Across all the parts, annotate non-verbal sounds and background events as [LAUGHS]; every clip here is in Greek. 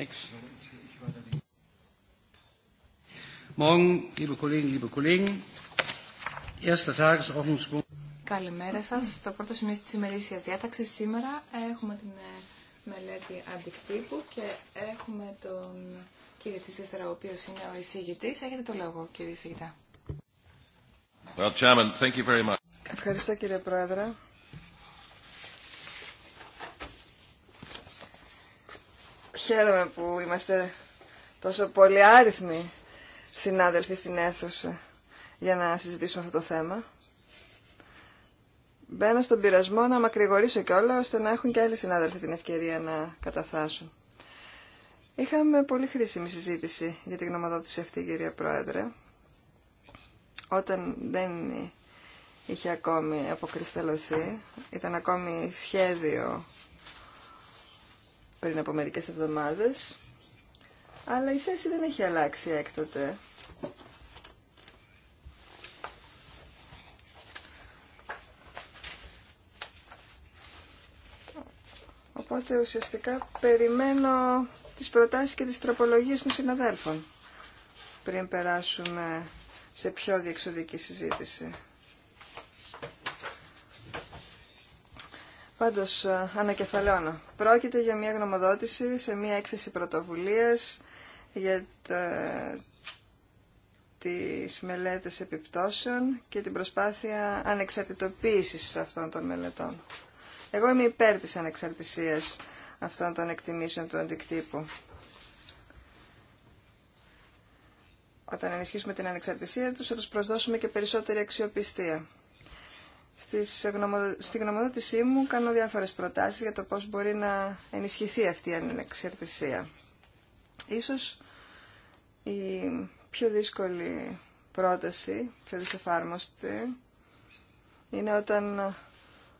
Sechs. Morgen, liebe Kollegen, liebe Kollegen. Erster Tagesordnungspunkt. Καλημέρα σας. Στο πρώτο σημείο της σημερινής διάταξης σήμερα έχουμε την ε, μελέτη αντικτύπου και έχουμε τον κύριο Τσίστερα, ο οποίος είναι ο εισηγητής. Έχετε το λόγο, κύριε εισηγητά. Well, Chairman, thank you very much. Ευχαριστώ κύριε Πρόεδρε. Χαίρομαι που είμαστε τόσο πολύ άριθμοι συνάδελφοι στην αίθουσα για να συζητήσουμε αυτό το θέμα. Μπαίνω στον πειρασμό να μακρηγορήσω όλα ώστε να έχουν και άλλοι συνάδελφοι την ευκαιρία να καταθάσουν. Είχαμε πολύ χρήσιμη συζήτηση για την γνωμοδότηση αυτή, κυρία Πρόεδρε, όταν δεν είχε ακόμη αποκρισταλωθεί, ήταν ακόμη σχέδιο πριν από μερικές εβδομάδες, αλλά η θέση δεν έχει αλλάξει έκτοτε. Οπότε ουσιαστικά περιμένω τις προτάσεις και τις τροπολογίες των συναδέλφων πριν περάσουμε σε πιο διεξοδική συζήτηση. Πάντω ε, ανακεφαλαιώνω. Πρόκειται για μια γνωμοδότηση σε μια έκθεση πρωτοβουλίας για τα, τις μελέτες επιπτώσεων και την προσπάθεια ανεξαρτητοποίηση αυτών των μελετών. Εγώ είμαι υπέρ τη ανεξαρτησίας αυτών των εκτιμήσεων του αντικτύπου. Όταν ενισχύσουμε την ανεξαρτησία τους θα τους προσδώσουμε και περισσότερη αξιοπιστία. Στη γνωμοδότησή μου κάνω διάφορες προτάσεις για το πώς μπορεί να ενισχυθεί αυτή η ανεξαρτησία. Ίσως η πιο δύσκολη πρόταση, πιο δυσεφάρμοστη, είναι όταν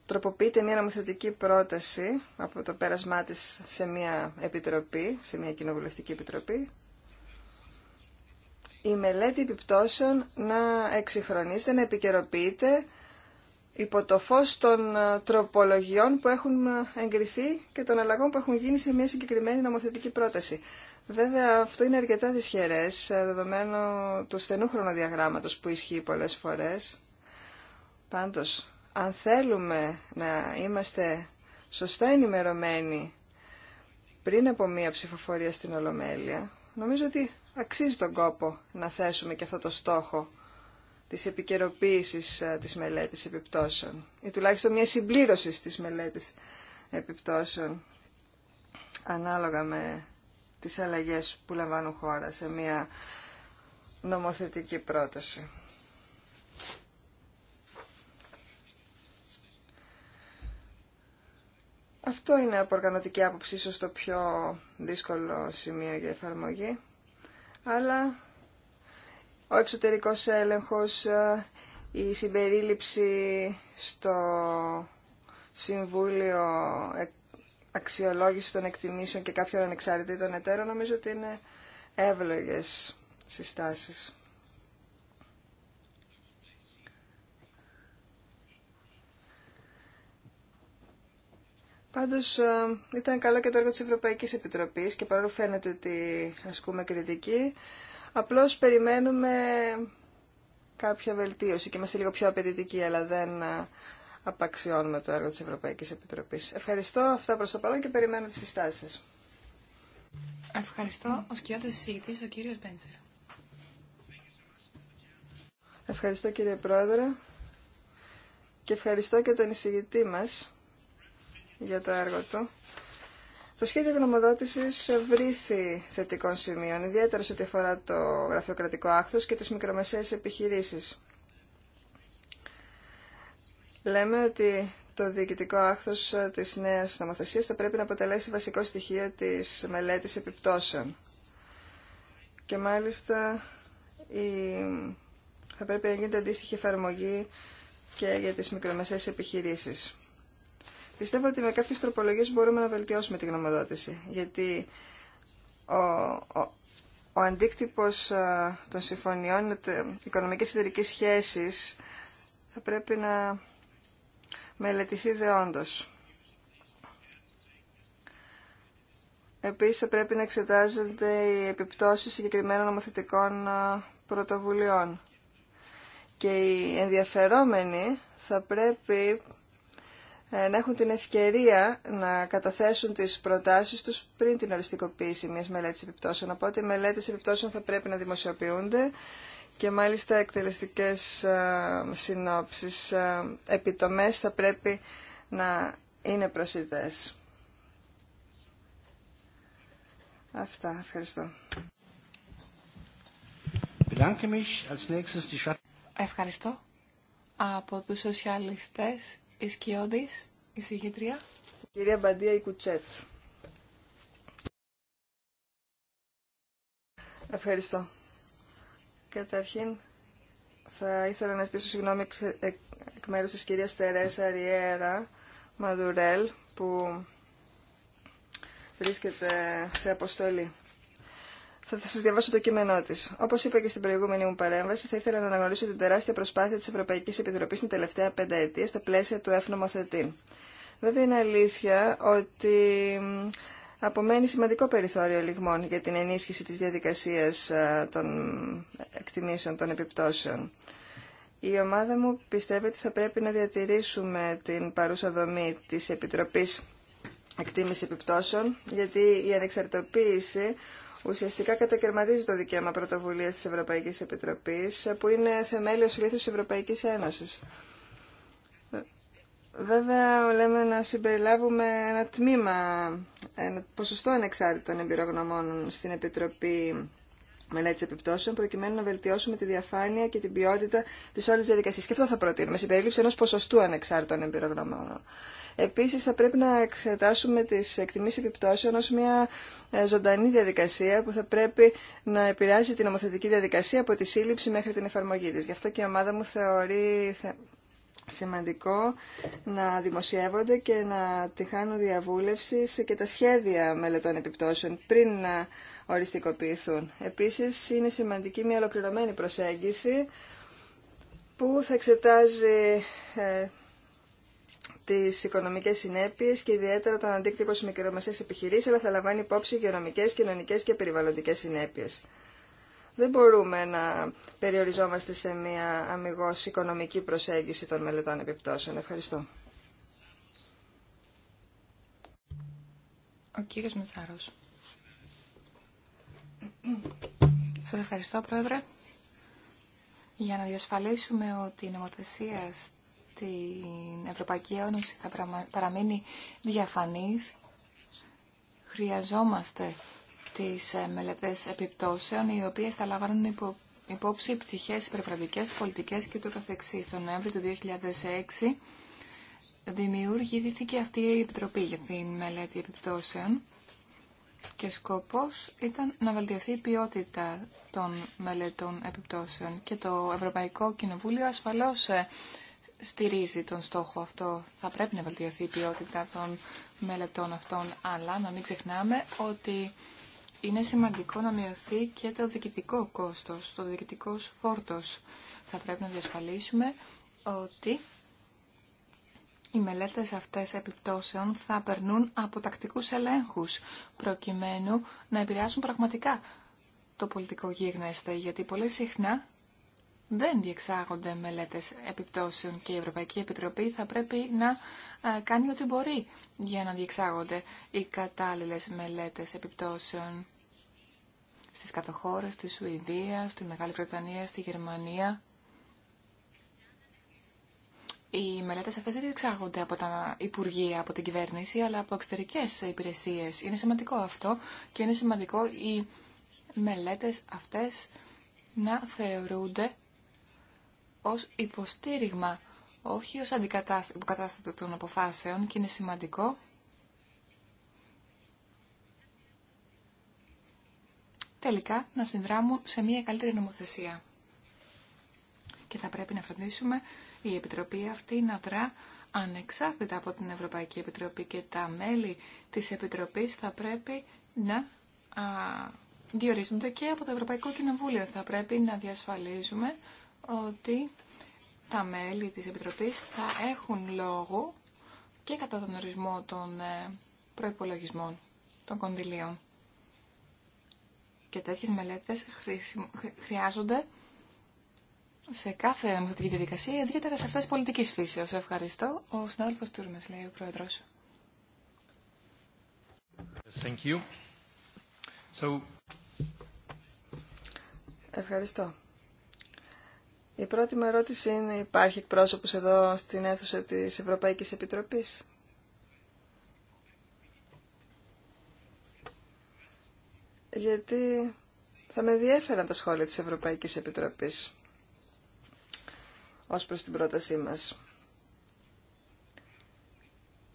τροποποιείται μια νομοθετική πρόταση από το πέρασμά της σε μια επιτροπή, σε μια κοινοβουλευτική επιτροπή, η μελέτη επιπτώσεων να εξυγχρονίζεται, να επικαιροποιείται υπό το φως των ε, τροπολογιών που έχουν ε, εγκριθεί και των αλλαγών που έχουν γίνει σε μια συγκεκριμένη νομοθετική πρόταση. Βέβαια, αυτό είναι αρκετά δυσχερές, ε, δεδομένου του στενού χρονοδιαγράμματος που ισχύει πολλές φορές. Πάντως, αν θέλουμε να είμαστε σωστά ενημερωμένοι πριν από μία ψηφοφορία στην Ολομέλεια, νομίζω ότι αξίζει τον κόπο να θέσουμε και αυτό το στόχο της επικαιροποίηση ε, της μελέτης επιπτώσεων ή τουλάχιστον μια συμπλήρωση της μελέτης επιπτώσεων ανάλογα με τις αλλαγές που λαμβάνουν χώρα σε μια νομοθετική πρόταση. Αυτό είναι από οργανωτική άποψη ίσως το πιο δύσκολο σημείο για εφαρμογή, αλλά ο εξωτερικός έλεγχος, ε, η συμπερίληψη στο Συμβούλιο ε, Αξιολόγηση των Εκτιμήσεων και κάποιων ανεξάρτητων εταίρων, νομίζω ότι είναι εύλογες συστάσεις. Πάντως ε, ήταν καλό και το έργο της Ευρωπαϊκής Επιτροπής και παρόλο φαίνεται ότι ασκούμε κριτική, Απλώς περιμένουμε κάποια βελτίωση και είμαστε λίγο πιο απαιτητικοί, αλλά δεν ε, απαξιώνουμε το έργο της Ευρωπαϊκής Επιτροπής. Ευχαριστώ αυτά προς το παρόν και περιμένω τις συστάσεις. Ευχαριστώ. Ο σκιώδης συζητής, ο κύριος Μπέντζερ. Ευχαριστώ κύριε Πρόεδρε και ευχαριστώ και τον εισηγητή μας για το έργο του. Το σχέδιο γνωμοδότηση βρήθη θετικών σημείων, ιδιαίτερα σε ό,τι αφορά το γραφειοκρατικό άκθος και τις μικρομεσαίες επιχειρήσεις. Λέμε ότι το διοικητικό άκθος της νέας νομοθεσία θα πρέπει να αποτελέσει βασικό στοιχείο της μελέτη επιπτώσεων. Και μάλιστα η... θα πρέπει να γίνεται αντίστοιχη εφαρμογή και για τις μικρομεσαίες επιχειρήσεις. Πιστεύω ότι με κάποιες τροπολογίες μπορούμε να βελτιώσουμε τη γνωμοδότηση, γιατί ο, ο, ο αντίκτυπος α, ε, των συμφωνιών οικονομικές εταιρικής σχέσεις θα πρέπει να μελετηθεί δεόντως. Επίσης θα πρέπει να εξετάζονται οι επιπτώσεις συγκεκριμένων νομοθετικών ε, πρωτοβουλειών. Και οι ενδιαφερόμενοι θα πρέπει ε, να έχουν την ευκαιρία να καταθέσουν τις προτάσεις τους πριν την οριστικοποίηση μιας μελέτης επιπτώσεων. Οπότε οι μελέτες επιπτώσεων θα πρέπει να δημοσιοποιούνται και μάλιστα εκτελεστικές ε, συνόψεις, ε, επιτομές θα πρέπει να είναι προσιτές. Αυτά. Ευχαριστώ. Ευχαριστώ. Από τους σοσιαλιστές η Σκιώδης, η συγχύτρια. Κυρία Μπαντία Ικουτσέτ. Ευχαριστώ. Καταρχήν, θα ήθελα να ζητήσω συγγνώμη εκ μέρους της κυρίας Τερέσα Ριέρα Μαδουρέλ, που βρίσκεται σε αποστολή. Θα, σα διαβάσω το κείμενό τη. Όπω είπα και στην προηγούμενη μου παρέμβαση, θα ήθελα να αναγνωρίσω την τεράστια προσπάθεια τη Ευρωπαϊκή Επιτροπή την τελευταία πενταετία στα πλαίσια του Νομοθετή. Βέβαια, είναι αλήθεια ότι απομένει σημαντικό περιθώριο λιγμών για την ενίσχυση τη διαδικασία των εκτιμήσεων, των επιπτώσεων. Η ομάδα μου πιστεύει ότι θα πρέπει να διατηρήσουμε την παρούσα δομή της Επιτροπής Εκτίμηση Επιπτώσεων, γιατί η ανεξαρτητοποίηση ουσιαστικά κατακαιρματίζει το δικαίωμα πρωτοβουλία τη Ευρωπαϊκή Επιτροπή, που είναι θεμέλιο λήθος της Ευρωπαϊκής Ένωσης. Βέβαια, λέμε να συμπεριλάβουμε ένα τμήμα, ένα ποσοστό ανεξάρτητων εμπειρογνωμών στην Επιτροπή μελέτη επιπτώσεων, προκειμένου να βελτιώσουμε τη διαφάνεια και την ποιότητα τη όλη διαδικασία. Και αυτό θα προτείνουμε, συμπερίληψη ενό ποσοστού ανεξάρτητων εμπειρογνωμόνων. Επίση, θα πρέπει να εξετάσουμε τι εκτιμήσει επιπτώσεων ω μια ε, ζωντανή διαδικασία που θα πρέπει να επηρεάζει την νομοθετική διαδικασία από τη σύλληψη μέχρι την εφαρμογή τη. Γι' αυτό και η ομάδα μου θεωρεί σημαντικό να δημοσιεύονται και να τυχάνουν διαβούλευση και τα σχέδια μελετών επιπτώσεων πριν να οριστικοποιηθούν. Επίσης, είναι σημαντική μια ολοκληρωμένη προσέγγιση που θα εξετάζει ε, τις οικονομικές συνέπειες και ιδιαίτερα τον αντίκτυπο στις μικρομεσαίες επιχειρήσεις, αλλά θα λαμβάνει υπόψη υγειονομικές, κοινωνικές και περιβαλλοντικές συνέπειες. Δεν μπορούμε να περιοριζόμαστε σε μια αμυγός οικονομική προσέγγιση των μελετών επιπτώσεων. Ευχαριστώ. Ο κύριος Μετσάρος. Σας ευχαριστώ, Πρόεδρε. Για να διασφαλίσουμε ότι η νομοθεσία στην Ευρωπαϊκή Ένωση θα παραμείνει διαφανής, χρειαζόμαστε τις ε, μελετές επιπτώσεων, οι οποίες θα λάβανε υπο, υπόψη πτυχές υπερβραδικές, πολιτικές και το καθεξής. Τον Νοέμβριο του 2006 δημιουργήθηκε αυτή η Επιτροπή για την μελέτη επιπτώσεων και σκοπός ήταν να βελτιωθεί η ποιότητα των μελετών επιπτώσεων και το Ευρωπαϊκό Κοινοβούλιο ασφαλώς ε, στηρίζει τον στόχο αυτό. Θα πρέπει να βελτιωθεί η ποιότητα των μελετών αυτών, αλλά να μην ξεχνάμε ότι είναι σημαντικό να μειωθεί και το διοικητικό κόστος, το διοικητικό φόρτος. Θα πρέπει να διασφαλίσουμε ότι οι μελέτες αυτές επιπτώσεων θα περνούν από τακτικούς ελέγχους, προκειμένου να επηρεάσουν πραγματικά το πολιτικό γίγνεσθε, γιατί πολύ συχνά δεν διεξάγονται μελέτες επιπτώσεων και η Ευρωπαϊκή Επιτροπή θα πρέπει να ε, κάνει ό,τι μπορεί για να διεξάγονται οι κατάλληλες μελέτες επιπτώσεων στις κατοχώρες, στη Σουηδία, στη Μεγάλη Βρετανία, στη Γερμανία. Οι μελέτες αυτές δεν διεξάγονται από τα Υπουργεία, από την κυβέρνηση, αλλά από εξωτερικές υπηρεσίες. Είναι σημαντικό αυτό και είναι σημαντικό οι μελέτες αυτές να θεωρούνται ως υποστήριγμα, όχι ως αντικατάστατο των αποφάσεων και είναι σημαντικό τελικά να συνδράμουν σε μια καλύτερη νομοθεσία. Και θα πρέπει να φροντίσουμε η Επιτροπή αυτή να δρά ανεξάρτητα από την Ευρωπαϊκή Επιτροπή και τα μέλη της Επιτροπής θα πρέπει να διορίζονται και από το Ευρωπαϊκό Κοινοβούλιο. Θα πρέπει να διασφαλίζουμε ότι τα μέλη της Επιτροπής θα έχουν λόγο και κατά τον ορισμό των ε, προϋπολογισμών των κονδυλίων. Και τέτοιες μελέτες χρειάζονται σε κάθε νομοθετική διαδικασία, ιδιαίτερα σε αυτές πολιτικής φύσεως. Ευχαριστώ. Ο συνάδελφος Τούρμες, λέει ο Πρόεδρος. Thank you. Ευχαριστώ. Η πρώτη μου ερώτηση είναι υπάρχει εκπρόσωπο εδώ στην αίθουσα της Ευρωπαϊκής Επιτροπής. Γιατί θα με ενδιαφέραν τα σχόλια της Ευρωπαϊκής Επιτροπής ως προς την πρότασή μας.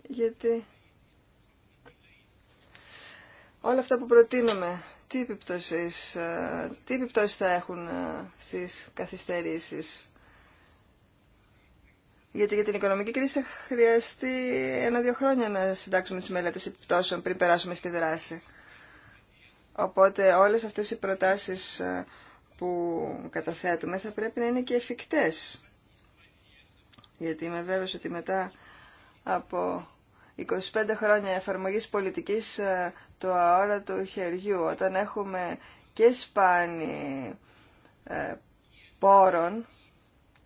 Γιατί όλα αυτά που προτείνουμε τι επιπτώσεις, ε, τι θα έχουν ε, στις καθυστερήσεις. Γιατί για την οικονομική κρίση θα χρειαστεί ένα-δύο χρόνια να συντάξουμε τις μελέτες επιπτώσεων πριν περάσουμε στη δράση. Οπότε όλες αυτές οι προτάσεις ε, που καταθέτουμε θα πρέπει να είναι και εφικτές. Γιατί είμαι βέβαιος ότι μετά από 25 χρόνια εφαρμογής πολιτικής ε, του αόρατου χεριού, όταν έχουμε και σπάνι ε, πόρων,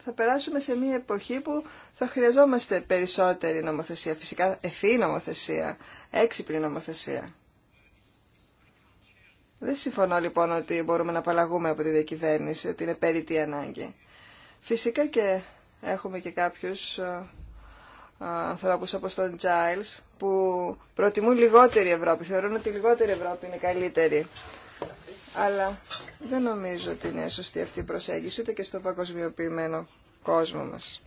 θα περάσουμε σε μια εποχή που θα χρειαζόμαστε περισσότερη νομοθεσία, φυσικά ευφύ νομοθεσία, έξυπνη νομοθεσία. Δεν συμφωνώ λοιπόν ότι μπορούμε να απαλλαγούμε από τη διακυβέρνηση, ότι είναι περίτη ανάγκη. Φυσικά και έχουμε και κάποιους ε, ανθρώπους όπως τον Τζάιλς που προτιμούν λιγότερη Ευρώπη, θεωρούν ότι λιγότερη Ευρώπη είναι καλύτερη. Αλλά δεν νομίζω ότι είναι σωστή αυτή η προσέγγιση ούτε και στο παγκοσμιοποιημένο κόσμο μας.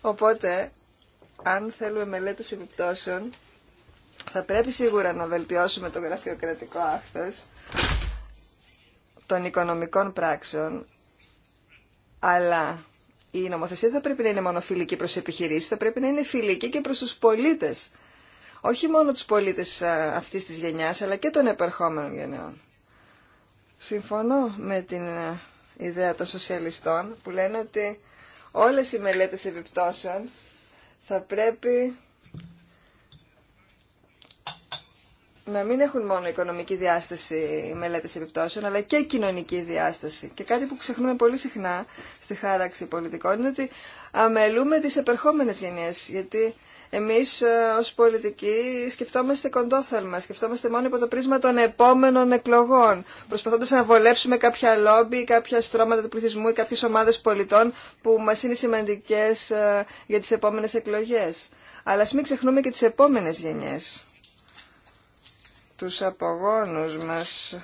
Οπότε, αν θέλουμε μελέτες επιπτώσεων, θα πρέπει σίγουρα να βελτιώσουμε το γραφειοκρατικό άχθος των οικονομικών πράξεων, αλλά η νομοθεσία δεν θα πρέπει να είναι μόνο φιλική προς επιχειρήσεις, θα πρέπει να είναι φιλική και προς τους πολίτες. Όχι μόνο τους πολίτες ε, αυτής της γενιάς, αλλά και των επερχόμενων γενεών. Συμφωνώ με την ε, ιδέα των σοσιαλιστών που λένε ότι όλες οι μελέτες επιπτώσεων θα πρέπει να μην έχουν μόνο οικονομική διάσταση οι μελέτε επιπτώσεων, αλλά και κοινωνική διάσταση. Και κάτι που ξεχνούμε πολύ συχνά στη χάραξη πολιτικών είναι ότι αμελούμε τι επερχόμενε γενιές, γιατί εμεί, ε, ω πολιτικοί σκεφτόμαστε κοντόφθαλμα, σκεφτόμαστε μόνο υπό το πρίσμα των επόμενων εκλογών, προσπαθώντα να βολέψουμε κάποια λόμπι, κάποια στρώματα του πληθυσμού ή κάποιε ομάδε πολιτών που μα είναι σημαντικέ ε, για τι επόμενε εκλογέ. Αλλά α μην ξεχνούμε και τις επόμενε γενιές τους απογόνους μας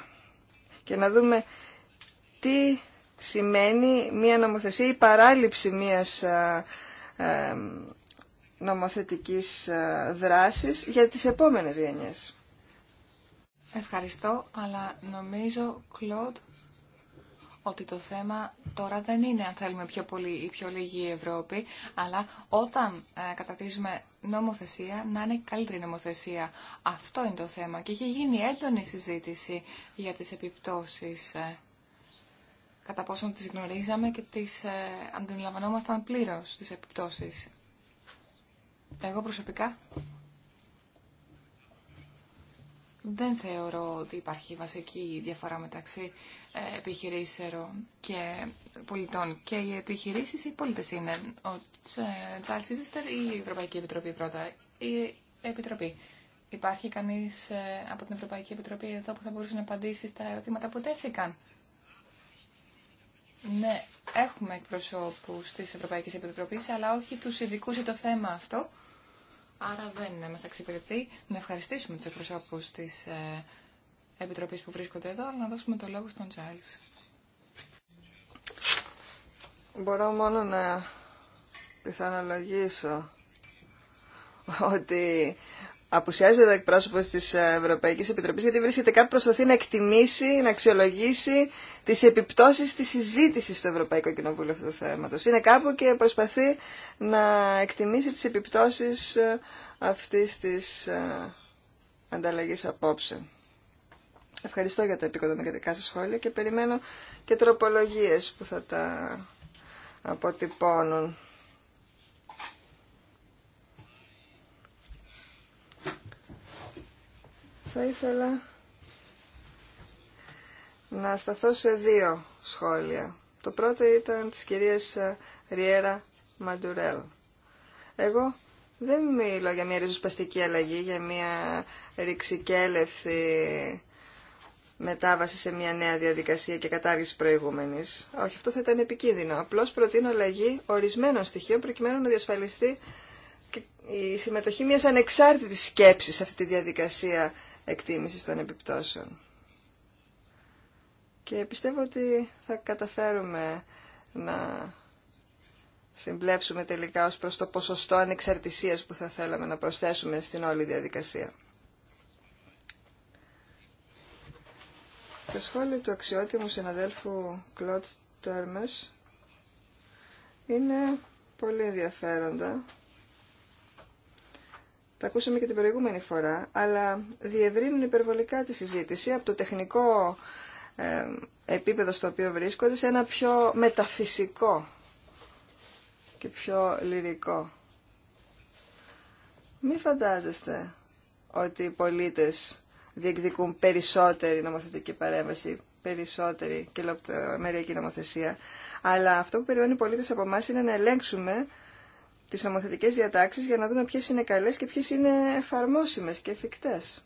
και να δούμε τι σημαίνει μία νομοθεσία ή παράληψη μίας νομοθετικής δράσης για τις επόμενες γενιές. Ευχαριστώ, αλλά νομίζω, Κλοντ, ότι το θέμα τώρα δεν είναι αν θέλουμε πιο πολύ ή πιο λίγη η Ευρώπη, αλλά όταν ε, κατατίζουμε νομοθεσία να είναι καλύτερη νομοθεσία. Αυτό είναι το θέμα και έχει γίνει έντονη συζήτηση για τις επιπτώσεις ε, κατά πόσον τις γνωρίζαμε και τις ε, αντιλαμβανόμασταν πλήρως τις επιπτώσεις. Εγώ προσωπικά δεν θεωρώ ότι υπάρχει βασική διαφορά μεταξύ ε, επιχειρήσεων και πολιτών. Και οι επιχειρήσεις, οι πολίτες είναι. Ο Τσάλ ε, η Ευρωπαϊκή Επιτροπή πρώτα. Η Επιτροπή. Υπάρχει κανείς ε, από την Ευρωπαϊκή Επιτροπή εδώ που θα μπορούσε να απαντήσει στα ερωτήματα που τέθηκαν. Ναι, έχουμε εκπροσώπους της Ευρωπαϊκής Επιτροπής, αλλά όχι τους ειδικού για το θέμα αυτό άρα δεν μας εξυπηρετεί. Να ευχαριστήσουμε τους εκπροσώπους της ε, Επιτροπής που βρίσκονται εδώ, αλλά να δώσουμε το λόγο στον Τζάιλς. Μπορώ μόνο να πιθανολογήσω ότι Αποουσιάζεται ο εκπρόσωπο τη Ευρωπαϊκή Επιτροπή, γιατί βρίσκεται κάπου προσπαθεί να εκτιμήσει, να αξιολογήσει τι επιπτώσει τη συζήτηση στο Ευρωπαϊκό Κοινοβούλιο αυτού του θέματο. Είναι κάπου και προσπαθεί να εκτιμήσει τι επιπτώσει ε, αυτή τη ε, ανταλλαγή απόψε. Ευχαριστώ για τα επικοδομητικά σας σχόλια και περιμένω και τροπολογίες που θα τα αποτυπώνουν. Θα ήθελα να σταθώ σε δύο σχόλια. Το πρώτο ήταν της κυρίας Ριέρα Μαντουρέλ. Εγώ δεν μιλώ για μια ριζοσπαστική αλλαγή, για μια ρηξικέλευθη μετάβαση σε μια νέα διαδικασία και κατάργηση προηγούμενη. Όχι, αυτό θα ήταν επικίνδυνο. Απλώ προτείνω αλλαγή ορισμένων στοιχείων προκειμένου να διασφαλιστεί η συμμετοχή μια ανεξάρτητη σκέψη σε αυτή τη διαδικασία εκτίμησης των επιπτώσεων. Και πιστεύω ότι θα καταφέρουμε να συμπλέψουμε τελικά ως προς το ποσοστό ανεξαρτησίας που θα θέλαμε να προσθέσουμε στην όλη διαδικασία. Το σχόλιο του αξιότιμου συναδέλφου Κλοντ Τέρμες είναι πολύ ενδιαφέροντα τα ακούσαμε και την προηγούμενη φορά, αλλά διευρύνουν υπερβολικά τη συζήτηση από το τεχνικό ε, επίπεδο στο οποίο βρίσκονται σε ένα πιο μεταφυσικό και πιο λυρικό. Μη φαντάζεστε ότι οι πολίτες διεκδικούν περισσότερη νομοθετική παρέμβαση, περισσότερη και μερική νομοθεσία, αλλά αυτό που περιμένουν οι πολίτες από εμά είναι να ελέγξουμε τις νομοθετικές διατάξεις για να δούμε ποιες είναι καλές και ποιες είναι εφαρμόσιμες και εφικτές.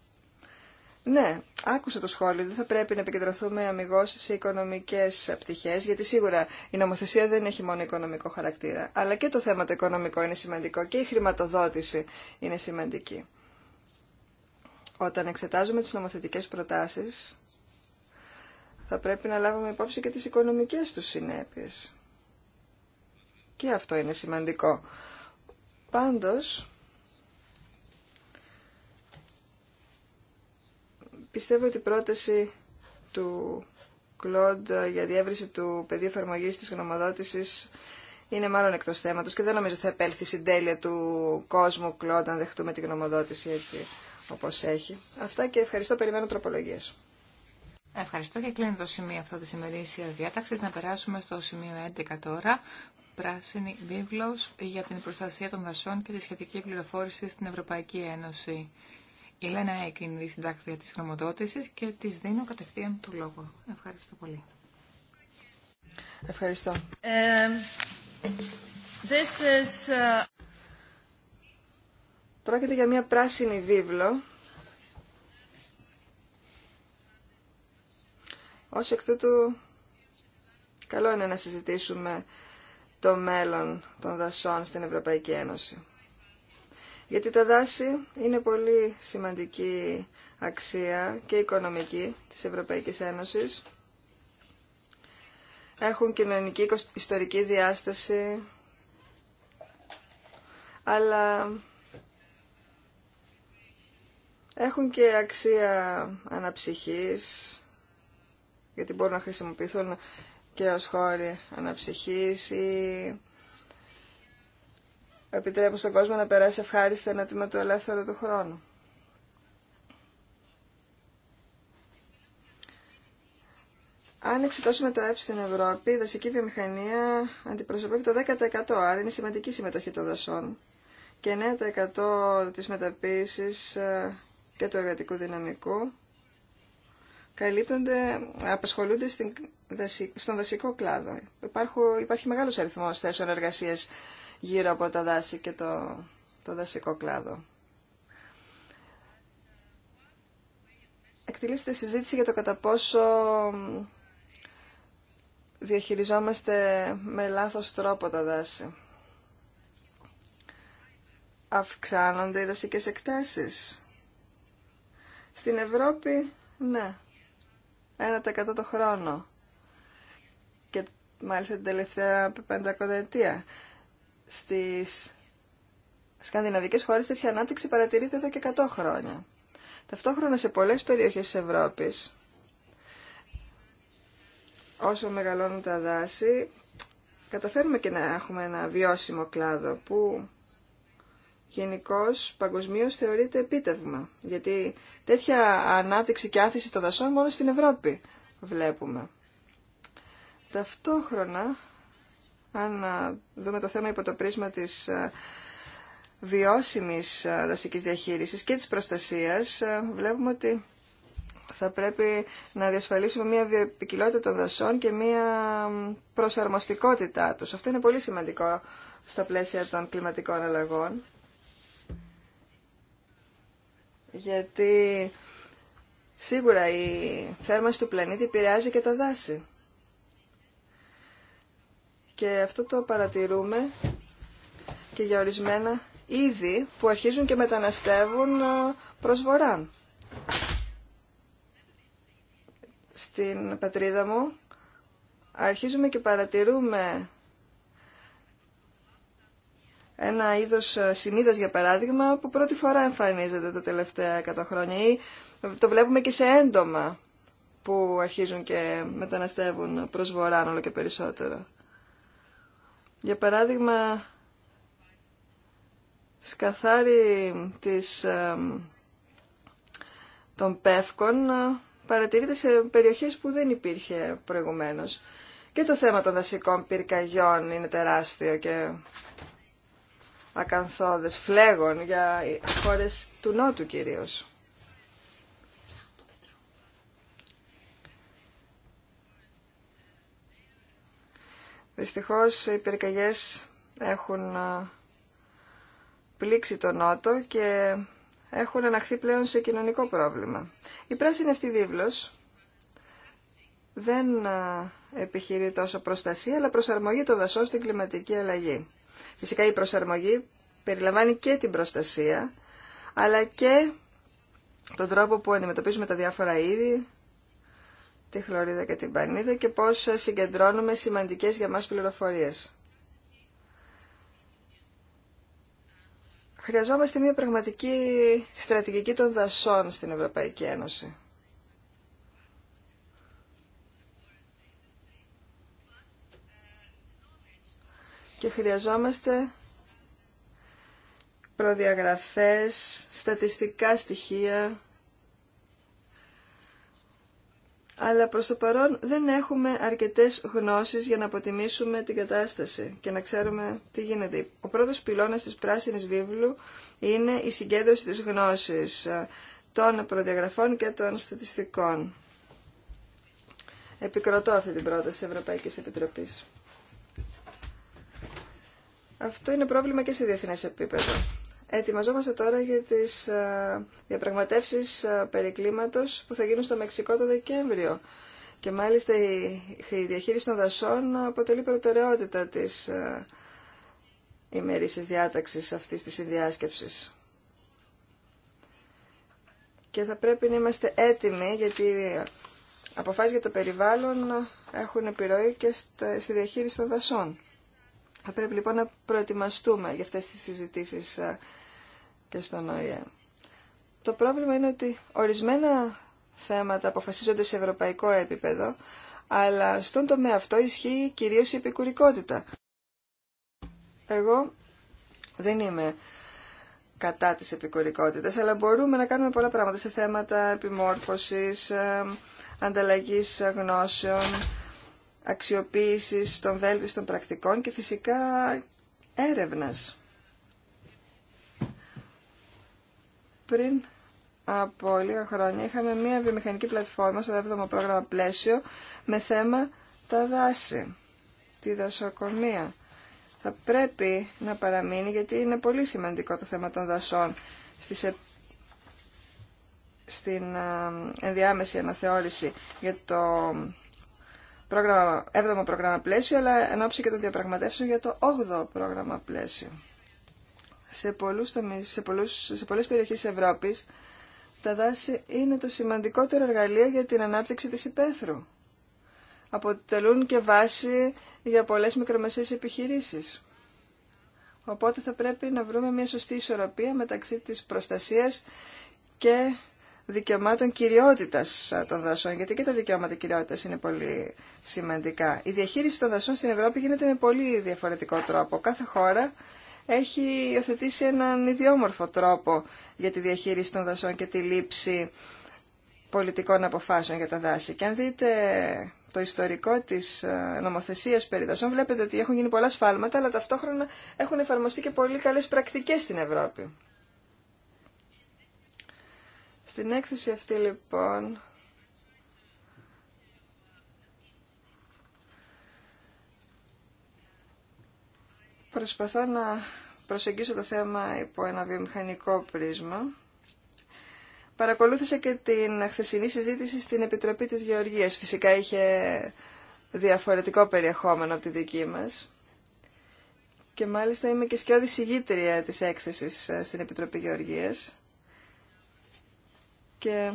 Ναι, άκουσα το σχόλιο. Δεν θα πρέπει να επικεντρωθούμε αμυγός σε οικονομικέ πτυχέ, γιατί σίγουρα η νομοθεσία δεν έχει μόνο οικονομικό χαρακτήρα. Αλλά και το θέμα το οικονομικό είναι σημαντικό και η χρηματοδότηση είναι σημαντική. Όταν εξετάζουμε τις νομοθετικέ προτάσεις, θα πρέπει να λάβουμε υπόψη και τις οικονομικές τους συνέπειες. Και αυτό είναι σημαντικό Πάντως, πιστεύω ότι η πρόταση του Κλοντ για διεύρυνση του πεδίου εφαρμογή της γνωμοδότησης είναι μάλλον εκτός θέματος και δεν νομίζω θα επέλθει συντέλεια του κόσμου Κλοντ αν δεχτούμε την γνωμοδότηση έτσι όπως έχει. Αυτά και ευχαριστώ. Περιμένω τροπολογίες. Ευχαριστώ και κλείνω το σημείο αυτό της ημερήσιας διάταξης. Να περάσουμε στο σημείο 11 τώρα πράσινη βίβλος για την προστασία των δασών και τη σχετική πληροφόρηση στην Ευρωπαϊκή Ένωση. Η Λένα Έκιν, η συντάκτρια της γνωμοδότησης και της δίνω κατευθείαν το λόγο. Ευχαριστώ πολύ. Ευχαριστώ. this is, uh... Πρόκειται για μια πράσινη βίβλο. Ως εκ τούτου, καλό είναι να συζητήσουμε το μέλλον των δασών στην Ευρωπαϊκή Ένωση. Γιατί τα δάση είναι πολύ σημαντική αξία και οικονομική της Ευρωπαϊκής Ένωσης. Έχουν κοινωνική ιστορική διάσταση, αλλά έχουν και αξία αναψυχής, γιατί μπορούν να χρησιμοποιηθούν ως χώροι αναψυχής ή επιτρέπουν στον κόσμο να περάσει ευχάριστα ένα τίμα του ελεύθερου του χρόνου. Αν εξετάσουμε το ΕΠ στην Ευρώπη, η δασική βιομηχανία αντιπροσωπεύει το 10%, άρα είναι σημαντική συμμετοχή των δασών και 9% της μεταποίησης ε, και του εργατικού δυναμικού καλύπτονται, απασχολούνται στην, στον δασικό κλάδο. Υπάρχουν, υπάρχει μεγάλος αριθμός θέσεων εργασίας γύρω από τα δάση και το, το δασικό κλάδο. Εκτελήσετε συζήτηση για το κατά πόσο διαχειριζόμαστε με λάθος τρόπο τα δάση. Αυξάνονται οι δασικές εκτάσεις. Στην Ευρώπη, ναι, 1% το χρόνο. Και μάλιστα την τελευταία πεντακονταετία. Στις σκανδιναβικές χώρες τέτοια ανάπτυξη παρατηρείται εδώ και 100 χρόνια. Ταυτόχρονα σε πολλές περιοχές της Ευρώπης, όσο μεγαλώνουν τα δάση, καταφέρουμε και να έχουμε ένα βιώσιμο κλάδο που γενικώ παγκοσμίω θεωρείται επίτευγμα. Γιατί τέτοια ανάπτυξη και άθηση των δασών μόνο στην Ευρώπη βλέπουμε. Ταυτόχρονα, αν δούμε το θέμα υπό το πρίσμα της βιώσιμης δασικής διαχείρισης και της προστασίας, βλέπουμε ότι θα πρέπει να διασφαλίσουμε μια βιοπικιλότητα των δασών και μια προσαρμοστικότητά τους. Αυτό είναι πολύ σημαντικό στα πλαίσια των κλιματικών αλλαγών γιατί σίγουρα η θέρμανση του πλανήτη επηρεάζει και τα δάση. Και αυτό το παρατηρούμε και για ορισμένα είδη που αρχίζουν και μεταναστεύουν ε, προς βορρά. Στην πατρίδα μου αρχίζουμε και παρατηρούμε ένα είδος ε, σημίδας για παράδειγμα που πρώτη φορά εμφανίζεται τα τελευταία 100 χρόνια ή το βλέπουμε και σε έντομα που αρχίζουν και μεταναστεύουν προς βορράν όλο και περισσότερο. Για παράδειγμα, σκαθάρι της, των πεύκων ε, παρατηρείται σε περιοχές που δεν υπήρχε προηγουμένως. Και το θέμα των δασικών πυρκαγιών είναι τεράστιο και ακαθόδες φλέγων για χώρες του Νότου κυρίως. Δυστυχώς οι πυρκαγιές έχουν πλήξει τον Νότο και έχουν αναχθεί πλέον σε κοινωνικό πρόβλημα. Η πράσινη αυτή βίβλος δεν επιχειρεί τόσο προστασία, αλλά προσαρμογή των δασών στην κλιματική αλλαγή. Φυσικά η προσαρμογή περιλαμβάνει και την προστασία, αλλά και τον τρόπο που αντιμετωπίζουμε τα διάφορα είδη, τη χλωρίδα και την πανίδα και πώς συγκεντρώνουμε σημαντικές για μας πληροφορίες. Χρειαζόμαστε μια πραγματική στρατηγική των δασών στην Ευρωπαϊκή Ένωση. και χρειαζόμαστε προδιαγραφές, στατιστικά στοιχεία, αλλά προς το παρόν δεν έχουμε αρκετές γνώσεις για να αποτιμήσουμε την κατάσταση και να ξέρουμε τι γίνεται. Ο πρώτος πυλώνας της Πράσινης Βίβλου είναι η συγκέντρωση της γνώσης ε, των προδιαγραφών και των στατιστικών. Επικροτώ αυτή την πρόταση Ευρωπαϊκής Επιτροπής. Αυτό είναι πρόβλημα και σε διεθνέ επίπεδο. Ετοιμαζόμαστε τώρα για τις ε, διαπραγματεύσει ε, περί κλίματος που θα γίνουν στο Μεξικό το Δεκέμβριο. Και μάλιστα η διαχείριση των δασών αποτελεί προτεραιότητα της ε, ημερήσια διάταξης αυτής της συνδιάσκεψης. Και θα πρέπει να είμαστε έτοιμοι γιατί αποφάσεις για το περιβάλλον έχουν επιρροή και στη διαχείριση των δασών. Θα πρέπει λοιπόν να προετοιμαστούμε για αυτές τις συζητήσεις ε, και στον ΟΗΕ. Το πρόβλημα είναι ότι ορισμένα θέματα αποφασίζονται σε ευρωπαϊκό επίπεδο, αλλά στον τομέα αυτό ισχύει κυρίως η επικουρικότητα. Εγώ δεν είμαι κατά της επικουρικότητας, αλλά μπορούμε να κάνουμε πολλά πράγματα σε θέματα επιμόρφωσης, ε, ανταλλαγής γνώσεων, αξιοποίησης των βέλτιστων πρακτικών και φυσικά έρευνας. Πριν από λίγα χρόνια είχαμε μία βιομηχανική πλατφόρμα στο 7ο πρόγραμμα πλαίσιο με θέμα τα δάση, τη δασοκομεία. Θα πρέπει να παραμείνει γιατί είναι πολύ σημαντικό το θέμα των δασών στις στην ενδιάμεση αναθεώρηση για το πρόγραμμα, 7ο πρόγραμμα πλαίσιο, αλλά εν ώψη και των διαπραγματεύσεων για το 8ο πρόγραμμα πλαίσιο. Σε, πολλούς τομείς, σε, πολλούς, σε πολλές περιοχές της Ευρώπης, τα δάση είναι το σημαντικότερο εργαλείο για την ανάπτυξη της υπαίθρου. Αποτελούν και βάση για πολλές μικρομεσαίες επιχειρήσεις. Οπότε θα πρέπει να βρούμε μια σωστή ισορροπία μεταξύ της προστασίας και δικαιωμάτων κυριότητα των δασών, γιατί και τα δικαιώματα κυριότητα είναι πολύ σημαντικά. Η διαχείριση των δασών στην Ευρώπη γίνεται με πολύ διαφορετικό τρόπο. Κάθε χώρα έχει υιοθετήσει έναν ιδιόμορφο τρόπο για τη διαχείριση των δασών και τη λήψη πολιτικών αποφάσεων για τα δάση. Και αν δείτε το ιστορικό της ε, νομοθεσίας περί δασών, βλέπετε ότι έχουν γίνει πολλά σφάλματα, αλλά ταυτόχρονα έχουν εφαρμοστεί και πολύ καλές πρακτικές στην Ευρώπη. Στην έκθεση αυτή λοιπόν προσπαθώ να προσεγγίσω το θέμα υπό ένα βιομηχανικό πρίσμα. Παρακολούθησα και την χθεσινή συζήτηση στην Επιτροπή της Γεωργίας. Φυσικά είχε διαφορετικό περιεχόμενο από τη δική μας. Και μάλιστα είμαι και σκιώδη συγγήτρια της έκθεσης ε, στην Επιτροπή Γεωργίας και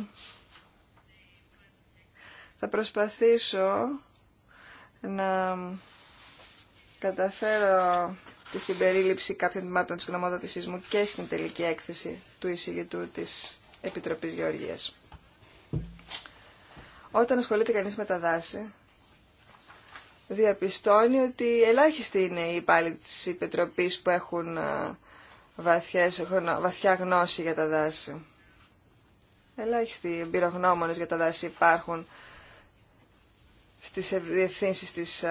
θα προσπαθήσω να καταφέρω τη συμπερίληψη κάποιων τμήματων της γνωμοδότησής μου και στην τελική έκθεση του εισηγητού της Επιτροπής Γεωργίας. Όταν ασχολείται κανείς με τα δάση, διαπιστώνει ότι ελάχιστοι είναι οι υπάλληλοι της Επιτροπής που έχουν ε, βαθιά γνώση για τα δάση. Ελάχιστοι εμπειρογνώμονες για τα δάση υπάρχουν στις διευθύνσεις της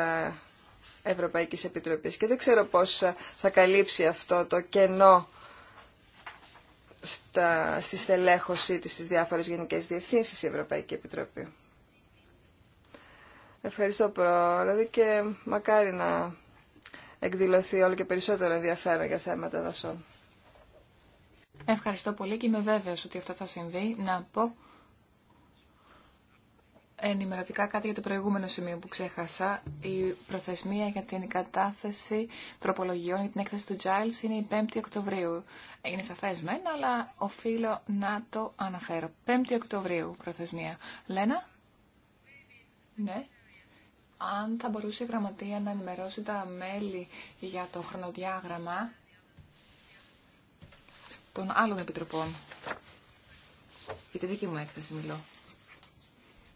Ευρωπαϊκής Επιτροπής και δεν ξέρω πώς θα καλύψει αυτό το κενό στα, στη στελέχωσή της στις διάφορες γενικές διευθύνσεις η Ευρωπαϊκή Επιτροπή. Ευχαριστώ πρόεδρε και μακάρι να εκδηλωθεί όλο και περισσότερο ενδιαφέρον για θέματα δασών. Ευχαριστώ πολύ και είμαι βέβαιος ότι αυτό θα συμβεί. Να πω ενημερωτικά κάτι για το προηγούμενο σημείο που ξέχασα. Η προθεσμία για την κατάθεση τροπολογιών για την έκθεση του Giles είναι η 5η Οκτωβρίου. Είναι σαφές μεν, αλλά οφείλω να το αναφέρω. 5η Οκτωβρίου προθεσμία. Λένα. Ναι. Αν θα μπορούσε η Γραμματεία να ενημερώσει τα μέλη για το χρονοδιάγραμμα, των άλλων επιτροπών. Για τη δική μου έκθεση μιλώ.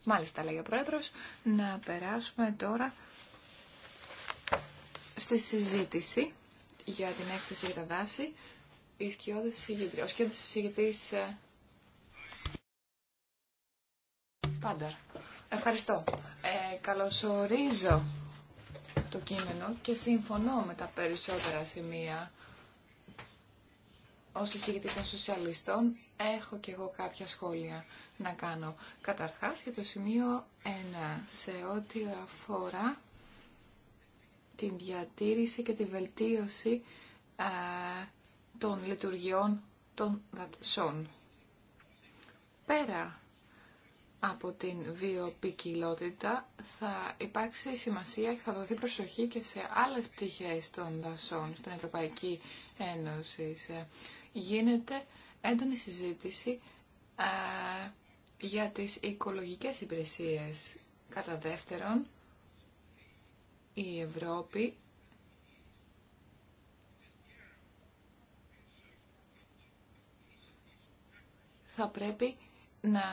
Μάλιστα, λέει ο Πρόεδρος, να περάσουμε τώρα στη συζήτηση για την έκθεση για τα δάση. Η Ο σκιώδης συζητητής ε, Πάνταρ. Ευχαριστώ. Ε, καλωσορίζω το κείμενο και συμφωνώ με τα περισσότερα σημεία ως εισηγητή των σοσιαλιστών έχω και εγώ κάποια σχόλια να κάνω. Καταρχάς για το σημείο 1 σε ό,τι αφορά την διατήρηση και τη βελτίωση των λειτουργιών των δατσών. Πέρα από την βιοπικιλότητα θα υπάρξει σημασία και θα δοθεί προσοχή και σε άλλες πτυχές των δασών στην Ευρωπαϊκή Ένωση γίνεται έντονη συζήτηση ε, για τις οικολογικές υπηρεσίες. Κατά δεύτερον, η Ευρώπη θα πρέπει να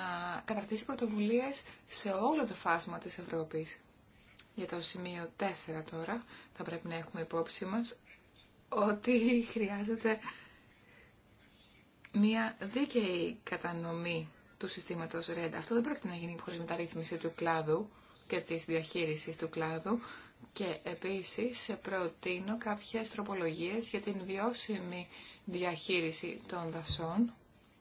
καταρτήσει πρωτοβουλίες σε όλο το φάσμα της Ευρώπης. Για το σημείο 4 τώρα θα πρέπει να έχουμε υπόψη μας ότι [LAUGHS] χρειάζεται μια δίκαιη κατανομή του συστήματος RED. Αυτό δεν πρόκειται να γίνει χωρίς μεταρρύθμιση του κλάδου και της διαχείρισης του κλάδου. Και επίσης προτείνω κάποιες τροπολογίες για την βιώσιμη διαχείριση των δασών,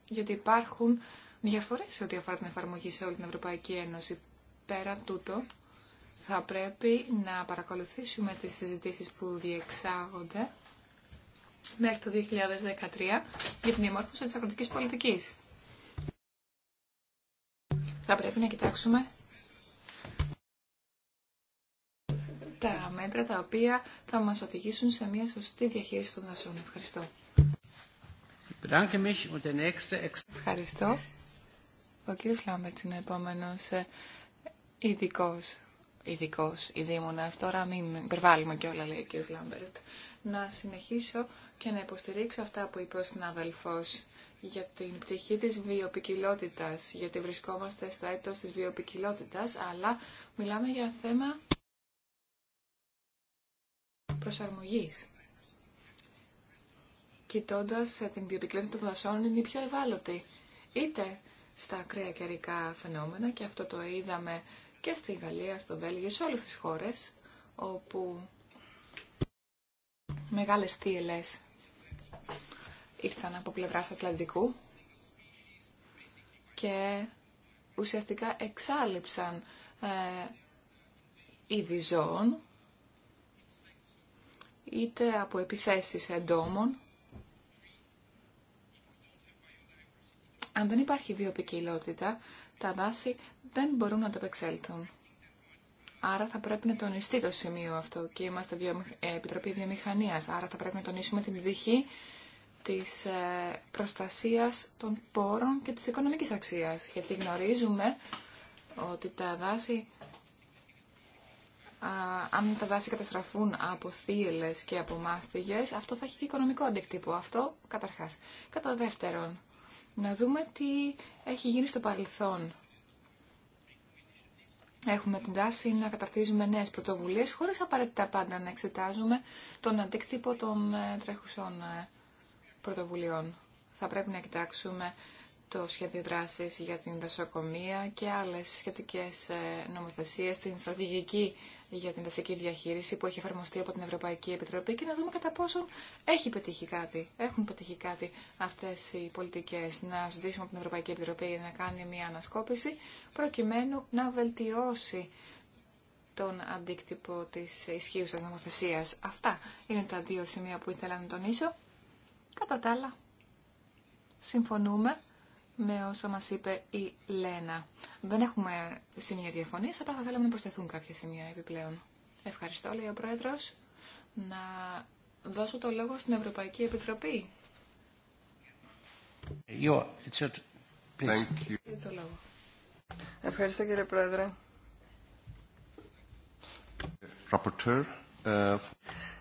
γιατί υπάρχουν διαφορές ό,τι αφορά την εφαρμογή σε όλη την Ευρωπαϊκή Ένωση. Πέρα τούτο, θα πρέπει να παρακολουθήσουμε τις συζητήσεις που διεξάγονται μέχρι το 2013 για την διαμόρφωση της αγροτικής πολιτικής. Θα πρέπει να κοιτάξουμε τα μέτρα τα οποία θα μας οδηγήσουν σε μια σωστή διαχείριση των δασών. Ευχαριστώ. Ευχαριστώ. Ο κύριος Λάμπερτς είναι επόμενος ε, ειδικός, ειδικός, ειδήμονας. Τώρα μην υπερβάλλουμε κιόλα, λέει ο κύριος Λάμπερτ να συνεχίσω και να υποστηρίξω αυτά που είπε ο συνάδελφος για την πτυχή της βιοπικιλότητας, γιατί βρισκόμαστε στο έτος της βιοπικιλότητας, αλλά μιλάμε για θέμα προσαρμογής. Κοιτώντας την βιοπικιλότητα των δασών είναι η πιο ευάλωτη, είτε στα ακραία καιρικά φαινόμενα, και αυτό το είδαμε και στη Γαλλία, στο Βέλγιο, σε όλες τις χώρες, όπου μεγάλες θύελες ήρθαν από πλευράς Ατλαντικού και ουσιαστικά εξάλληψαν ε, είδη ζώων, είτε από επιθέσεις εντόμων. Αν δεν υπάρχει βιοπικιλότητα, τα δάση δεν μπορούν να τα επεξέλθουν. Άρα θα πρέπει να τονιστεί το σημείο αυτό και είμαστε ε, Επιτροπή Βιομηχανίας. Άρα θα πρέπει να τονίσουμε την πτυχή της ε, προστασίας των πόρων και της οικονομικής αξίας. Γιατί γνωρίζουμε ότι τα δάση, α, αν τα δάση καταστραφούν από θύελε και από μάστιγες, αυτό θα έχει και οικονομικό αντικτύπο. Αυτό καταρχάς. Κατά δεύτερον, να δούμε τι έχει γίνει στο παρελθόν Έχουμε την τάση να καταρτίζουμε νέες πρωτοβουλίες χωρίς απαραίτητα πάντα να εξετάζουμε τον αντίκτυπο των ε, τρέχουσων ε, πρωτοβουλειών. Θα πρέπει να κοιτάξουμε το σχέδιο δράσης για την δασοκομεία και άλλες σχετικές ε, νομοθεσίες, την στρατηγική για την δασική διαχείριση που έχει εφαρμοστεί από την Ευρωπαϊκή Επιτροπή και να δούμε κατά πόσον έχει πετύχει κάτι, έχουν πετύχει κάτι αυτές οι πολιτικές. Να ζητήσουμε από την Ευρωπαϊκή Επιτροπή να κάνει μια ανασκόπηση προκειμένου να βελτιώσει τον αντίκτυπο της ισχύουσας νομοθεσίας. Αυτά είναι τα δύο σημεία που ήθελα να τονίσω. Κατά τα άλλα, συμφωνούμε με όσα μας είπε η Λένα. Δεν έχουμε σημεία διαφωνίας, απλά θα θέλαμε να προσθεθούν κάποια σημεία επιπλέον. Ευχαριστώ, λέει ο Πρόεδρος. Να δώσω το λόγο στην Ευρωπαϊκή Επιτροπή. Ευχαριστώ κύριε Πρόεδρε. Uh,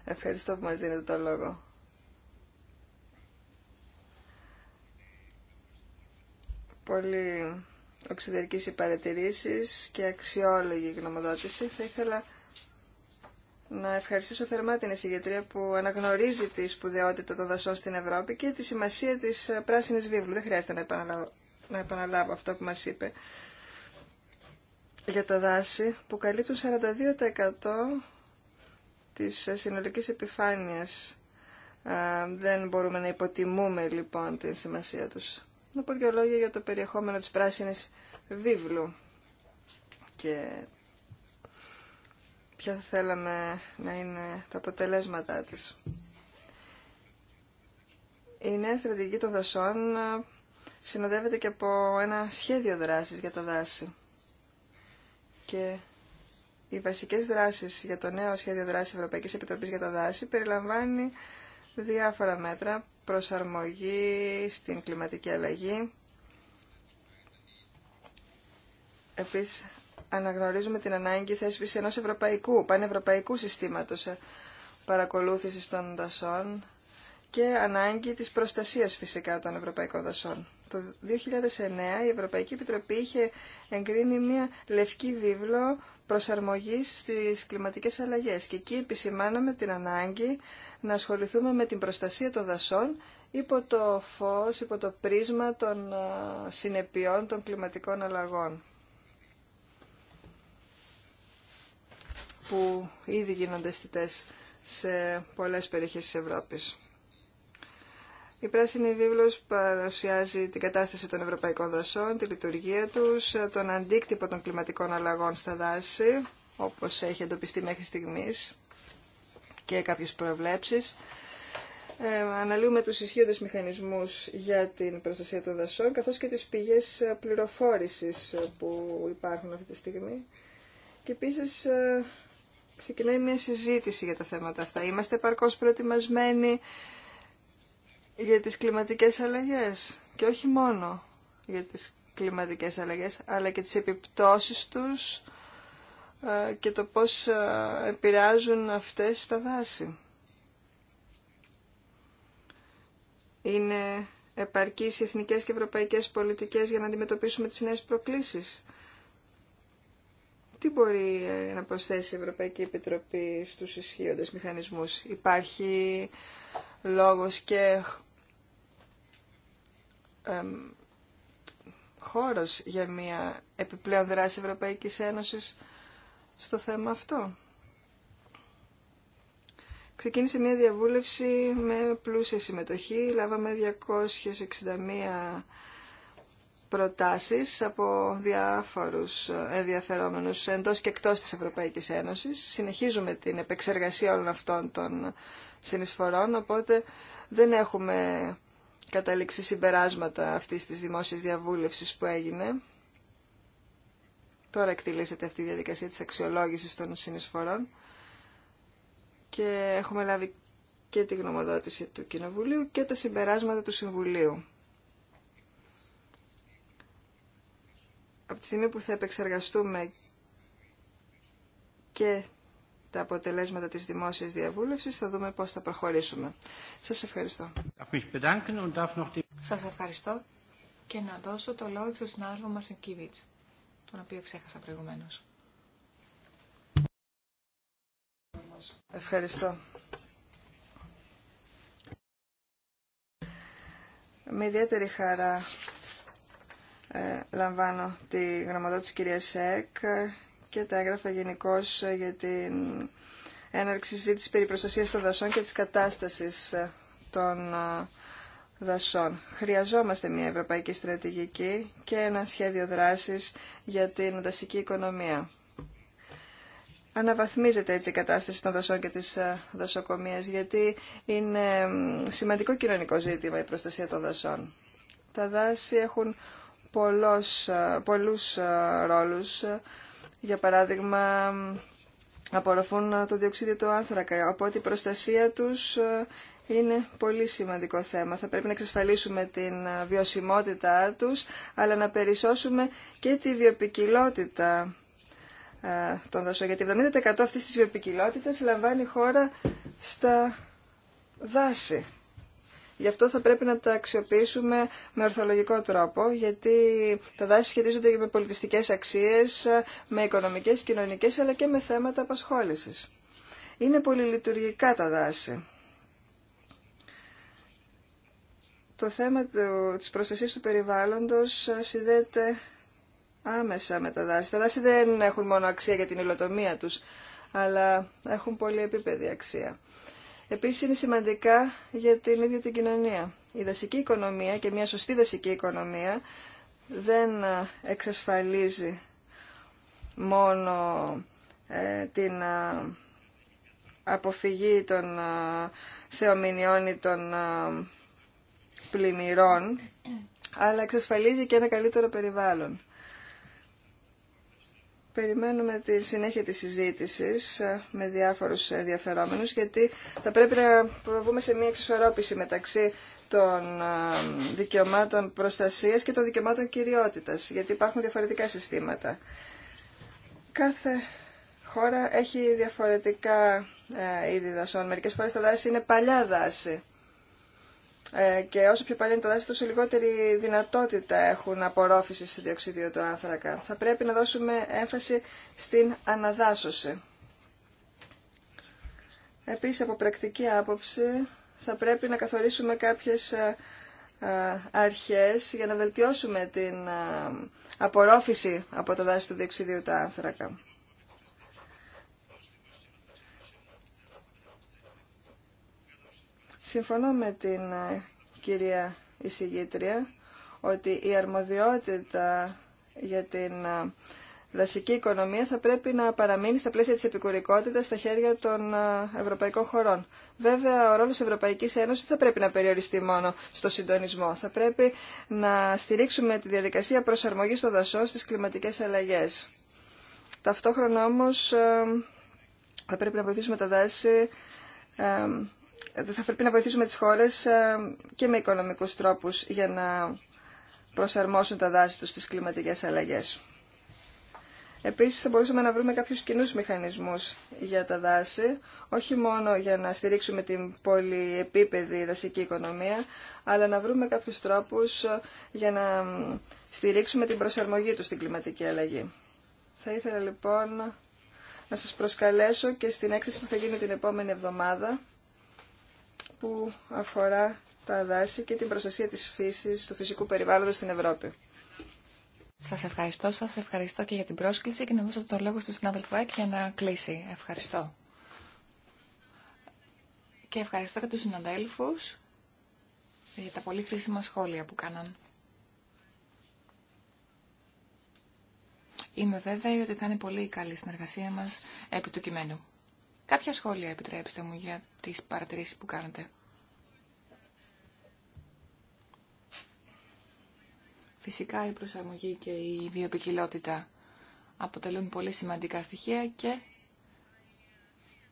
Ευχαριστώ που μας δίνετε το λόγο. πολύ οξυδερκής οι παρατηρήσεις και αξιόλογη γνωμοδότηση. Θα ήθελα να ευχαριστήσω θερμά την εισηγητρία που αναγνωρίζει τη σπουδαιότητα των δασών στην Ευρώπη και τη σημασία της πράσινης βίβλου. Δεν χρειάζεται να επαναλάβω, να επαναλάβω αυτό που μας είπε για τα δάση που καλύπτουν 42% της συνολικής επιφάνειας. Δεν μπορούμε να υποτιμούμε λοιπόν την σημασία τους να πω δύο λόγια για το περιεχόμενο της πράσινης βίβλου και ποια θα θέλαμε να είναι τα αποτελέσματά της. Η νέα στρατηγική των δασών ε, συνοδεύεται και από ένα σχέδιο δράσης για τα δάση. Και οι βασικές δράσεις για το νέο σχέδιο δράσης Ευρωπαϊκής Επιτροπής για τα δάση περιλαμβάνει διάφορα μέτρα προσαρμογή στην κλιματική αλλαγή. Επίσης, αναγνωρίζουμε την ανάγκη θέσπιση ενός ευρωπαϊκού, πανευρωπαϊκού συστήματος παρακολούθησης των δασών και ανάγκη της προστασίας φυσικά των ευρωπαϊκών δασών. Το 2009 η Ευρωπαϊκή Επιτροπή είχε εγκρίνει μια λευκή βίβλο προσαρμογής στις κλιματικές αλλαγές και εκεί επισημάναμε την ανάγκη να ασχοληθούμε με την προστασία των δασών υπό το φως, υπό το πρίσμα των συνεπειών των κλιματικών αλλαγών που ήδη γίνονται αισθητές σε πολλές περιοχές της Ευρώπης. Η Πράσινη Βίβλος παρουσιάζει την κατάσταση των ευρωπαϊκών δασών, τη λειτουργία τους, τον αντίκτυπο των κλιματικών αλλαγών στα δάση, όπως έχει εντοπιστεί μέχρι στιγμής και κάποιες προβλέψεις. Ε, αναλύουμε τους ισχύοντες μηχανισμούς για την προστασία των δασών, καθώς και τις πηγές πληροφόρησης που υπάρχουν αυτή τη στιγμή. Και επίσης ε, ξεκινάει μια συζήτηση για τα θέματα αυτά. Είμαστε παρκώς προετοιμασμένοι για τις κλιματικές αλλαγές και όχι μόνο για τις κλιματικές αλλαγές αλλά και τις επιπτώσεις τους ε, και το πώς ε, επηρεάζουν αυτές τα δάση. Είναι επαρκείς οι εθνικές και ευρωπαϊκές πολιτικές για να αντιμετωπίσουμε τις νέες προκλήσεις. Τι μπορεί ε, να προσθέσει η Ευρωπαϊκή Επιτροπή στους ισχύοντες μηχανισμούς. Υπάρχει λόγος και χώρος για μια επιπλέον δράση Ευρωπαϊκής Ένωσης στο θέμα αυτό. Ξεκίνησε μια διαβούλευση με πλούσια συμμετοχή. Λάβαμε 261 προτάσεις από διάφορους ενδιαφερόμενους εντός και εκτός της Ευρωπαϊκής Ένωσης. Συνεχίζουμε την επεξεργασία όλων αυτών των συνεισφορών, οπότε δεν έχουμε καταλήξει συμπεράσματα αυτής της δημόσιας διαβούλευσης που έγινε. Τώρα εκτελήσεται αυτή η διαδικασία της αξιολόγησης των συνεισφορών και έχουμε λάβει και τη γνωμοδότηση του Κοινοβουλίου και τα συμπεράσματα του Συμβουλίου. Από τη στιγμή που θα επεξεργαστούμε και τα αποτελέσματα της δημόσιας διαβούλευσης θα δούμε πώς θα προχωρήσουμε. Σας ευχαριστώ. Σας ευχαριστώ και να δώσω το λόγο στον συνάδελφο Μασενκίβιτς, τον οποίο ξέχασα προηγουμένως. Ευχαριστώ. Με ιδιαίτερη χαρά ε, λαμβάνω τη γραμματότητα της κυρίας ΣΕΚ και τα έγραφα γενικώ ε, για την έναρξη συζήτηση περί προστασίας των δασών και της κατάστασης ε, των ε, δασών. Χρειαζόμαστε μια ευρωπαϊκή στρατηγική και ένα σχέδιο δράσης για την δασική οικονομία. Αναβαθμίζεται έτσι η κατάσταση των δασών και της δασοκομείας, γιατί είναι σημαντικό κοινωνικό ζήτημα η προστασία των δασών. Τα δάση έχουν πολλούς, πολλούς ρόλους για παράδειγμα, απορροφούν το διοξίδιο του άνθρακα. Οπότε η προστασία τους ε, είναι πολύ σημαντικό θέμα. Θα πρέπει να εξασφαλίσουμε την ε, βιωσιμότητά τους, αλλά να περισσώσουμε και τη βιοπικιλότητα ε, των δασών. Γιατί 70% αυτής της βιοπικιλότητας λαμβάνει χώρα στα δάση. Γι' αυτό θα πρέπει να τα αξιοποιήσουμε με ορθολογικό τρόπο, γιατί τα δάση σχετίζονται και με πολιτιστικές αξίες, με οικονομικές, κοινωνικές, αλλά και με θέματα απασχόληση. Είναι πολυλειτουργικά τα δάση. Το θέμα του, της του περιβάλλοντος συνδέεται άμεσα με τα δάση. Τα δάση δεν έχουν μόνο αξία για την υλοτομία τους, αλλά έχουν πολύ επίπεδη αξία. Επίσης είναι σημαντικά για την ίδια την κοινωνία. Η δασική οικονομία και μια σωστή δασική οικονομία δεν ε, εξασφαλίζει μόνο ε, την ε, αποφυγή των θεομηνιών ή των πλημμυρών, αλλά εξασφαλίζει και ένα καλύτερο περιβάλλον. Περιμένουμε τη συνέχεια της συζήτησης ε, με διάφορους ενδιαφερόμενους γιατί θα πρέπει να προβούμε σε μια εξισορρόπηση μεταξύ των ε, δικαιωμάτων προστασίας και των δικαιωμάτων κυριότητας γιατί υπάρχουν διαφορετικά συστήματα. Κάθε χώρα έχει διαφορετικά ε, είδη δασών. Μερικές φορές τα δάση είναι παλιά δάση ε, και όσο πιο παλιά είναι τα δάση, τόσο λιγότερη δυνατότητα έχουν απορρόφησης διοξιδίου του άνθρακα. Θα πρέπει να δώσουμε έμφαση στην αναδάσωση. Επίσης, από πρακτική άποψη, θα πρέπει να καθορίσουμε κάποιες ε, ε, αρχές για να βελτιώσουμε την απορρόφηση από τα δάση του διοξιδίου του άνθρακα. Συμφωνώ με την ε, κυρία εισηγήτρια ότι η αρμοδιότητα για την ε, δασική οικονομία θα πρέπει να παραμείνει στα πλαίσια της επικουρικότητας στα χέρια των ε, ευρωπαϊκών χωρών. Βέβαια, ο ρόλος της Ευρωπαϊκής Ένωσης θα πρέπει να περιοριστεί μόνο στο συντονισμό. Θα πρέπει να στηρίξουμε τη διαδικασία προσαρμογής των δασών στις κλιματικές αλλαγές. Ταυτόχρονα όμως θα πρέπει να βοηθήσουμε τα δάση ε, θα πρέπει να βοηθήσουμε τις χώρες ε, και με οικονομικούς τρόπους για να προσαρμόσουν τα δάση τους στις κλιματικές αλλαγές. Επίσης θα μπορούσαμε να βρούμε κάποιους κοινούς μηχανισμούς για τα δάση, όχι μόνο για να στηρίξουμε την πολυεπίπεδη δασική οικονομία, αλλά να βρούμε κάποιους τρόπους ε, για να στηρίξουμε την προσαρμογή τους στην κλιματική αλλαγή. Θα ήθελα λοιπόν να σας προσκαλέσω και στην έκθεση που θα γίνει την επόμενη εβδομάδα που αφορά τα δάση και την προστασία της φύσης, του φυσικού περιβάλλοντος στην Ευρώπη. Σας ευχαριστώ, σας ευχαριστώ και για την πρόσκληση και να δώσω το λόγο στη συνάδελφο ΕΚ για να κλείσει. Ευχαριστώ. Και ευχαριστώ και τους συναδέλφους για τα πολύ χρήσιμα σχόλια που κάναν. Είμαι βέβαιη ότι θα είναι πολύ καλή η συνεργασία μας επί του κειμένου. Κάποια σχόλια επιτρέψτε μου για τις παρατηρήσεις που κάνετε. Φυσικά η προσαρμογή και η βιοπικιλότητα αποτελούν πολύ σημαντικά στοιχεία και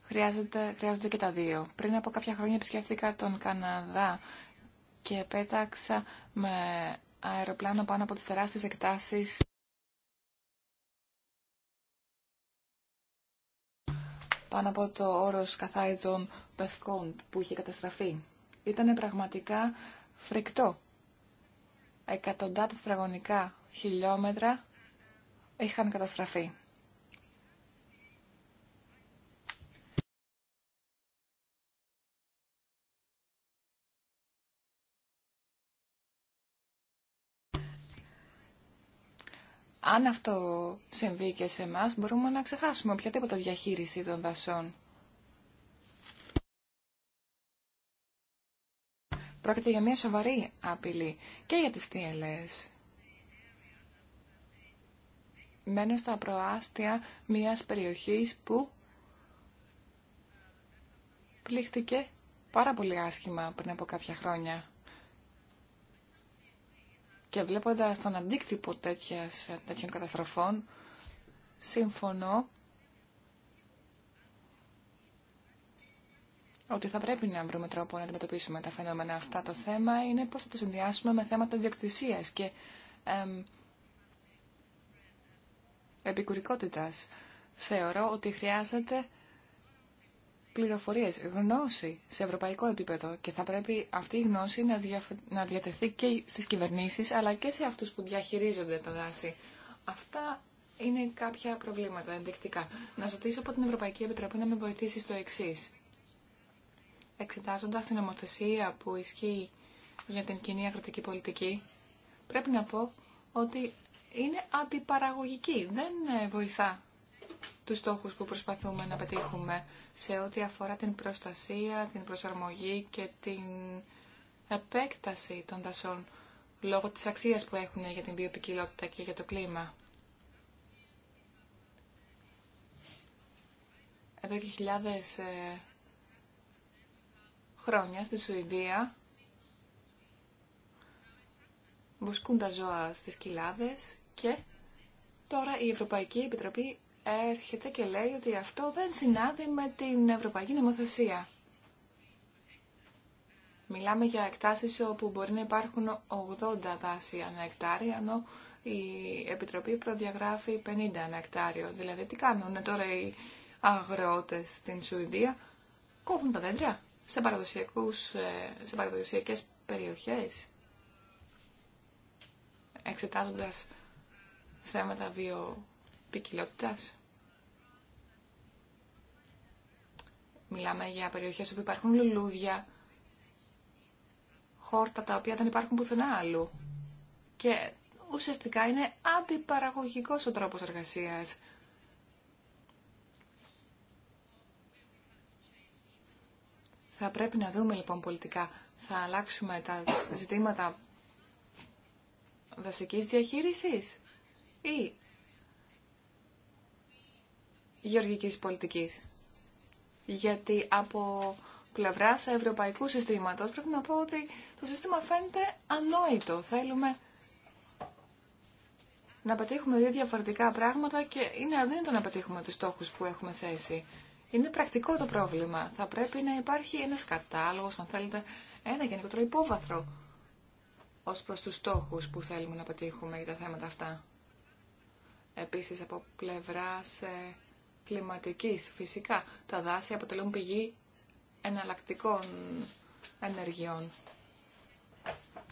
χρειάζονται, χρειάζονται και τα δύο. Πριν από κάποια χρόνια επισκέφθηκα τον Καναδά και πέταξα με αεροπλάνο πάνω από τις τεράστιες εκτάσεις πάνω από το όρος καθάριτων πευκών που είχε καταστραφεί. Ήταν πραγματικά φρικτό. Εκατοντά τετραγωνικά χιλιόμετρα είχαν καταστραφεί. Αν αυτό συμβεί και σε εμά, μπορούμε να ξεχάσουμε οποιαδήποτε διαχείριση των δασών. Πρόκειται για μια σοβαρή απειλή και για τις TLS. Μένω στα προάστια μιας περιοχής που πλήχθηκε πάρα πολύ άσχημα πριν από κάποια χρόνια. Και βλέποντας τον αντίκτυπο τέτοιας, τέτοιων καταστροφών, συμφωνώ ότι θα πρέπει να βρούμε τρόπο να αντιμετωπίσουμε τα φαινόμενα αυτά. Το θέμα είναι πώς θα το συνδυάσουμε με θέματα διοκτησίας και εμ, επικουρικότητας. Θεωρώ ότι χρειάζεται πληροφορίες, γνώση σε ευρωπαϊκό επίπεδο και θα πρέπει αυτή η γνώση να, να διατεθεί και στις κυβερνήσεις αλλά και σε αυτούς που διαχειρίζονται τα δάση. Αυτά είναι κάποια προβλήματα ενδεικτικά. Να ζητήσω από την Ευρωπαϊκή Επιτροπή να με βοηθήσει στο εξή. Εξετάζοντα την νομοθεσία που ισχύει για την κοινή αγροτική πολιτική, πρέπει να πω ότι είναι αντιπαραγωγική. Δεν βοηθά τους στόχους που προσπαθούμε να πετύχουμε σε ό,τι αφορά την προστασία, την προσαρμογή και την επέκταση των δασών λόγω της αξίας που έχουν για την βιοπικιλότητα και για το κλίμα. Εδώ και χιλιάδες ε, χρόνια στη Σουηδία βοσκούν τα ζώα στις κοιλάδες και τώρα η Ευρωπαϊκή Επιτροπή έρχεται και λέει ότι αυτό δεν συνάδει με την Ευρωπαϊκή Νομοθεσία. Μιλάμε για εκτάσεις όπου μπορεί να υπάρχουν 80 δάση ανά ενώ η Επιτροπή προδιαγράφει 50 ανά εκτάριο. Δηλαδή τι κάνουν τώρα οι αγρότες στην Σουηδία, κόβουν τα δέντρα σε, παραδοσιακούς, ε, σε παραδοσιακές περιοχές, εξετάζοντας θέματα βιο Μιλάμε για περιοχές όπου υπάρχουν λουλούδια, χόρτα τα οποία δεν υπάρχουν πουθενά άλλου. Και ουσιαστικά είναι αντιπαραγωγικός ο τρόπος εργασίας. Θα πρέπει να δούμε λοιπόν πολιτικά. Θα αλλάξουμε τα ζητήματα δασικής διαχείρισης ή γεωργικής πολιτικής. Γιατί από πλευρά ευρωπαϊκού συστήματος πρέπει να πω ότι το σύστημα φαίνεται ανόητο. Θέλουμε να πετύχουμε δύο διαφορετικά πράγματα και είναι αδύνατο να πετύχουμε τους στόχους που έχουμε θέσει. Είναι πρακτικό το πρόβλημα. Θα πρέπει να υπάρχει ένας κατάλογος, αν θέλετε, ένα γενικότερο υπόβαθρο ως προς τους στόχους που θέλουμε να πετύχουμε για τα θέματα αυτά. Επίσης από πλευράς ε, κλιματικής. Φυσικά, τα δάση αποτελούν πηγή εναλλακτικών ενεργειών.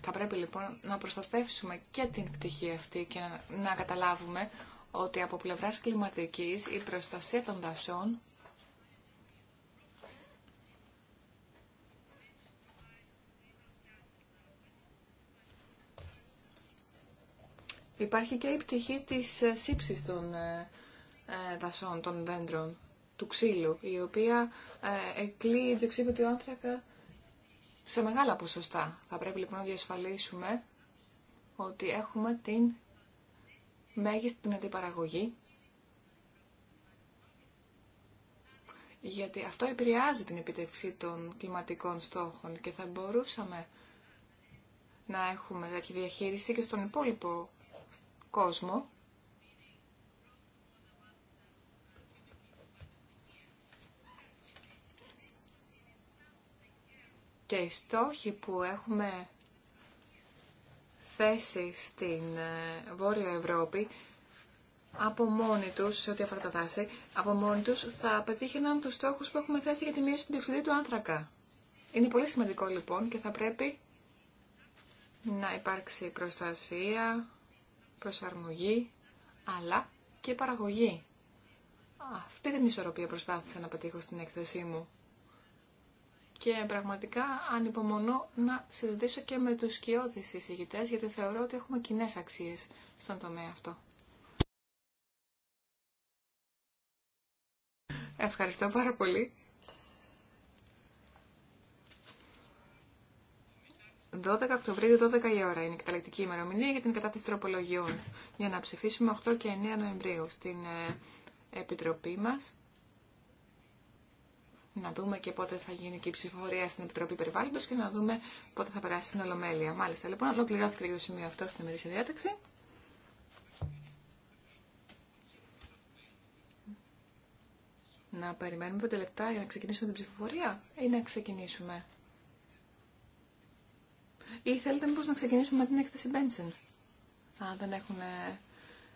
Θα πρέπει λοιπόν να προστατεύσουμε και την πτυχή αυτή και να καταλάβουμε ότι από πλευράς κλιματικής η προστασία των δασών Υπάρχει και η πτυχή της ε, σύψης των ε, ε, δασών, των δέντρων, του ξύλου, η οποία ε, εκλείει διεξίδιο του άνθρακα σε μεγάλα ποσοστά. Θα πρέπει λοιπόν να διασφαλίσουμε ότι έχουμε την μέγιστη την αντιπαραγωγή γιατί αυτό επηρεάζει την επιτευξή των κλιματικών στόχων και θα μπορούσαμε να έχουμε διαχείριση και στον υπόλοιπο κόσμο, και οι στόχοι που έχουμε θέσει στην ε, Βόρεια Ευρώπη από μόνοι του, σε ό,τι αφορά τα δάση, από μόνοι τους θα πετύχαιναν του στόχου που έχουμε θέσει για τη μείωση του διοξιδίου του άνθρακα. Είναι πολύ σημαντικό λοιπόν και θα πρέπει να υπάρξει προστασία, προσαρμογή, αλλά και παραγωγή. Αυτή την ισορροπία προσπάθησα να πετύχω στην έκθεσή μου. Και πραγματικά ανυπομονώ να συζητήσω και με τους σκιώδεις συζητητές, γιατί θεωρώ ότι έχουμε κοινέ αξίες στον τομέα αυτό. Ευχαριστώ πάρα πολύ. 12 Οκτωβρίου, 12 η ώρα είναι η εκταλεκτική ημερομηνία για την κατάθεση τροπολογιών. Για να ψηφίσουμε 8 και 9 Νοεμβρίου στην ε, Επιτροπή μας να δούμε και πότε θα γίνει και η ψηφοφορία στην Επιτροπή Περιβάλλοντο και να δούμε πότε θα περάσει στην Ολομέλεια. Μάλιστα, λοιπόν, ολοκληρώθηκε το σημείο αυτό στην ημερήσια διάταξη. Να περιμένουμε πέντε λεπτά για να ξεκινήσουμε την ψηφοφορία ή να ξεκινήσουμε. Ή θέλετε μήπως να ξεκινήσουμε με την έκθεση Μπέντσεν. Αν δεν έχουν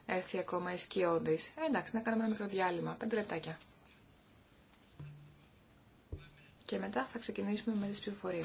έρθει ακόμα οι σκιώδεις. Ε, εντάξει, να κάνουμε ένα μικρό διάλειμμα. Πέντε λεπτάκια και μετά θα ξεκινήσουμε με τις πληροφορίε.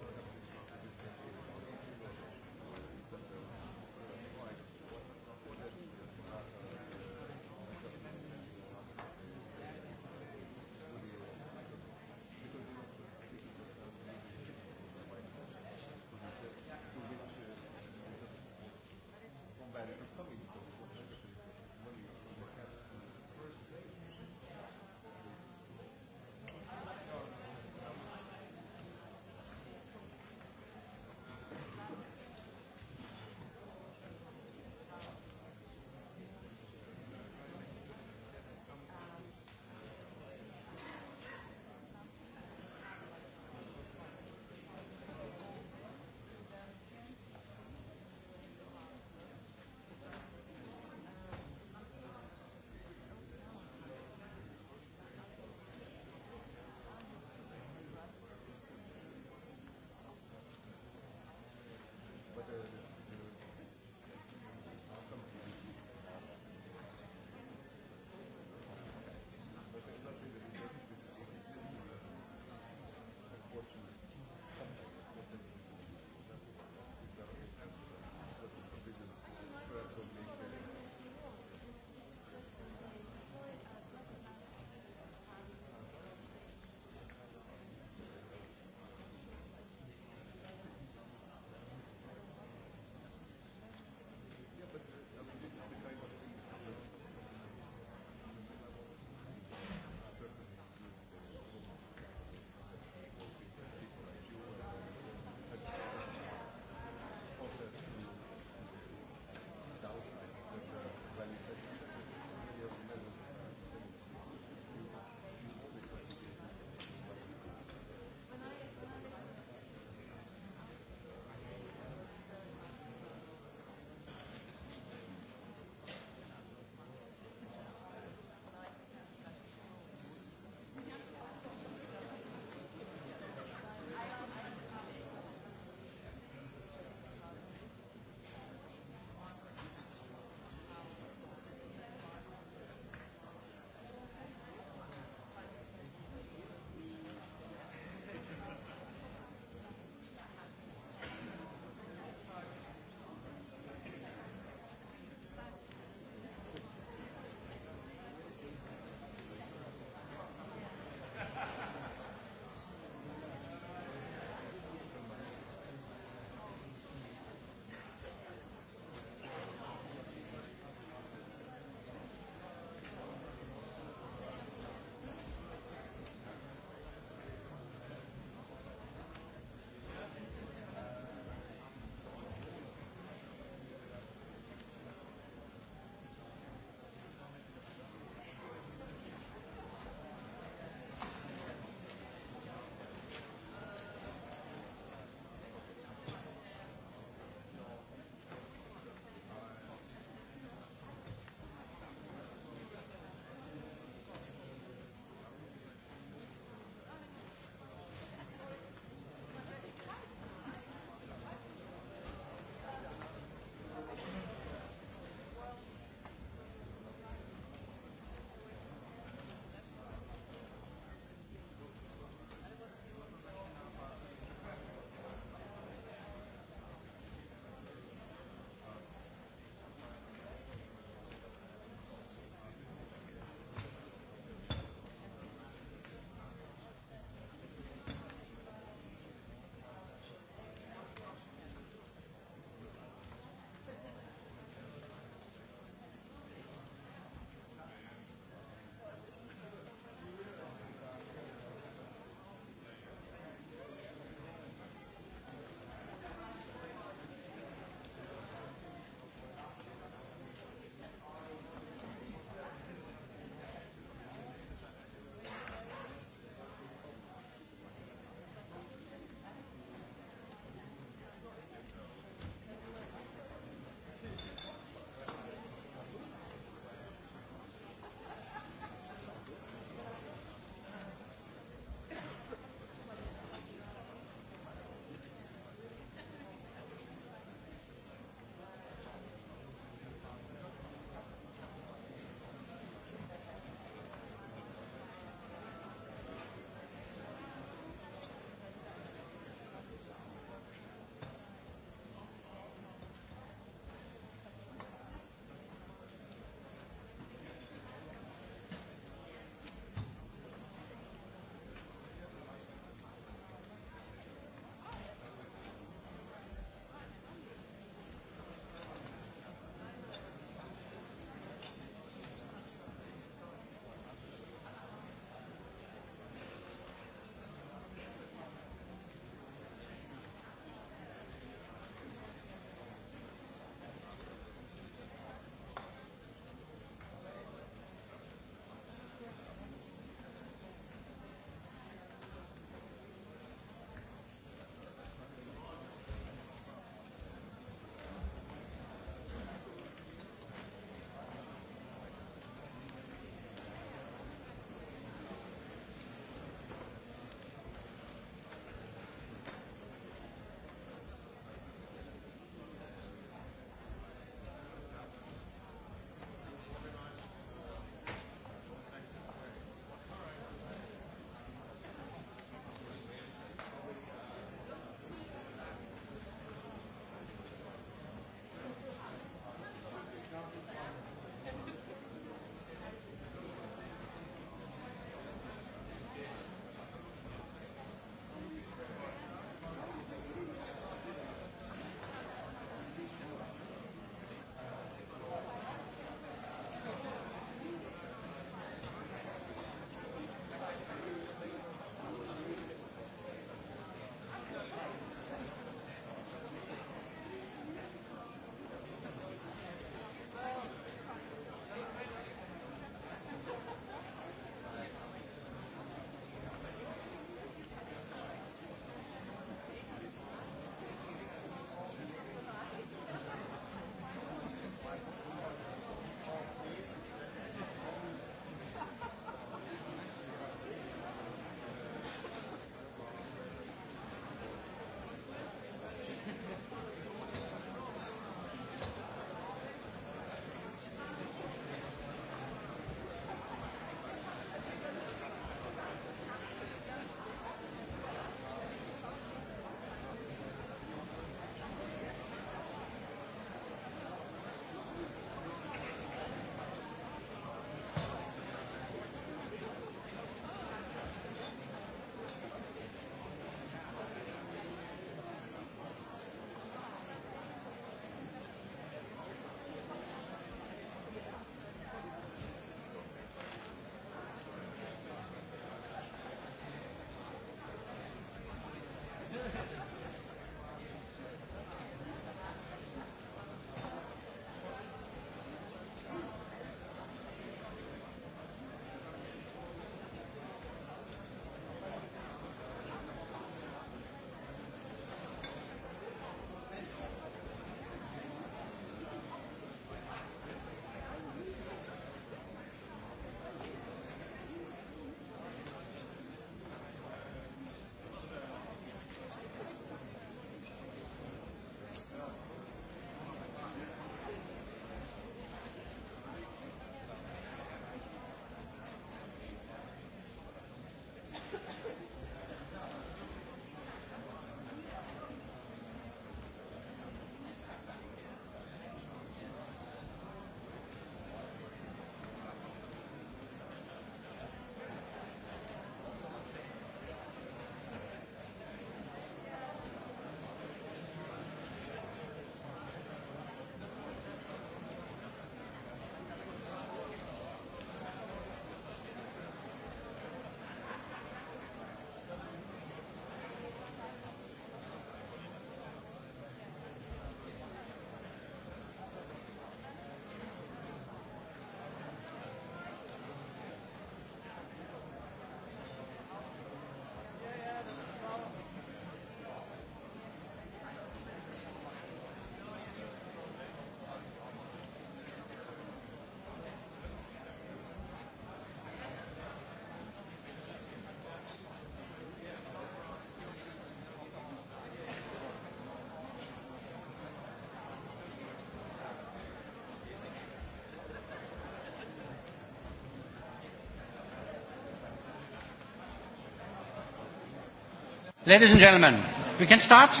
Ladies και gentlemen, we can start.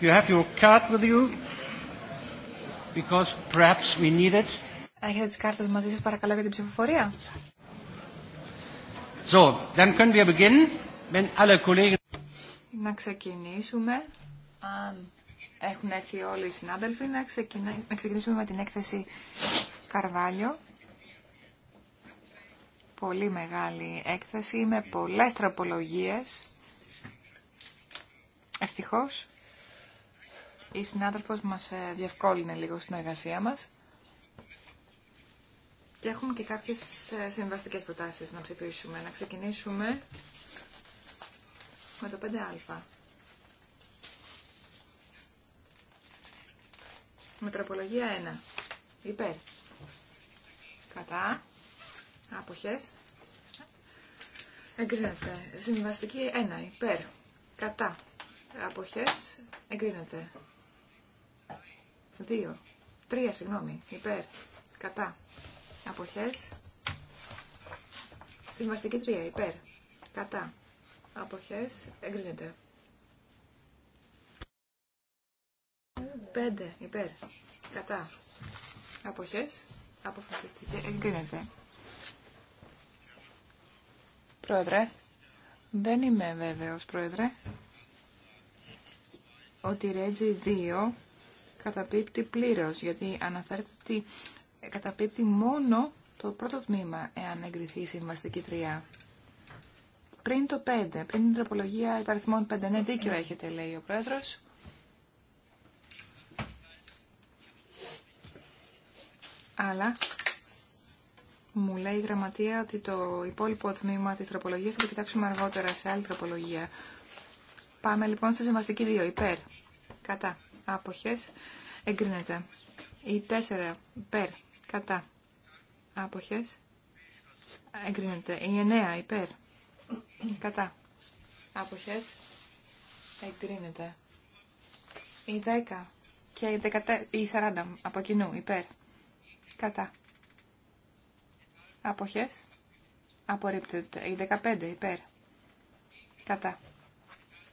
Έχετε σας την να ξεκινήσουμε. Αν έχουν έρθει όλοι οι συνάδελφοι, να, ξεκινήσουμε με την έκθεση Καρβάλιο πολύ μεγάλη έκθεση με πολλές τροπολογίες. Ευτυχώς, η συνάδελφος μας ε, διευκόλυνε λίγο στην εργασία μας. Και έχουμε και κάποιες ε, συμβαστικές προτάσεις να ψηφίσουμε. Να ξεκινήσουμε με το 5α. Μετροπολογία 1. Υπέρ. Κατά. Αποχές. Εγκρίνεται. Συμβαστική 1. Υπέρ. Κατά. Αποχές. Εγκρίνεται. 2. Τρία Συγγνώμη. Υπέρ. Κατά. Αποχές. Συμβαστική 3. Υπέρ. Κατά. Αποχές. Εγκρίνεται. Πέντε. Υπέρ. Κατά. Αποχές. Αποφασιστική. Εγκρίνεται. Πρόεδρε, δεν είμαι βέβαιος, Πρόεδρε, ότι η Ρέτζι 2 καταπίπτει πλήρως, γιατί αναφέρεται καταπίπτει μόνο το πρώτο τμήμα, εάν εγκριθεί η συμβαστική 3. Πριν το 5, πριν την τροπολογία υπαριθμών 5, ναι, δίκιο έχετε, λέει ο Πρόεδρος. Αλλά μου λέει η γραμματεία ότι το υπόλοιπο τμήμα της τροπολογίας θα το κοιτάξουμε αργότερα σε άλλη τροπολογία. Πάμε λοιπόν στη συμβαστική 2. Υπέρ. Κατά. Αποχές. Εγκρίνεται. Η 4. Υπέρ. Κατά. Αποχές. Εγκρίνεται. Η 9. Υπέρ. Κατά. Αποχές. Εγκρίνεται. Η 10. Και η, 40 από κοινού. Υπέρ. Κατά. Αποχές. Απορρίπτεται. Η 15 υπέρ. Κατά.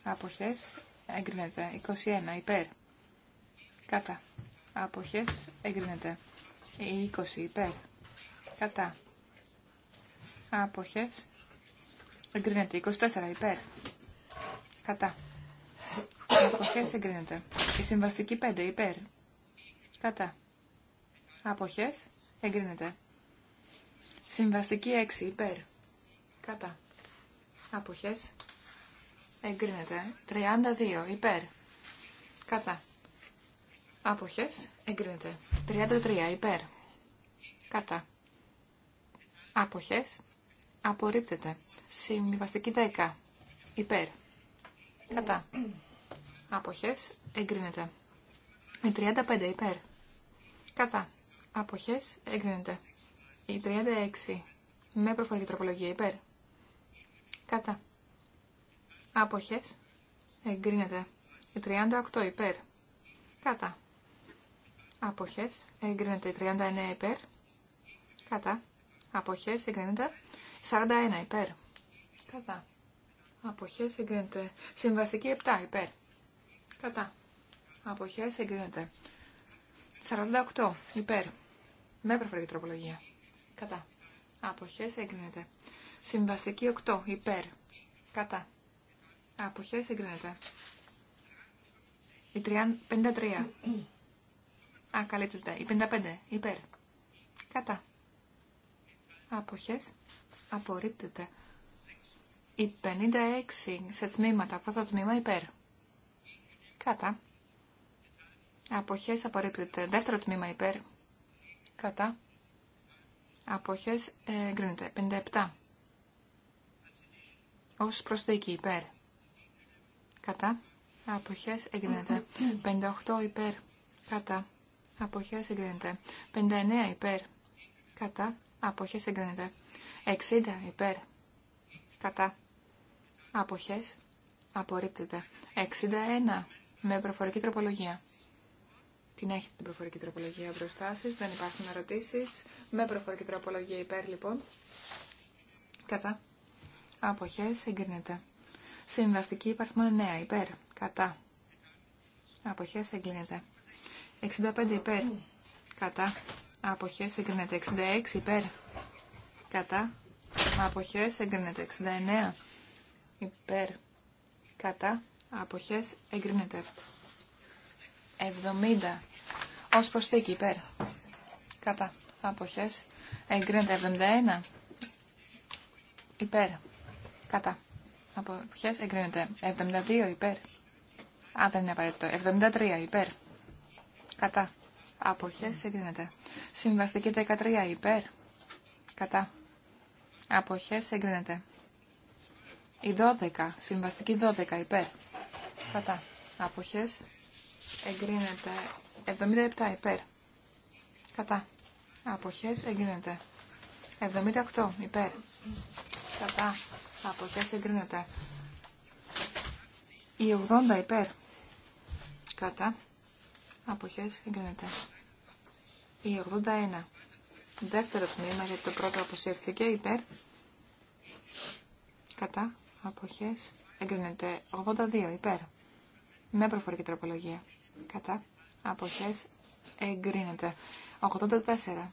Αποχές. Εγκρίνεται. 21 υπέρ. Κατά. Αποχές. Εγκρίνεται. Η 20 υπέρ. Κατά. Αποχές. Εγκρίνεται. 24 υπέρ. Κατά. Αποχές εγκρίνεται. Η συμβαστική 5 υπέρ. Κατά. Αποχές εγκρίνεται. Συμβαστική 6 υπέρ. Κατά. Αποχές. Εγκρίνεται. 32 υπέρ. Κατά. Αποχές. Εγκρίνεται. 33 υπέρ. Κατά. Αποχές. Απορρίπτεται. Συμβαστική 10. Υπέρ. Κατά. Αποχές. Εγκρίνεται. 35 υπέρ. Κατά. Αποχές. Εγκρίνεται. Η 36. Με προφορική τροπολογία υπέρ. Κατά. Άποχες. Εγκρίνεται. Η 38 υπέρ. Κατά. Άποχες. Εγκρίνεται. Η 39 υπέρ. Κατά. Αποχές εγκρίνεται. 41 υπέρ. Κατά. Αποχές εγκρίνεται. Συμβαστική 7 υπέρ. Κατά. Αποχές εγκρίνεται. 48 υπέρ. Με προφορική τροπολογία. Κατά. Αποχές εγκρίνεται. Συμβαστική 8. Υπέρ. Κατά. Αποχές εγκρίνεται. Η 53. Ακαλύπτεται. Η 55. Υπέρ. Κατά. Αποχές. Απορρίπτεται. Η 56 σε τμήματα. Πρώτο τμήμα υπέρ. Κατά. Αποχές απορρίπτεται. Δεύτερο τμήμα υπέρ. Κατά. Αποχές ε, εγκρίνεται. 57. Ως προσθήκη υπέρ. Κατά. Αποχές εγκρίνεται. 58 υπέρ. Κατά. Αποχές εγκρίνεται. 59 υπέρ. Κατά. Αποχές εγκρίνεται. 60 υπέρ. Κατά. Αποχές απορρίπτεται. 61 με προφορική τροπολογία. Την έχετε την προφορική τροπολογία μπροστά σα. Δεν υπάρχουν ερωτήσει. Με προφορική τροπολογία υπέρ λοιπόν. Κατά. Αποχές εγκρίνεται. Συμβαστική υπαριθμόν 9 υπέρ. Κατά. Αποχέ, εγκρίνεται. 65 υπέρ. Κατά. Αποχέ, εγκρίνεται. 66 υπέρ. Κατά. Αποχέ, εγκρίνεται. 69 υπέρ. Κατά. απόχέ, εγκρίνεται. 70 ως προσθήκη υπέρ. Κατά. Αποχές. Εγκρίνεται 71 υπέρ. Κατά. Αποχές. Εγκρίνεται 72 υπέρ. Α, δεν είναι απαραίτητο. 73 υπέρ. Κατά. Αποχές. Εγκρίνεται. Συμβαστική 13 υπέρ. Κατά. Αποχές. Εγκρίνεται. Η 12. Συμβαστική 12 υπέρ. Κατά. Αποχές εγκρίνεται 77 υπέρ κατά αποχές εγκρίνεται 78 υπέρ κατά αποχές εγκρίνεται η 80 υπέρ κατά αποχές εγκρίνεται η 81 δεύτερο τμήμα γιατί το πρώτο αποσύρθηκε υπέρ κατά αποχές εγκρίνεται 82 υπέρ με προφορική τροπολογία Κατά. Αποχές. Εγκρίνεται. 84.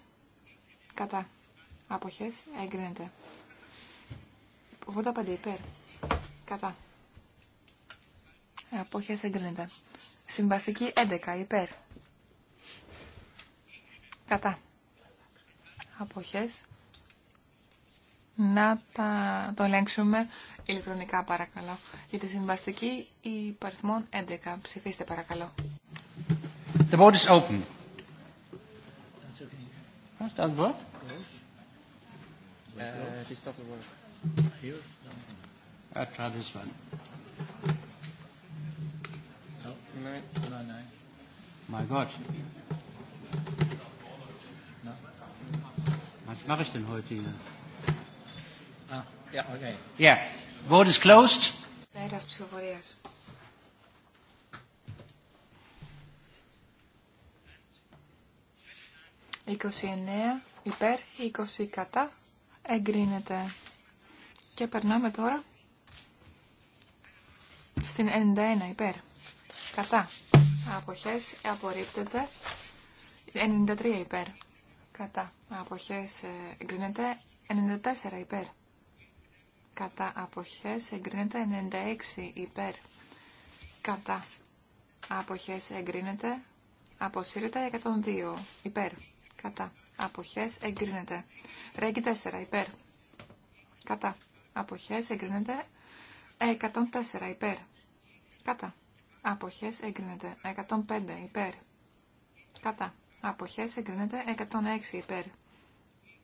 Κατά. Αποχές. Εγκρίνεται. 85 υπέρ. Κατά. Απόχες εγκρίνεται. Συμβαστική 11 υπέρ. Κατά. Απόχες. Να τα, το ελέγξουμε ηλεκτρονικά παρακαλώ. Για τη συμβαστική υπαριθμών 11. Ψηφίστε παρακαλώ. The vote is open. That this I try this one. No, no, My Was mache ich denn heute Ah, yeah, okay. Yeah. is closed. 29 υπέρ, 20 κατά, εγκρίνεται. Και περνάμε τώρα στην 91 υπέρ, κατά, αποχές, απορρίπτεται, 93 ε, υπέρ, κατά, αποχές, εγκρίνεται, 94 υπέρ, κατά, αποχές, εγκρίνεται, 96 υπέρ, κατά, αποχές, εγκρίνεται, αποσύρεται, 102 υπέρ Κατά. Αποχές εγκρίνεται. Ρέγγι 4 υπέρ. Κατά. Αποχές εγκρίνεται. 104 υπέρ. Κατά. Αποχές εγκρίνεται. 105 υπέρ. Κατά. Αποχές εγκρίνεται. 106 υπέρ.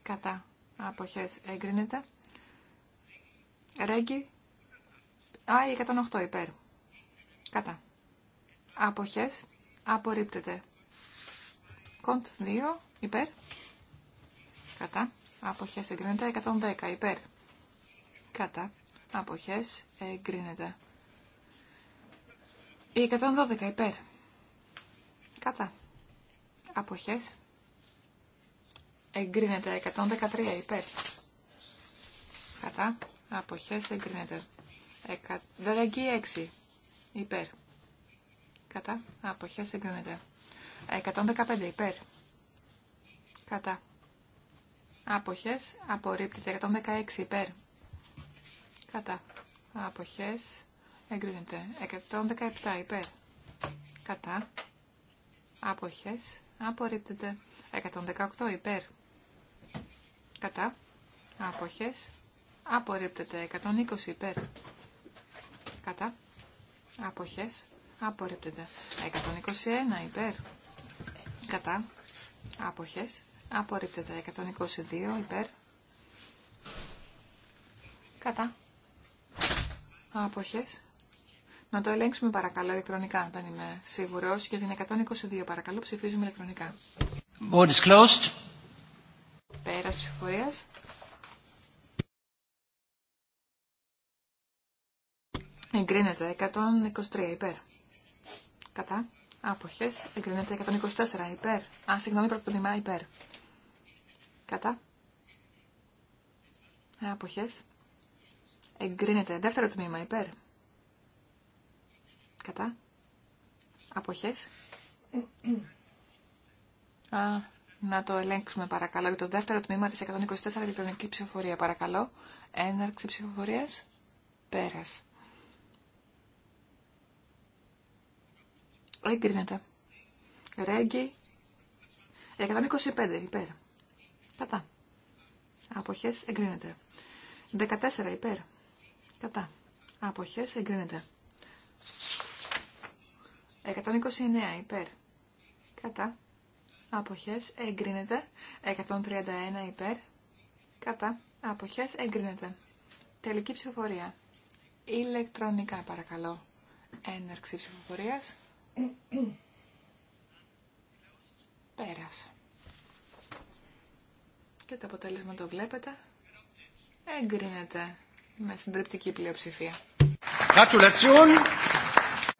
Κατά. Αποχές εγκρίνεται. Ρέγγι. Α, 108 υπέρ. Κατά. Αποχές απορρίπτεται. Κοντ 2 Υπέρ. Κατά. Αποχές εγκρίνεται. 110. Υπέρ. Κατά. Αποχές εγκρίνεται. 112. Υπέρ. Κατά. Αποχές. Εγκρίνεται. 113. Υπέρ. Κατά. Αποχές εγκρίνεται. Εκα... 6. Υπέρ. Κατά. Αποχές εγκρίνεται. 115. Υπέρ κατά. Άποχες, απορρίπτεται. 116 υπέρ. Κατά. Άποχες, εγκρίνεται. 117 υπέρ. Κατά. Άποχες, απορρίπτεται. 118 υπέρ. Κατά. Άποχες, απορρίπτεται. 120 υπέρ. Κατά. Άποχες, απορρίπτεται. 121 υπέρ. Κατά. Άποχες, Απορρίπτεται. 122 υπέρ. Κατά. Αποχές. Να το ελέγξουμε παρακαλώ ηλεκτρονικά. Δεν είμαι σίγουρος για την 122. Παρακαλώ ψηφίζουμε ηλεκτρονικά. Board is closed. Πέρας ψηφορίας. Εγκρίνεται 123 υπέρ. Κατά. Άποχες. Εγκρίνεται 124 υπέρ. Α, συγγνώμη, πρώτο υπέρ. Κατά. Αποχές. Εγκρίνεται. Δεύτερο τμήμα. Υπέρ. Κατά. Αποχές. Α, να το ελέγξουμε παρακαλώ για το δεύτερο τμήμα της 124 ηλεκτρονική ψηφοφορία. Παρακαλώ. Έναρξη ψηφοφορίας. Πέρας. Εγκρίνεται. Ρέγγι. 125 υπέρ. Κατά. Αποχές εγκρίνεται. 14 υπέρ. Κατά. Αποχές εγκρίνεται. 129 υπέρ. Κατά. Αποχές εγκρίνεται. 131 υπέρ. Κατά. Αποχές εγκρίνεται. Τελική ψηφοφορία. Ηλεκτρονικά παρακαλώ. Έναρξη ψηφοφορίας. [CLEARS THROAT] Πέρασε και το αποτέλεσμα το βλέπετε. Εγκρίνεται με συντριπτική πλειοψηφία.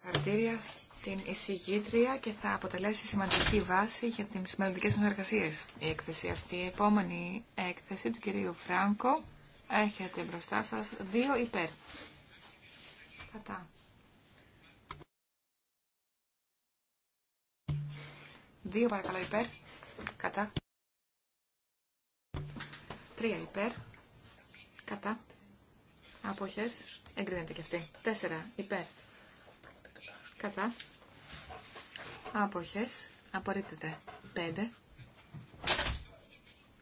Χαρτίρια στην εισηγήτρια και θα αποτελέσει σημαντική βάση για τι μελλοντικέ συνεργασίε. Η έκθεση αυτή, η επόμενη έκθεση του κυρίου Φράγκο, έχετε μπροστά σα δύο υπέρ. Κατά. Δύο παρακαλώ υπέρ. Κατά. 3 υπέρ. Κατά. Αποχές. Εγκρίνεται και αυτή. 4 υπέρ. Κατά. Αποχές. Απορρίπτεται. 5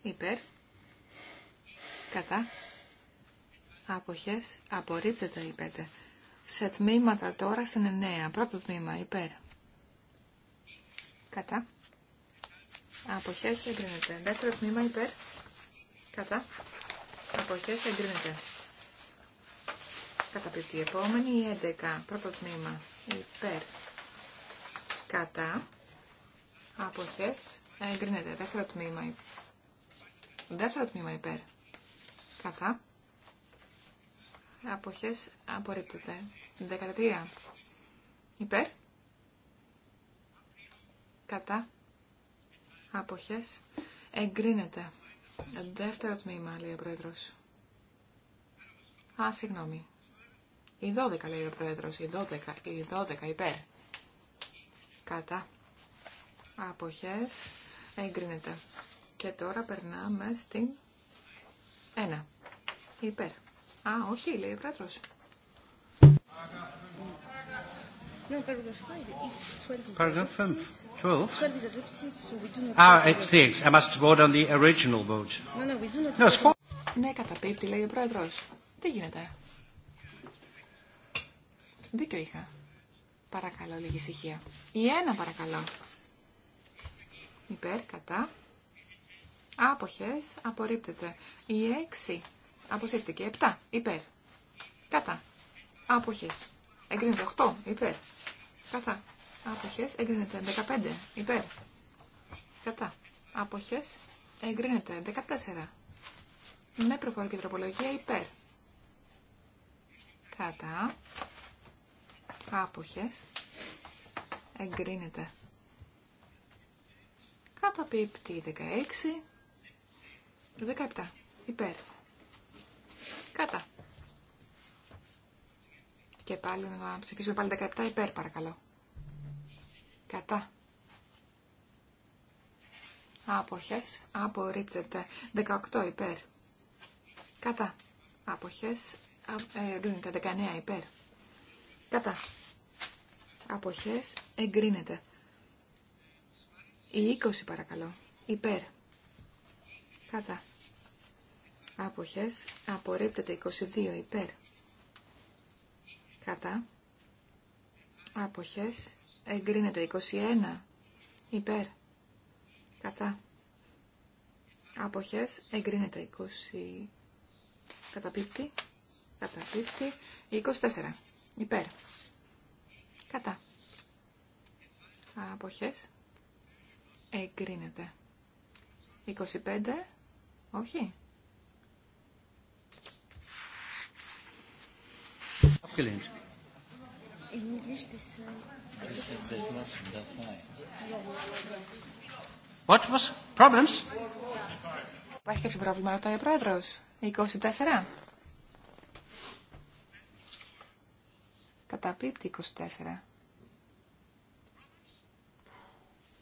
υπέρ. Κατά. Αποχές. Απορρίπτεται η 5. Σε τμήματα τώρα στην 9. Πρώτο τμήμα υπέρ. Κατά. Αποχές εγκρίνεται. Δεύτερο τμήμα υπέρ. Κατά. Αποχές εγκρίνεται. Καταπληκτή επόμενη, η 11, πρώτο τμήμα, υπέρ, κατά, αποχές, εγκρίνεται, δεύτερο τμήμα, δεύτερο τμήμα υπέρ, κατά, αποχές, απορρίπτεται, 13, υπέρ, κατά, αποχές, εγκρίνεται, Δεύτερο τμήμα, λέει ο πρόεδρο. Α, συγγνώμη. Η 12, λέει ο πρόεδρο. Η 12, η 12, υπέρ. Κατά. Αποχέ. Εγκρίνεται. Και τώρα περνάμε στην 1. Υπέρ. Α, όχι, λέει ο πρόεδρο. 12? 12 is adopted, so we do not ah, it sticks. I must vote on the original vote. No, no, we do not no, it's four. Ναι, καταπίπτει, λέει ο πρόεδρος. Τι γίνεται. Δίκιο είχα. Παρακαλώ, λίγη ησυχία. Η ένα, παρακαλώ. Υπέρ, κατά. Άποχες, απορρίπτεται. Η έξι, αποσύρθηκε. Επτά, υπέρ. Κατά. Άποχες. Εγκρίνεται. 8. Υπέρ. Κατά. Αποχές εγκρίνεται 15. Υπέρ. Κατά. Αποχές εγκρίνεται 14. Με προφορική τροπολογία υπέρ. Κατά. Άποχες. Εγκρίνεται. πίπτη 16. 17. Υπέρ. Κατά. Και πάλι να ψηφίσουμε πάλι 17 υπέρ παρακαλώ. Κατά. Άποχες. Απορρίπτεται. 18 υπέρ. Κατά. Άποχες. Ε, εγκρίνεται. 19 υπέρ. Κατά. Αποχές. Εγκρίνεται. Η 20 παρακαλώ. Υπέρ. Κατά. Άποχες. Απορρίπτεται 22 υπέρ. Κατά. Άποχες εγκρίνεται 21 υπέρ κατά αποχές εγκρίνεται 20 καταπίπτει καταπίπτει 24 υπέρ κατά αποχές εγκρίνεται 25 όχι English What was problems? Υπάρχει κάποιο πρόβλημα, ρωτάει ο πρόεδρο. 24. Καταπίπτει 24.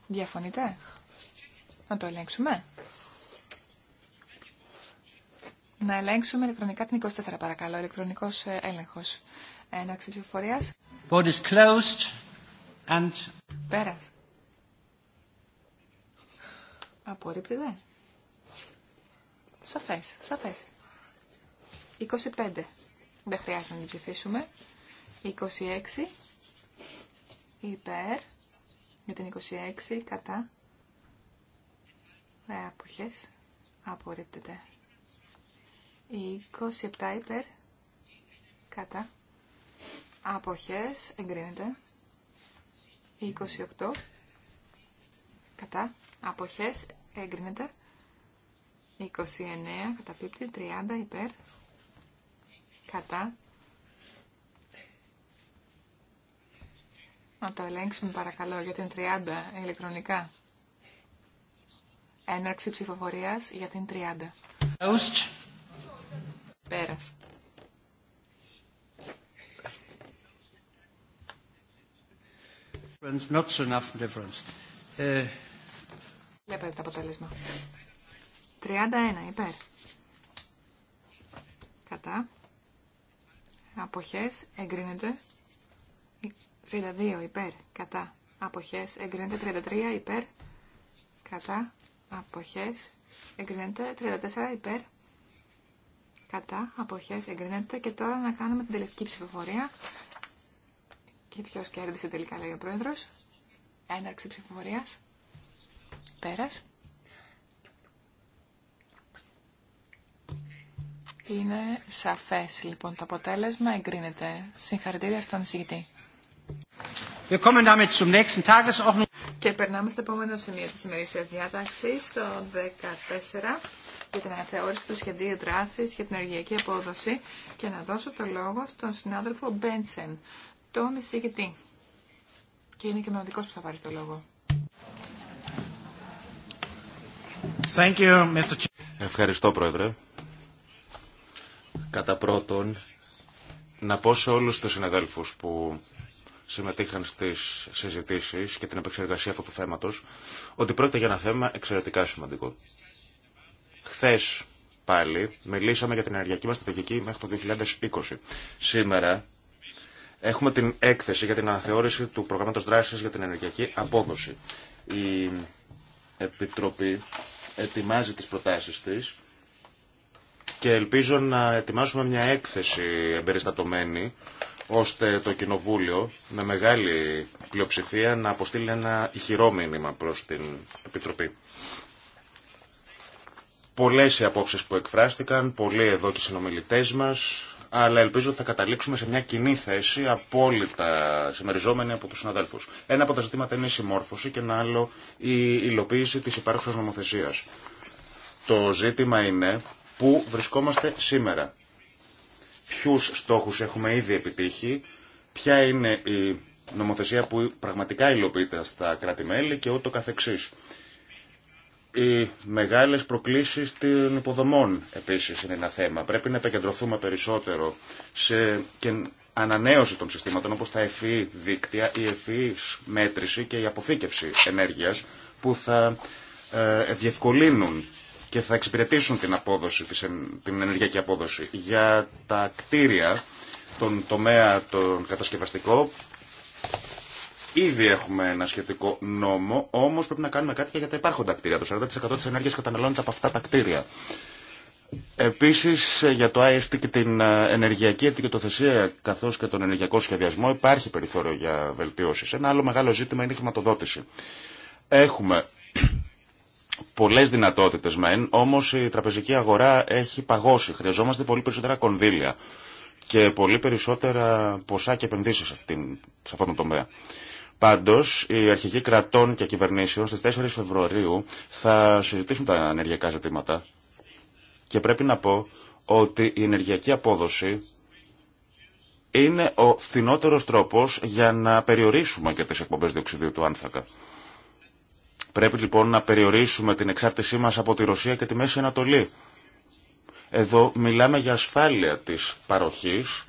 Διαφωνείτε. Να το ελέγξουμε. Να ελέγξουμε ηλεκτρονικά την 24 παρακαλώ. Ηλεκτρονικός ε, έλεγχο. Ένα ψηφοφορίας. Board is closed. And... Πέρας. Απορρίπτεται. Σαφές, σαφές. 25. Δεν χρειάζεται να την ψηφίσουμε. 26. Υπέρ. Για την 26. Κατά. Ε, αποχές. Απορρίπτεται. 27 υπέρ. Κατά. Αποχές. Εγκρίνεται. 28 κατά αποχές εγκρίνεται. 29, 29 καταπίπτει. 30 υπέρ κατά. Να το ελέγξουμε παρακαλώ για την 30 ηλεκτρονικά. Έναρξη ψηφοφορίας για την 30. πέρασε. Not enough difference. Ε, Βλέπετε το αποτέλεσμα. 31 υπέρ. Κατά. Αποχές εγκρίνεται. 32 υπέρ. Κατά. Αποχές εγκρίνεται. 33 υπέρ. Κατά. Αποχές εγκρίνεται. 34 υπέρ. Κατά. Αποχές εγκρίνεται. Και τώρα να κάνουμε την τελευταία ψηφοφορία και ποιο κέρδισε τελικά, λέει ο πρόεδρο. Έναρξη ψηφοφορία. Πέρα. Είναι σαφέ λοιπόν το αποτέλεσμα. Εγκρίνεται. Συγχαρητήρια στον εισηγητή. Και περνάμε στο επόμενο σημείο της ημερήσιας διάταξης, το 14, για την αναθεώρηση του σχεδίου δράσης για την ενεργειακή απόδοση και να δώσω το λόγο στον συνάδελφο Μπέντσεν, τον εισηγητή. Και είναι και ο μοναδικός που θα πάρει το λόγο. Thank you, Mr. Ευχαριστώ, Πρόεδρε. Κατά πρώτον, να πω σε όλους τους συναδέλφους που συμμετείχαν στις συζητήσεις και την επεξεργασία αυτού του θέματος, ότι πρόκειται για ένα θέμα εξαιρετικά σημαντικό. Χθες πάλι μιλήσαμε για την ενεργειακή μας στρατηγική μέχρι το 2020. Σήμερα Έχουμε την έκθεση για την αναθεώρηση του προγράμματος δράσης για την ενεργειακή απόδοση. Η Επιτροπή ετοιμάζει τις προτάσεις της και ελπίζω να ετοιμάσουμε μια έκθεση εμπεριστατωμένη ώστε το Κοινοβούλιο με μεγάλη πλειοψηφία να αποστείλει ένα ηχηρό μήνυμα προς την Επιτροπή. Πολλές οι απόψεις που εκφράστηκαν, πολλοί εδώ και οι συνομιλητές μας, αλλά ελπίζω ότι θα καταλήξουμε σε μια κοινή θέση απόλυτα συμμεριζόμενη από τους συναδέλφου. Ένα από τα ζητήματα είναι η συμμόρφωση και ένα άλλο η υλοποίηση της υπάρχουσας νομοθεσίας. Το ζήτημα είναι πού βρισκόμαστε σήμερα. Ποιους στόχους έχουμε ήδη επιτύχει, ποια είναι η νομοθεσία που βρισκομαστε σημερα Ποιου στοχους εχουμε ηδη επιτυχει υλοποιείται στα κράτη-μέλη και ούτω καθεξής. Οι μεγάλες προκλήσεις των υποδομών επίσης είναι ένα θέμα. Πρέπει να επικεντρωθούμε περισσότερο σε ανανέωση των συστήματων όπως τα ευφυή δίκτυα, η ευφυής μέτρηση και η αποθήκευση ενέργειας που θα ε, διευκολύνουν και θα εξυπηρετήσουν την, απόδοση, την ενεργειακή απόδοση. Για τα κτίρια, τον τομέα τον κατασκευαστικό Ήδη έχουμε ένα σχετικό νόμο, όμω πρέπει να κάνουμε κάτι και για τα υπάρχοντα κτίρια. Το 40% τη ενέργεια καταναλώνεται από αυτά τα κτίρια. Επίση, για το IST και την ε, ενεργειακή ετικετοθεσία καθώ και τον ενεργειακό σχεδιασμό υπάρχει περιθώριο για βελτίωση. Ένα άλλο μεγάλο ζήτημα είναι η χρηματοδότηση. Έχουμε πολλέ δυνατότητε μεν, όμω η τραπεζική αγορά έχει παγώσει. Χρειαζόμαστε πολύ περισσότερα κονδύλια και πολύ περισσότερα ποσά και επενδύσει σε αυτόν τον τομέα. Πάντω, οι αρχηγοί κρατών και κυβερνήσεων στι 4 Φεβρουαρίου θα συζητήσουν τα ενεργειακά ζητήματα και πρέπει να πω ότι η ενεργειακή απόδοση είναι ο φθηνότερος τρόπος για να περιορίσουμε και τις εκπομπές διοξιδίου του άνθρακα. Πρέπει λοιπόν να περιορίσουμε την εξάρτησή μας από τη Ρωσία και τη Μέση Ανατολή. Εδώ μιλάμε για ασφάλεια της παροχής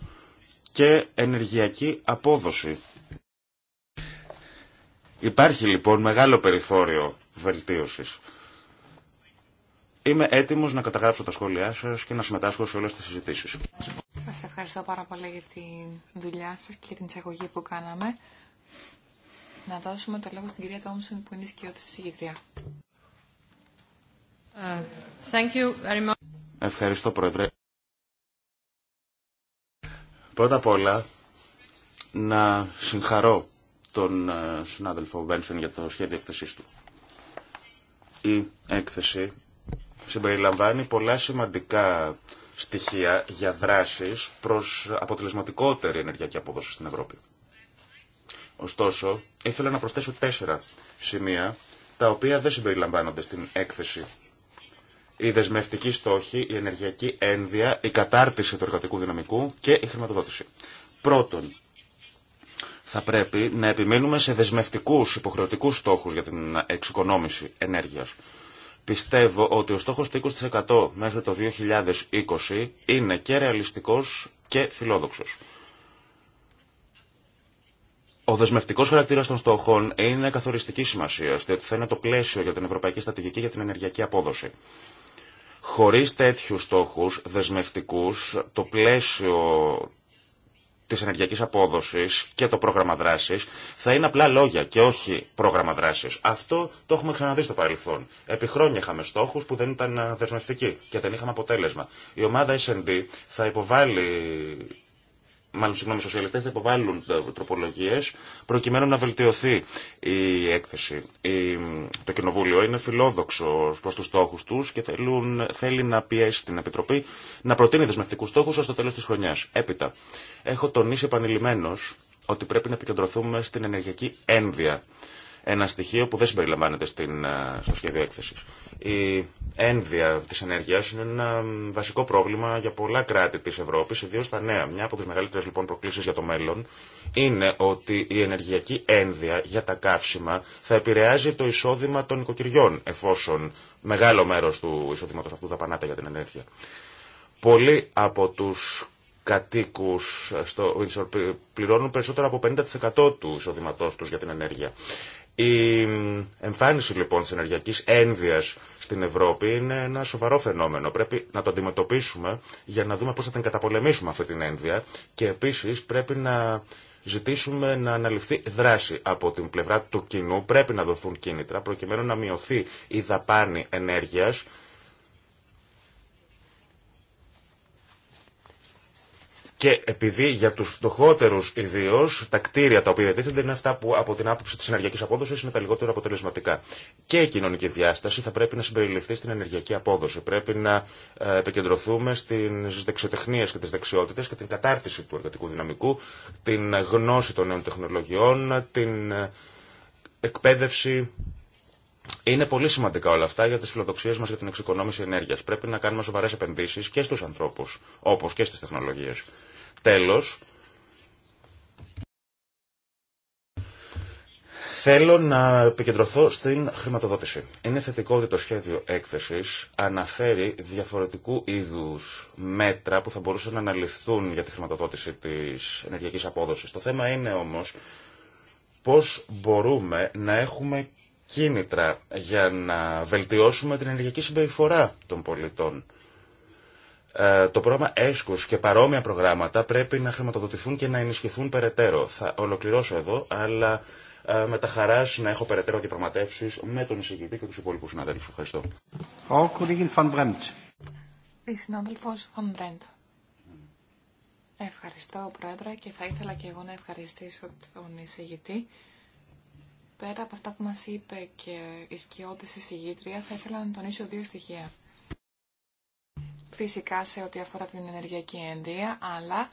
και ενεργειακή απόδοση Υπάρχει λοιπόν μεγάλο περιθώριο βελτίωσης. Είμαι έτοιμος να καταγράψω τα σχόλιά σας και να συμμετάσχω σε όλες τις συζητήσεις. Σας ευχαριστώ πάρα πολύ για τη δουλειά σας και την εισαγωγή που κάναμε. Να δώσουμε το λόγο στην κυρία Τόμσον που είναι η σκιώδηση συγκεκριά. Ευχαριστώ Πρόεδρε. Πρώτα απ' όλα να συγχαρώ τον ε, συνάδελφο Μπένσεν για το σχέδιο έκθεσή του. Η έκθεση συμπεριλαμβάνει πολλά σημαντικά στοιχεία για δράσεις προς αποτελεσματικότερη ενεργειακή απόδοση στην Ευρώπη. Ωστόσο, ήθελα να προσθέσω τέσσερα σημεία, τα οποία δεν συμπεριλαμβάνονται στην έκθεση. Η δεσμευτική στόχη, η ενεργειακή ένδυα, η κατάρτιση του εργατικού δυναμικού και η χρηματοδότηση. Πρώτον, θα πρέπει να επιμείνουμε σε δεσμευτικούς υποχρεωτικούς στόχους για την εξοικονόμηση ενέργειας. Πιστεύω ότι ο στόχος του 20% μέχρι το 2020 είναι και ρεαλιστικός και φιλόδοξος. Ο δεσμευτικό χαρακτήρα των στόχων είναι καθοριστική σημασία, διότι θα είναι το πλαίσιο για την Ευρωπαϊκή Στρατηγική για την Ενεργειακή Απόδοση. Χωρί τέτοιου στόχου δεσμευτικού, το πλαίσιο Τη ενεργειακή απόδοση και το πρόγραμμα δράση. θα είναι απλά λόγια και όχι πρόγραμμα δράση. Αυτό το έχουμε ξαναδεί στο παρελθόν. Επί χρόνια είχαμε στόχους που δεν ήταν δεσμευτικοί και δεν είχαμε αποτέλεσμα. Η ομάδα S&D θα υποβάλει μάλλον συγγνώμη, σοσιαλιστές θα υποβάλουν ε, τροπολογίες προκειμένου να βελτιωθεί η έκθεση. το Κοινοβούλιο είναι φιλόδοξο προς τους στόχου τους και θέλουν, θέλει να πιέσει την Επιτροπή να προτείνει δεσμευτικού στόχου ω το τέλο της χρονιάς. Έπειτα, έχω τονίσει επανειλημμένω ότι πρέπει να επικεντρωθούμε στην ενεργειακή ένδυα ένα στοιχείο που δεν συμπεριλαμβάνεται στην, ε, στο σχέδιο έκθεση. Η ένδυα τη ενέργεια είναι ένα βασικό πρόβλημα για πολλά κράτη τη Ευρώπη, ιδίω τα νέα. Μια από τι μεγαλύτερε λοιπόν προκλήσει για το μέλλον είναι ότι η ενεργειακή ένδυα για τα καύσιμα θα επηρεάζει το εισόδημα των οικοκυριών, εφόσον μεγάλο μέρο του εισόδηματο αυτού θα δαπανάται για την ενέργεια. Πολλοί από του κατοίκου ε, στο πληρώνουν περισσότερο από 50% του εισοδήματό του για την ενέργεια. Η εμφάνιση λοιπόν της ενεργειακής ένδυας στην Ευρώπη είναι ένα σοβαρό φαινόμενο. Πρέπει να το αντιμετωπίσουμε για να δούμε πώς θα την καταπολεμήσουμε αυτή την ένδυα και επίσης πρέπει να ζητήσουμε να αναλυφθεί δράση από την πλευρά του κοινού. Πρέπει να δοθούν κίνητρα προκειμένου να μειωθεί η δαπάνη ενέργειας Και επειδή για του φτωχότερου ιδίω τα κτίρια τα οποία διατίθενται, είναι αυτά που από την άποψη τη ενεργειακή απόδοση είναι τα λιγότερο αποτελεσματικά. Και η κοινωνική διάσταση θα πρέπει να συμπεριληφθεί στην ενεργειακή απόδοση. Πρέπει να ε, επικεντρωθούμε στι δεξιοτεχνίε και τι δεξιότητε και την κατάρτιση του εργατικού δυναμικού, την γνώση των νέων τεχνολογιών, την ε, εκπαίδευση. Είναι πολύ σημαντικά όλα αυτά για τι φιλοδοξίε μα για την εξοικονόμηση ενέργεια. Πρέπει να κάνουμε σοβαρέ επενδύσει και στου ανθρώπου, όπω και στι τεχνολογίε. Τέλος, Θέλω να επικεντρωθώ στην χρηματοδότηση. Είναι θετικό ότι το σχέδιο έκθεσης αναφέρει διαφορετικού είδους μέτρα που θα μπορούσαν να αναλυθούν για τη χρηματοδότηση της ενεργειακής απόδοσης. Το θέμα είναι όμως πώς μπορούμε να έχουμε κίνητρα για να βελτιώσουμε την ενεργειακή συμπεριφορά των πολιτών. Ε, το πρόγραμμα ΕΣΚΟΣ και παρόμοια προγράμματα πρέπει να χρηματοδοτηθούν και να ενισχυθούν περαιτέρω. Θα ολοκληρώσω εδώ, αλλά ε, με τα χαρά να έχω περαιτέρω διαπραγματεύσει με τον εισηγητή και του υπόλοιπου συναδέλφου. Ευχαριστώ. Ευχαριστώ, Πρόεδρε, και θα ήθελα και εγώ να ευχαριστήσω τον εισηγητή. Πέρα από αυτά που μας είπε και η σκιώδη εισηγήτρια, θα ήθελα να τονίσω δύο στοιχεία φυσικά σε ό,τι αφορά την ενεργειακή ενδία, αλλά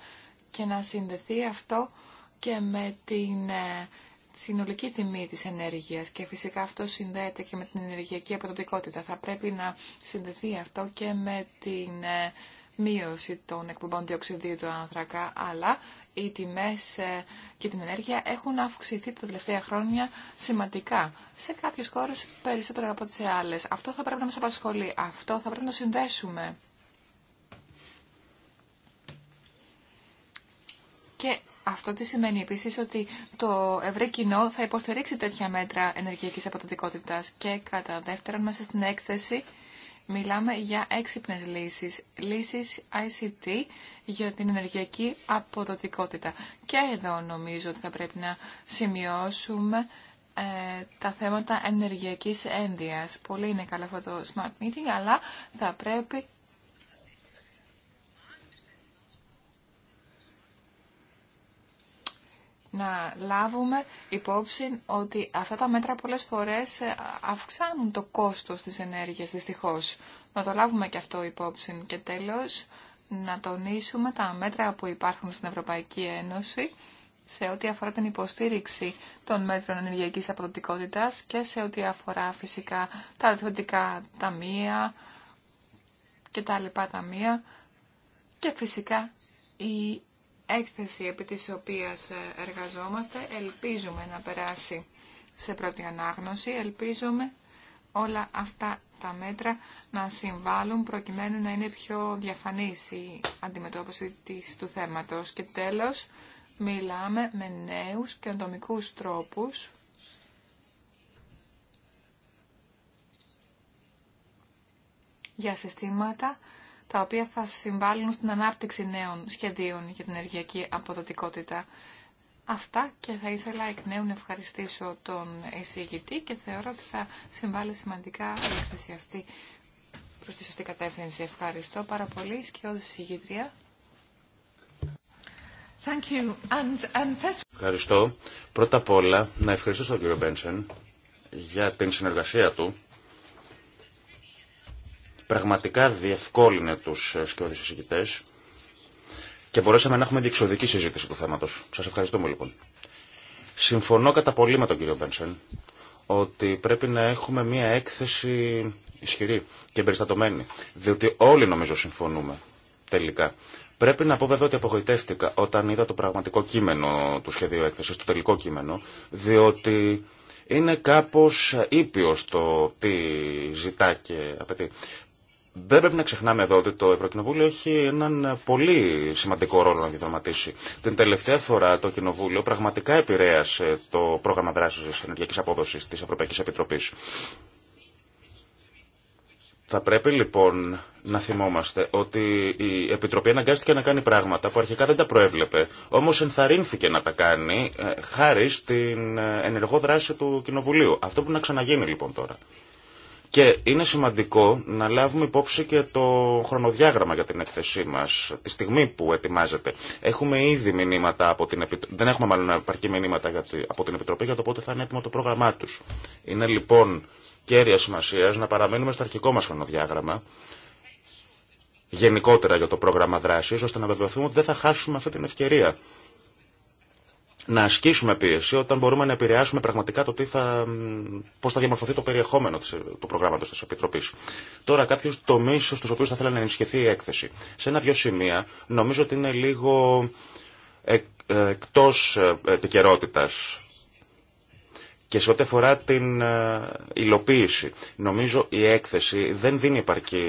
και να συνδεθεί αυτό και με την ε, συνολική τιμή της ενέργειας και φυσικά αυτό συνδέεται και με την ενεργειακή αποδοτικότητα. Θα πρέπει να συνδεθεί αυτό και με την ε, μείωση των εκπομπών διοξιδίου του άνθρακα, αλλά οι τιμές ε, και την ενέργεια έχουν αυξηθεί τα τελευταία χρόνια σημαντικά. Σε κάποιες χώρες περισσότερο από τις άλλες. Αυτό θα πρέπει να μας απασχολεί. Αυτό θα πρέπει να συνδέσουμε. Και αυτό τι σημαίνει επίση ότι το ευρύ κοινό θα υποστηρίξει τέτοια μέτρα ενεργειακής αποδοτικότητας και κατά δεύτερον μέσα στην έκθεση μιλάμε για έξυπνε λύσει. λύσεις ICT για την ενεργειακή αποδοτικότητα. Και εδώ νομίζω ότι θα πρέπει να σημειώσουμε ε, τα θέματα ενεργειακής ένδυας. Πολύ είναι καλό αυτό το smart meeting, αλλά θα πρέπει να λάβουμε υπόψη ότι αυτά τα μέτρα πολλές φορές ε, αυξάνουν το κόστος της ενέργειας, δυστυχώς. Να το λάβουμε και αυτό υπόψη. Και τέλος, να τονίσουμε τα μέτρα που υπάρχουν στην Ευρωπαϊκή Ένωση σε ό,τι αφορά την υποστήριξη των μέτρων ενεργειακής αποδοτικότητας και σε ό,τι αφορά φυσικά τα αριθμητικά ταμεία και τα λοιπά ταμεία και φυσικά η έκθεση επί της οποίας ε, εργαζόμαστε. Ελπίζουμε να περάσει σε πρώτη ανάγνωση. Ελπίζουμε όλα αυτά τα μέτρα να συμβάλλουν προκειμένου να είναι πιο διαφανής η αντιμετώπιση της, του θέματος. Και τέλος, μιλάμε με νέους και ατομικούς τρόπους για συστήματα τα οποία θα συμβάλλουν στην ανάπτυξη νέων σχεδίων για την ενεργειακή αποδοτικότητα. Αυτά και θα ήθελα εκ νέου να ευχαριστήσω τον εισηγητή και θεωρώ ότι θα συμβάλλει σημαντικά η έκθεση αυτή προ τη σωστή κατεύθυνση. Ευχαριστώ πάρα πολύ και εισηγήτρια. Um, Ευχαριστώ. Πρώτα απ' όλα να ευχαριστήσω τον κύριο Μπένσεν για την συνεργασία του πραγματικά διευκόλυνε του σκιώδει εισηγητές και μπορέσαμε να έχουμε διεξοδική συζήτηση του θέματο. Σα ευχαριστούμε λοιπόν. Συμφωνώ κατά πολύ με τον κύριο Μπένσεν ότι πρέπει να έχουμε μια έκθεση ισχυρή και περιστατωμένη, διότι όλοι νομίζω συμφωνούμε τελικά. Πρέπει να πω βέβαια ότι απογοητεύτηκα όταν είδα το πραγματικό κείμενο του σχεδίου έκθεση, το τελικό κείμενο, διότι είναι κάπως ήπιο το τι ζητά και απαιτεί. Δεν πρέπει να ξεχνάμε εδώ ότι το Ευρωκοινοβούλιο έχει έναν πολύ σημαντικό ρόλο να διαδραματίσει. Την τελευταία φορά το Κοινοβούλιο πραγματικά επηρέασε το πρόγραμμα δράση ενεργειακή απόδοση τη Ευρωπαϊκή Επιτροπή. Θα πρέπει λοιπόν να θυμόμαστε ότι η Επιτροπή αναγκάστηκε να κάνει πράγματα που αρχικά δεν τα προέβλεπε, όμως ενθαρρύνθηκε να τα κάνει ε, χάρη στην ε, ενεργό δράση του Κοινοβουλίου. Αυτό που να ξαναγίνει λοιπόν τώρα. Και είναι σημαντικό να λάβουμε υπόψη και το χρονοδιάγραμμα για την έκθεσή μα, τη στιγμή που ετοιμάζεται. Έχουμε ήδη μηνύματα από την Επιτροπή. Δεν έχουμε μάλλον επαρκή μηνύματα από την Επιτροπή για το πότε θα είναι έτοιμο το πρόγραμμά του. Είναι λοιπόν κέρια σημασία να παραμείνουμε στο αρχικό μα χρονοδιάγραμμα, γενικότερα για το πρόγραμμα δράση, ώστε να βεβαιωθούμε ότι δεν θα χάσουμε αυτή την ευκαιρία να ασκήσουμε πίεση όταν μπορούμε να επηρεάσουμε πραγματικά το τι θα, πώς θα διαμορφωθεί το περιεχόμενο του προγράμματος της Επιτροπής. Τώρα κάποιους τομείς στους οποίους θα ήθελα να ενισχυθεί η έκθεση. Σε ένα-δυο σημεία νομίζω ότι είναι λίγο εκ, ε, εκτός ε, επικαιρότητα. Και σε ό,τι αφορά την ε, υλοποίηση, νομίζω η έκθεση δεν δίνει υπαρκή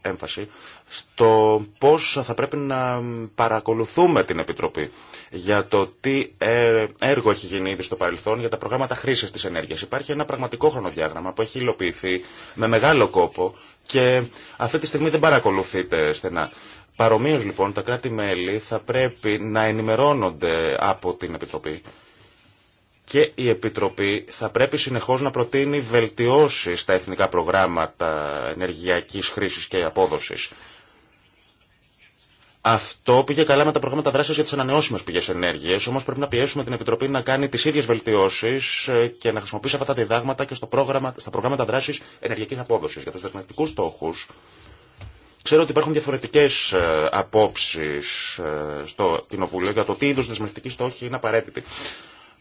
έμφαση στο πώς θα πρέπει να παρακολουθούμε την Επιτροπή για το τι ε, έργο έχει γίνει ήδη στο παρελθόν για τα προγράμματα χρήσης της ενέργειας. Υπάρχει ένα πραγματικό χρονοδιάγραμμα που έχει υλοποιηθεί με μεγάλο κόπο και αυτή τη στιγμή δεν παρακολουθείται στενά. Παρομοίως λοιπόν τα κράτη-μέλη θα πρέπει να ενημερώνονται από την Επιτροπή και η Επιτροπή θα πρέπει συνεχώς να προτείνει βελτιώσεις στα εθνικά προγράμματα ενεργειακής χρήσης και απόδοσης. Αυτό πήγε καλά με τα προγράμματα δράση για τι ανανεώσιμε πηγέ ενέργεια, όμω πρέπει να πιέσουμε την Επιτροπή να κάνει τι ίδιε βελτιώσει ε, και να χρησιμοποιήσει αυτά τα διδάγματα και στο πρόγραμμα, στα προγράμματα δράση ενεργειακή απόδοση. Για του δεσμευτικού στόχου, ξέρω ότι υπάρχουν διαφορετικέ ε, απόψει ε, στο Κοινοβούλιο για το τι είδου δεσμευτικοί στόχοι είναι απαραίτητοι.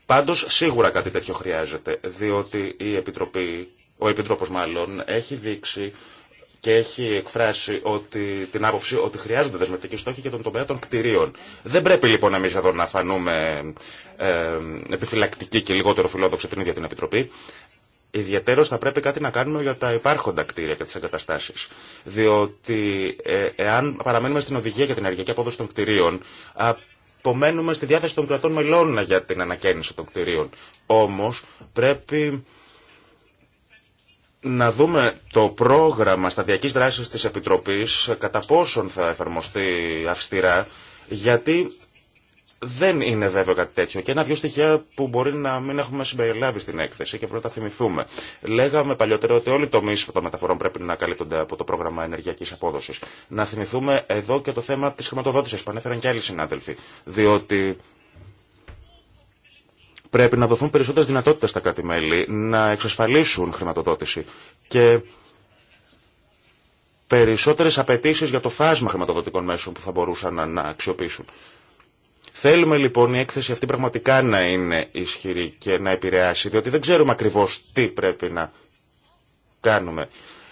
Πάντω, σίγουρα κάτι τέτοιο χρειάζεται, διότι η Επιτροπή, ο Επιτρόπο μάλλον, έχει δείξει και έχει εκφράσει ότι, την άποψη ότι χρειάζονται δεσμευτικοί στόχοι για τον τομέα των κτηρίων. Δεν πρέπει λοιπόν εμεί εδώ να φανούμε ε, επιφυλακτικοί και λιγότερο φιλόδοξοι την ίδια την Επιτροπή. Ιδιαίτερω θα πρέπει κάτι να κάνουμε για τα υπάρχοντα κτίρια και τι εγκαταστάσει. Διότι ε, εάν παραμένουμε στην οδηγία για την ενεργειακή απόδοση των κτηρίων, απομένουμε στη διάθεση των κρατών μελών για την ανακαίνιση των κτηρίων. Όμω, πρέπει να δούμε το πρόγραμμα σταδιακής δράσης της Επιτροπής, κατά πόσον θα εφαρμοστεί αυστηρά, γιατί δεν είναι βέβαιο κάτι τέτοιο. Και ένα-δυο στοιχεία που μπορεί να μην έχουμε συμπεριλάβει στην έκθεση και πρέπει να τα θυμηθούμε. Λέγαμε παλιότερα ότι όλοι οι τομεί των μεταφορών πρέπει να καλύπτονται από το πρόγραμμα ενεργειακή απόδοση. Να θυμηθούμε εδώ και το θέμα τη χρηματοδότηση που ανέφεραν και άλλοι συνάδελφοι. Διότι Πρέπει να δοθούν περισσότερες δυνατότητες στα κράτη-μέλη να εξασφαλίσουν χρηματοδότηση και περισσότερες απαιτήσει για το φάσμα χρηματοδοτικών μέσων που θα μπορούσαν να αξιοποιήσουν. Θέλουμε λοιπόν η έκθεση αυτή πραγματικά να είναι ισχυρή και να επηρεάσει, διότι δεν ξέρουμε ακριβώς τι πρέπει να κάνουμε.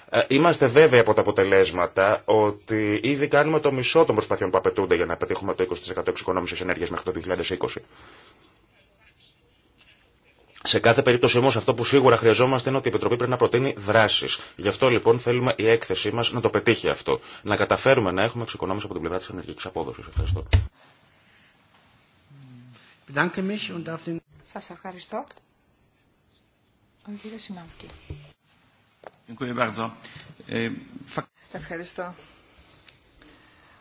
Ε, είμαστε βέβαιοι από τα αποτελέσματα ότι ήδη κάνουμε το μισό των προσπαθειών που απαιτούνται για να πετύχουμε το 20% εξοικονόμησης ενέργειας μέχρι το 2020. Σε κάθε περίπτωση όμω αυτό που σίγουρα χρειαζόμαστε είναι ότι η Επιτροπή πρέπει να προτείνει δράσει. Γι' αυτό λοιπόν θέλουμε η έκθεσή μα να το πετύχει αυτό. Να καταφέρουμε να έχουμε εξοικονόμηση από την πλευρά τη ενεργειακή απόδοση. Ευχαριστώ. Σα ευχαριστώ. Ο Σιμάνσκι. Ε, ευχαριστώ.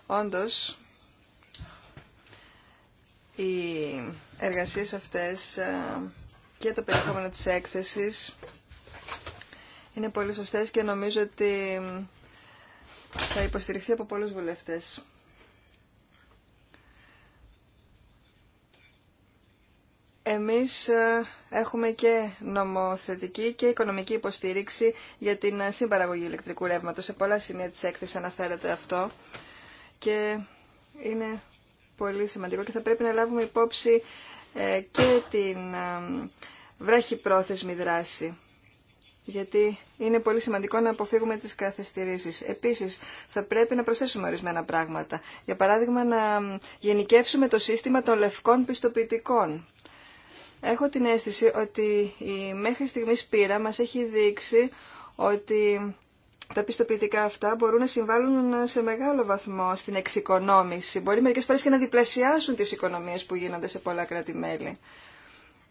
Όντω. οι εργασίες αυτές ε, και το περιεχόμενο της έκθεσης είναι πολύ σωστές και νομίζω ότι θα υποστηριχθεί από πολλούς βουλευτές. Εμείς ε, έχουμε και νομοθετική και οικονομική υποστήριξη για την ε, συμπαραγωγή ηλεκτρικού ρεύματος. Σε πολλά σημεία της έκθεσης αναφέρεται αυτό και είναι πολύ σημαντικό και θα πρέπει να λάβουμε υπόψη ε, και την ε, βράχη πρόθεσμη δράση γιατί είναι πολύ σημαντικό να αποφύγουμε τις καθυστερήσεις. Επίσης, θα πρέπει να προσθέσουμε ορισμένα πράγματα. Για παράδειγμα, να γενικεύσουμε το σύστημα των λευκών πιστοποιητικών. Έχω την αίσθηση ότι η μέχρι στιγμής πείρα μας έχει δείξει ότι τα πιστοποιητικά αυτά μπορούν να συμβάλλουν σε μεγάλο βαθμό στην εξοικονόμηση. Μπορεί μερικές φορές και να διπλασιάσουν τις οικονομίες που γίνονται σε πολλά κράτη-μέλη.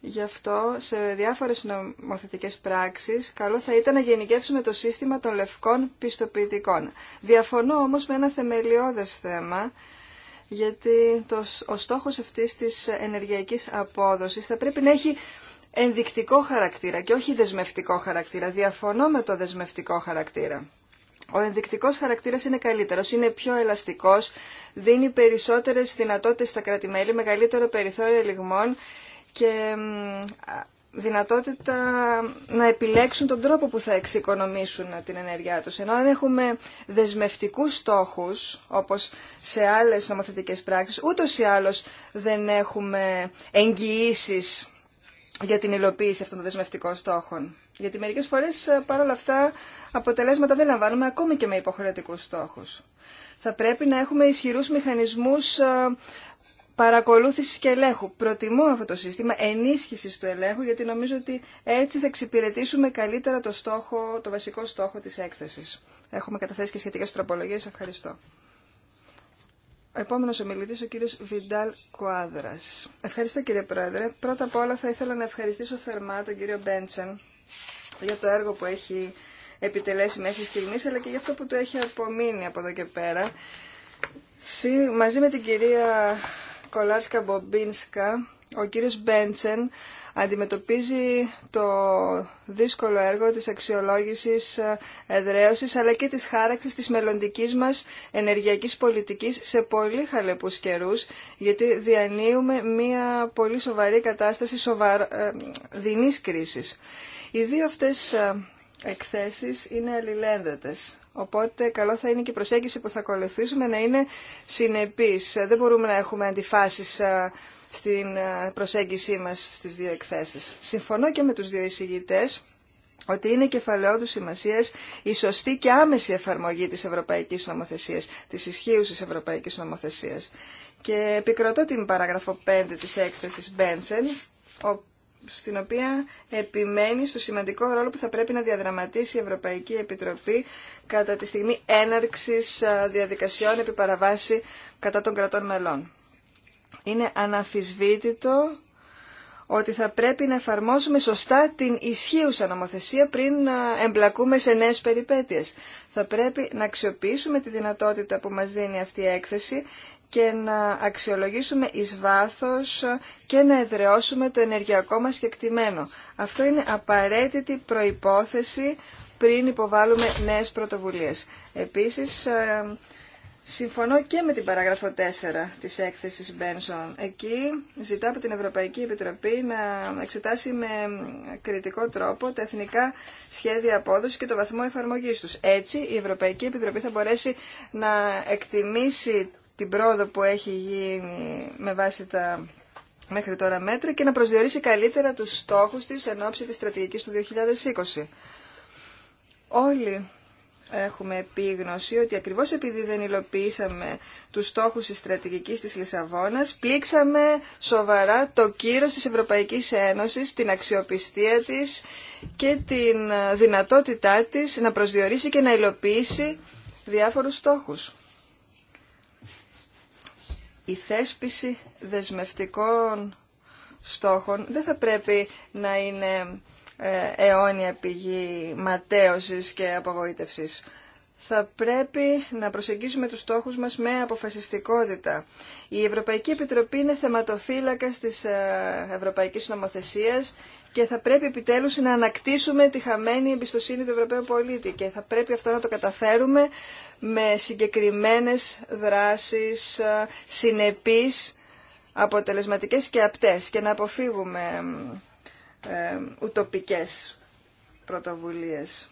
Γι' αυτό σε διάφορες νομοθετικές πράξεις καλό θα ήταν να γενικεύσουμε το σύστημα των λευκών πιστοποιητικών. Διαφωνώ όμως με ένα θεμελιώδες θέμα, γιατί ο στόχος αυτής της ενεργειακής απόδοσης θα πρέπει να έχει ενδεικτικό χαρακτήρα και όχι δεσμευτικό χαρακτήρα. Διαφωνώ με το δεσμευτικό χαρακτήρα. Ο ενδεικτικός χαρακτήρας είναι καλύτερος, είναι πιο ελαστικός, δίνει περισσότερες δυνατότητες στα κρατημέλη, μεγαλύτερο περιθώριο λιγμών και δυνατότητα να επιλέξουν τον τρόπο που θα εξοικονομήσουν την ενέργειά τους. Ενώ αν έχουμε δεσμευτικούς στόχους, όπως σε άλλες νομοθετικές πράξεις, ούτως ή άλλως δεν έχουμε εγγυήσεις για την υλοποίηση αυτών των δεσμευτικών στόχων. Γιατί μερικές φορές ε, παρόλα αυτά αποτελέσματα δεν λαμβάνουμε ακόμη και με υποχρεωτικούς στόχους. Θα πρέπει να έχουμε ισχυρούς μηχανισμούς ε, παρακολούθησης και ελέγχου. Προτιμώ αυτό το σύστημα ενίσχυσης του ελέγχου γιατί νομίζω ότι έτσι θα εξυπηρετήσουμε καλύτερα το, στόχο, το βασικό στόχο της έκθεσης. Έχουμε καταθέσει και σχετικές τροπολογίες. Ευχαριστώ. Ο επόμενο ομιλητή, ο κύριο Βιντάλ Κουάδρα. Ευχαριστώ κύριε Πρόεδρε. Πρώτα απ' όλα θα ήθελα να ευχαριστήσω θερμά τον κύριο Μπέντσεν για το έργο που έχει επιτελέσει μέχρι στιγμή, αλλά και για αυτό που του έχει απομείνει από εδώ και πέρα. Μαζί με την κυρία Κολάρσκα Μπομπίνσκα, ο κύριος Μπέντσεν αντιμετωπίζει το δύσκολο έργο της αξιολόγησης ε, εδραίωσης αλλά και της χάραξης της μελλοντική μας ενεργειακής πολιτικής σε πολύ χαλεπούς καιρούς γιατί διανύουμε μια πολύ σοβαρή κατάσταση σοβαρο... Ε, δεινής κρίσης. Οι δύο αυτές ε, εκθέσεις είναι αλληλένδετες. Οπότε καλό θα είναι και η προσέγγιση που θα ακολουθήσουμε να είναι συνεπής. Δεν μπορούμε να έχουμε αντιφάσεις στην ε, προσέγγισή μας στις δύο εκθέσεις. Συμφωνώ και με τους δύο εισηγητές ότι είναι κεφαλαιόδου σημασία η σωστή και άμεση εφαρμογή της ευρωπαϊκής νομοθεσίας, της ισχύουσης ευρωπαϊκής νομοθεσίας. Και επικροτώ την παράγραφο 5 της έκθεσης Μπένσεν, στην οποία επιμένει στο σημαντικό ρόλο που θα πρέπει να διαδραματίσει η Ευρωπαϊκή Επιτροπή κατά τη στιγμή έναρξης ε, διαδικασιών επί παραβάση κατά των κρατών μελών είναι αναφυσβήτητο ότι θα πρέπει να εφαρμόσουμε σωστά την ισχύουσα νομοθεσία πριν να ε, εμπλακούμε σε νέες περιπέτειες. Θα πρέπει να αξιοποιήσουμε τη δυνατότητα που μας δίνει αυτή η έκθεση και να αξιολογήσουμε εις βάθος και να εδραιώσουμε το ενεργειακό μας κεκτημένο. Αυτό είναι απαραίτητη προϋπόθεση πριν υποβάλουμε νέες πρωτοβουλίες. Επίσης, ε, Συμφωνώ και με την παράγραφο 4 της έκθεσης Μπένσον. Εκεί ζητά από την Ευρωπαϊκή Επιτροπή να εξετάσει με κριτικό τρόπο τα εθνικά σχέδια απόδοση και το βαθμό εφαρμογής τους. Έτσι η Ευρωπαϊκή Επιτροπή θα μπορέσει να εκτιμήσει την πρόοδο που έχει γίνει με βάση τα μέχρι τώρα μέτρα και να προσδιορίσει καλύτερα τους στόχους της εν της στρατηγικής του 2020. Όλοι έχουμε επίγνωση ότι ακριβώς επειδή δεν υλοποιήσαμε τους στόχους της στρατηγικής της Λισαβόνας, πλήξαμε σοβαρά το κύρος της Ευρωπαϊκής Ένωσης, την αξιοπιστία της και την δυνατότητά της να προσδιορίσει και να υλοποιήσει διάφορους στόχους. Η θέσπιση δεσμευτικών στόχων δεν θα πρέπει να είναι ε, αιώνια πηγή ματέωσης και απογοήτευσης. Θα πρέπει να προσεγγίσουμε τους στόχους μας με αποφασιστικότητα. Η Ευρωπαϊκή Επιτροπή είναι θεματοφύλακας της ε, Ευρωπαϊκής Νομοθεσίας και θα πρέπει επιτέλους να ανακτήσουμε τη χαμένη εμπιστοσύνη του Ευρωπαίου πολίτη και θα πρέπει αυτό να το καταφέρουμε με συγκεκριμένες δράσεις ε, συνεπείς, αποτελεσματικές και απτές και να αποφύγουμε ε, ουτοπικές πρωτοβουλίες.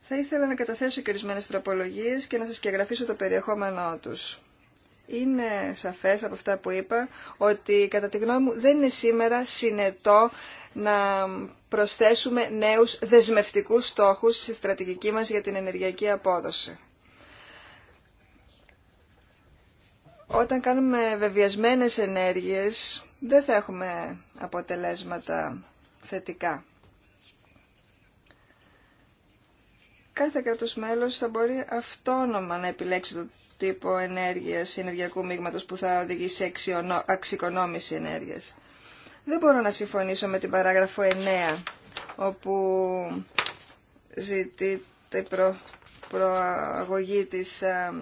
Θα ήθελα να καταθέσω και ορισμένε τροπολογίε και να σα και το περιεχόμενό τους. Είναι σαφές από αυτά που είπα ότι κατά τη γνώμη μου δεν είναι σήμερα συνετό να προσθέσουμε νέους δεσμευτικούς στόχους στη στρατηγική μας για την ενεργειακή απόδοση. Όταν κάνουμε βεβαιασμένες ενέργειες δεν θα έχουμε αποτελέσματα θετικά. Κάθε κράτος μέλος θα μπορεί αυτόνομα να επιλέξει το τύπο ενέργειας, ενεργειακού μείγματος που θα οδηγήσει σε αξικονόμηση ενέργειας. Δεν μπορώ να συμφωνήσω με την παράγραφο 9, όπου ζητείται προ, προαγωγή της ε,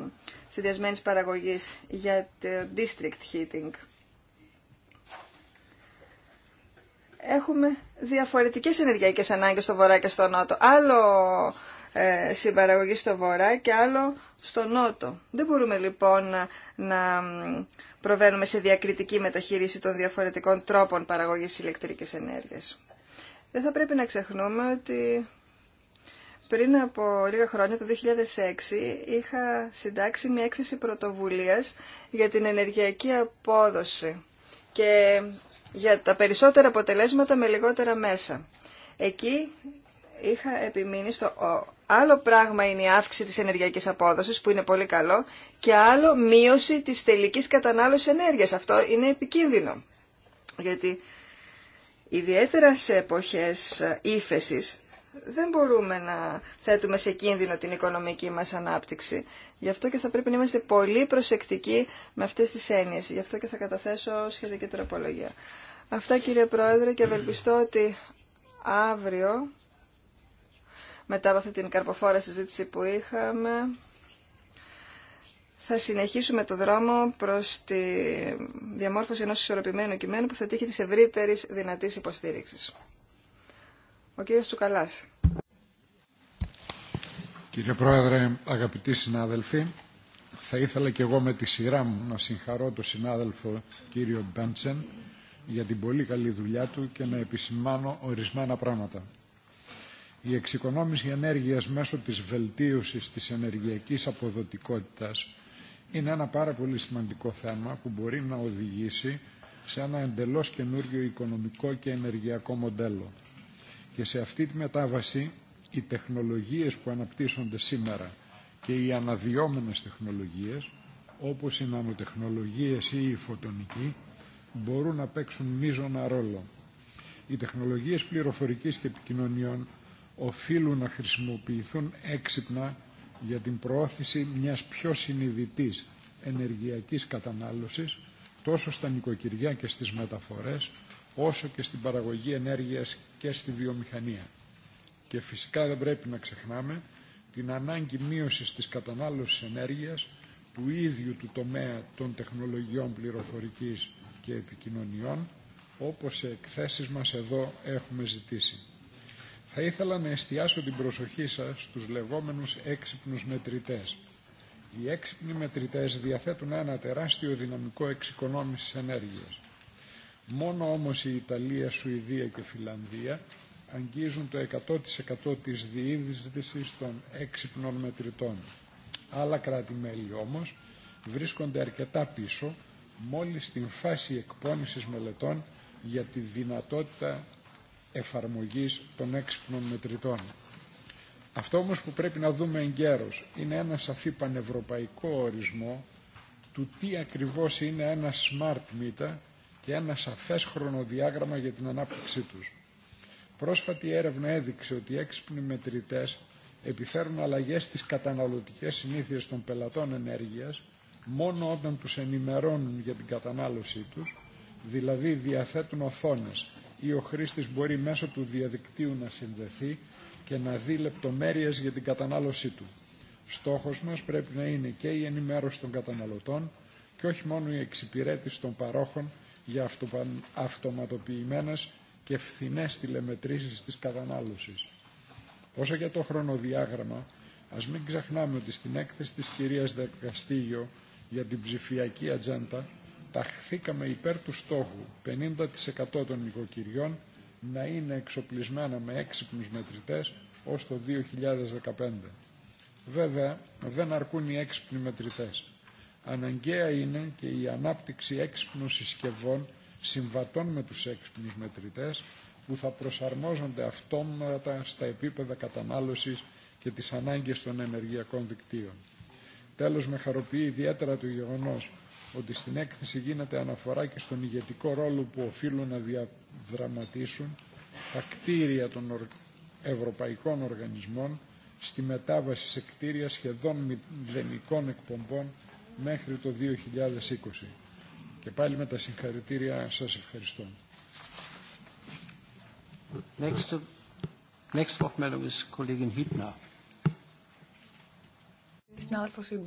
συνδυασμένης παραγωγής για το district heating. έχουμε διαφορετικές ενεργειακές ανάγκες στο βορρά και στο νότο. Άλλο ε, συμπαραγωγή στο βορρά και άλλο στο νότο. Δεν μπορούμε λοιπόν να προβαίνουμε σε διακριτική μεταχείριση των διαφορετικών τρόπων παραγωγής ηλεκτρικής ενέργειας. Δεν θα πρέπει να ξεχνούμε ότι πριν από λίγα χρόνια, το 2006, είχα συντάξει μια έκθεση πρωτοβουλίας για την ενεργειακή απόδοση και για τα περισσότερα αποτελέσματα με λιγότερα μέσα. Εκεί είχα επιμείνει στο άλλο πράγμα είναι η αύξηση της ενεργειακής απόδοσης που είναι πολύ καλό και άλλο μείωση της τελικής κατανάλωσης ενέργειας. Αυτό είναι επικίνδυνο γιατί ιδιαίτερα σε εποχές ύφεσης δεν μπορούμε να θέτουμε σε κίνδυνο την οικονομική μας ανάπτυξη. Γι' αυτό και θα πρέπει να είμαστε πολύ προσεκτικοί με αυτές τις έννοιες. Γι' αυτό και θα καταθέσω σχετική τροπολογία. Αυτά κύριε Πρόεδρε και ευελπιστώ ότι αύριο, μετά από αυτή την καρποφόρα συζήτηση που είχαμε, θα συνεχίσουμε το δρόμο προς τη διαμόρφωση ενός ισορροπημένου κειμένου που θα τύχει της ευρύτερης δυνατής υποστήριξης. Ο κύριος Τσουκαλάς. Κύριε Πρόεδρε, αγαπητοί συνάδελφοι, θα ήθελα και εγώ με τη σειρά μου να συγχαρώ τον συνάδελφο κύριο Μπέντσεν για την πολύ καλή δουλειά του και να επισημάνω ορισμένα πράγματα. Η εξοικονόμηση ενέργειας μέσω της βελτίωσης της ενεργειακής αποδοτικότητας είναι ένα πάρα πολύ σημαντικό θέμα που μπορεί να οδηγήσει σε ένα εντελώς καινούριο οικονομικό και ενεργειακό μοντέλο. Και σε αυτή τη μετάβαση οι τεχνολογίες που αναπτύσσονται σήμερα και οι αναδυόμενες τεχνολογίες, όπως οι νανοτεχνολογίες ή η φωτονική, μπορούν να παίξουν μείζωνα ρόλο. Οι τεχνολογίες πληροφορικής και επικοινωνιών οφείλουν να χρησιμοποιηθούν έξυπνα για την προώθηση μιας πιο συνειδητής ενεργειακής κατανάλωσης τόσο στα νοικοκυριά και στις μεταφορές, όσο και στην παραγωγή ενέργειας και στη βιομηχανία. Και φυσικά δεν πρέπει να ξεχνάμε την ανάγκη μείωσης της κατανάλωσης ενέργειας του ίδιου του τομέα των τεχνολογιών πληροφορικής και επικοινωνιών, όπως σε εκθέσεις μας εδώ έχουμε ζητήσει. Θα ήθελα να εστιάσω την προσοχή σας στους λεγόμενους έξυπνους μετρητές. Οι έξυπνοι μετρητές διαθέτουν ένα τεράστιο δυναμικό εξοικονόμησης ενέργειας. Μόνο όμως η Ιταλία, Σουηδία και Φιλανδία αγγίζουν το 100% της διείδησης των έξυπνων μετρητών. Άλλα κράτη-μέλη όμως βρίσκονται αρκετά πίσω μόλις στην φάση εκπόνησης μελετών για τη δυνατότητα εφαρμογής των έξυπνων μετρητών. Αυτό όμως που πρέπει να δούμε εγκαίρως είναι ένα σαφή πανευρωπαϊκό ορισμό του τι ακριβώς είναι ένα smart meter και ένα σαφές χρονοδιάγραμμα για την ανάπτυξή τους. Πρόσφατη έρευνα έδειξε ότι οι έξυπνοι μετρητές επιφέρουν αλλαγές στις καταναλωτικές συνήθειες των πελατών ενέργειας μόνο όταν τους ενημερώνουν για την κατανάλωσή τους, δηλαδή διαθέτουν οθόνες ή ο χρήστης μπορεί μέσω του διαδικτύου να συνδεθεί και να δει λεπτομέρειες για την κατανάλωσή του. Στόχος μας πρέπει να είναι και η ενημέρωση των καταναλωτών και όχι μόνο η εξυπηρέτηση των παρόχων για αυτοματοποιημένες και φθηνές τηλεμετρήσεις της κατανάλωσης. Όσο για το χρονοδιάγραμμα, ας μην ξεχνάμε ότι στην έκθεση της κυρίας Δεκαστήγιο για την ψηφιακή ατζέντα ταχθήκαμε υπέρ του στόχου 50% των οικοκυριών να είναι εξοπλισμένα με έξυπνους μετρητές ως το 2015. Βέβαια, δεν αρκούν οι έξυπνοι μετρητές αναγκαία είναι και η ανάπτυξη έξυπνων συσκευών συμβατών με τους έξυπνους μετρητές που θα προσαρμόζονται αυτόματα στα επίπεδα κατανάλωσης και τις ανάγκες των ενεργειακών δικτύων. Τέλος, με χαροποιεί ιδιαίτερα το γεγονός ότι στην έκθεση γίνεται αναφορά και στον ηγετικό ρόλο που οφείλουν να διαδραματίσουν τα κτίρια των ευρωπαϊκών οργανισμών στη μετάβαση σε κτίρια σχεδόν μηδενικών εκπομπών μέχρι το 2020. Και πάλι με τα συγχαρητήρια σας ευχαριστώ. Next, next Wortmeldung ist Kollegin Hübner. Thank you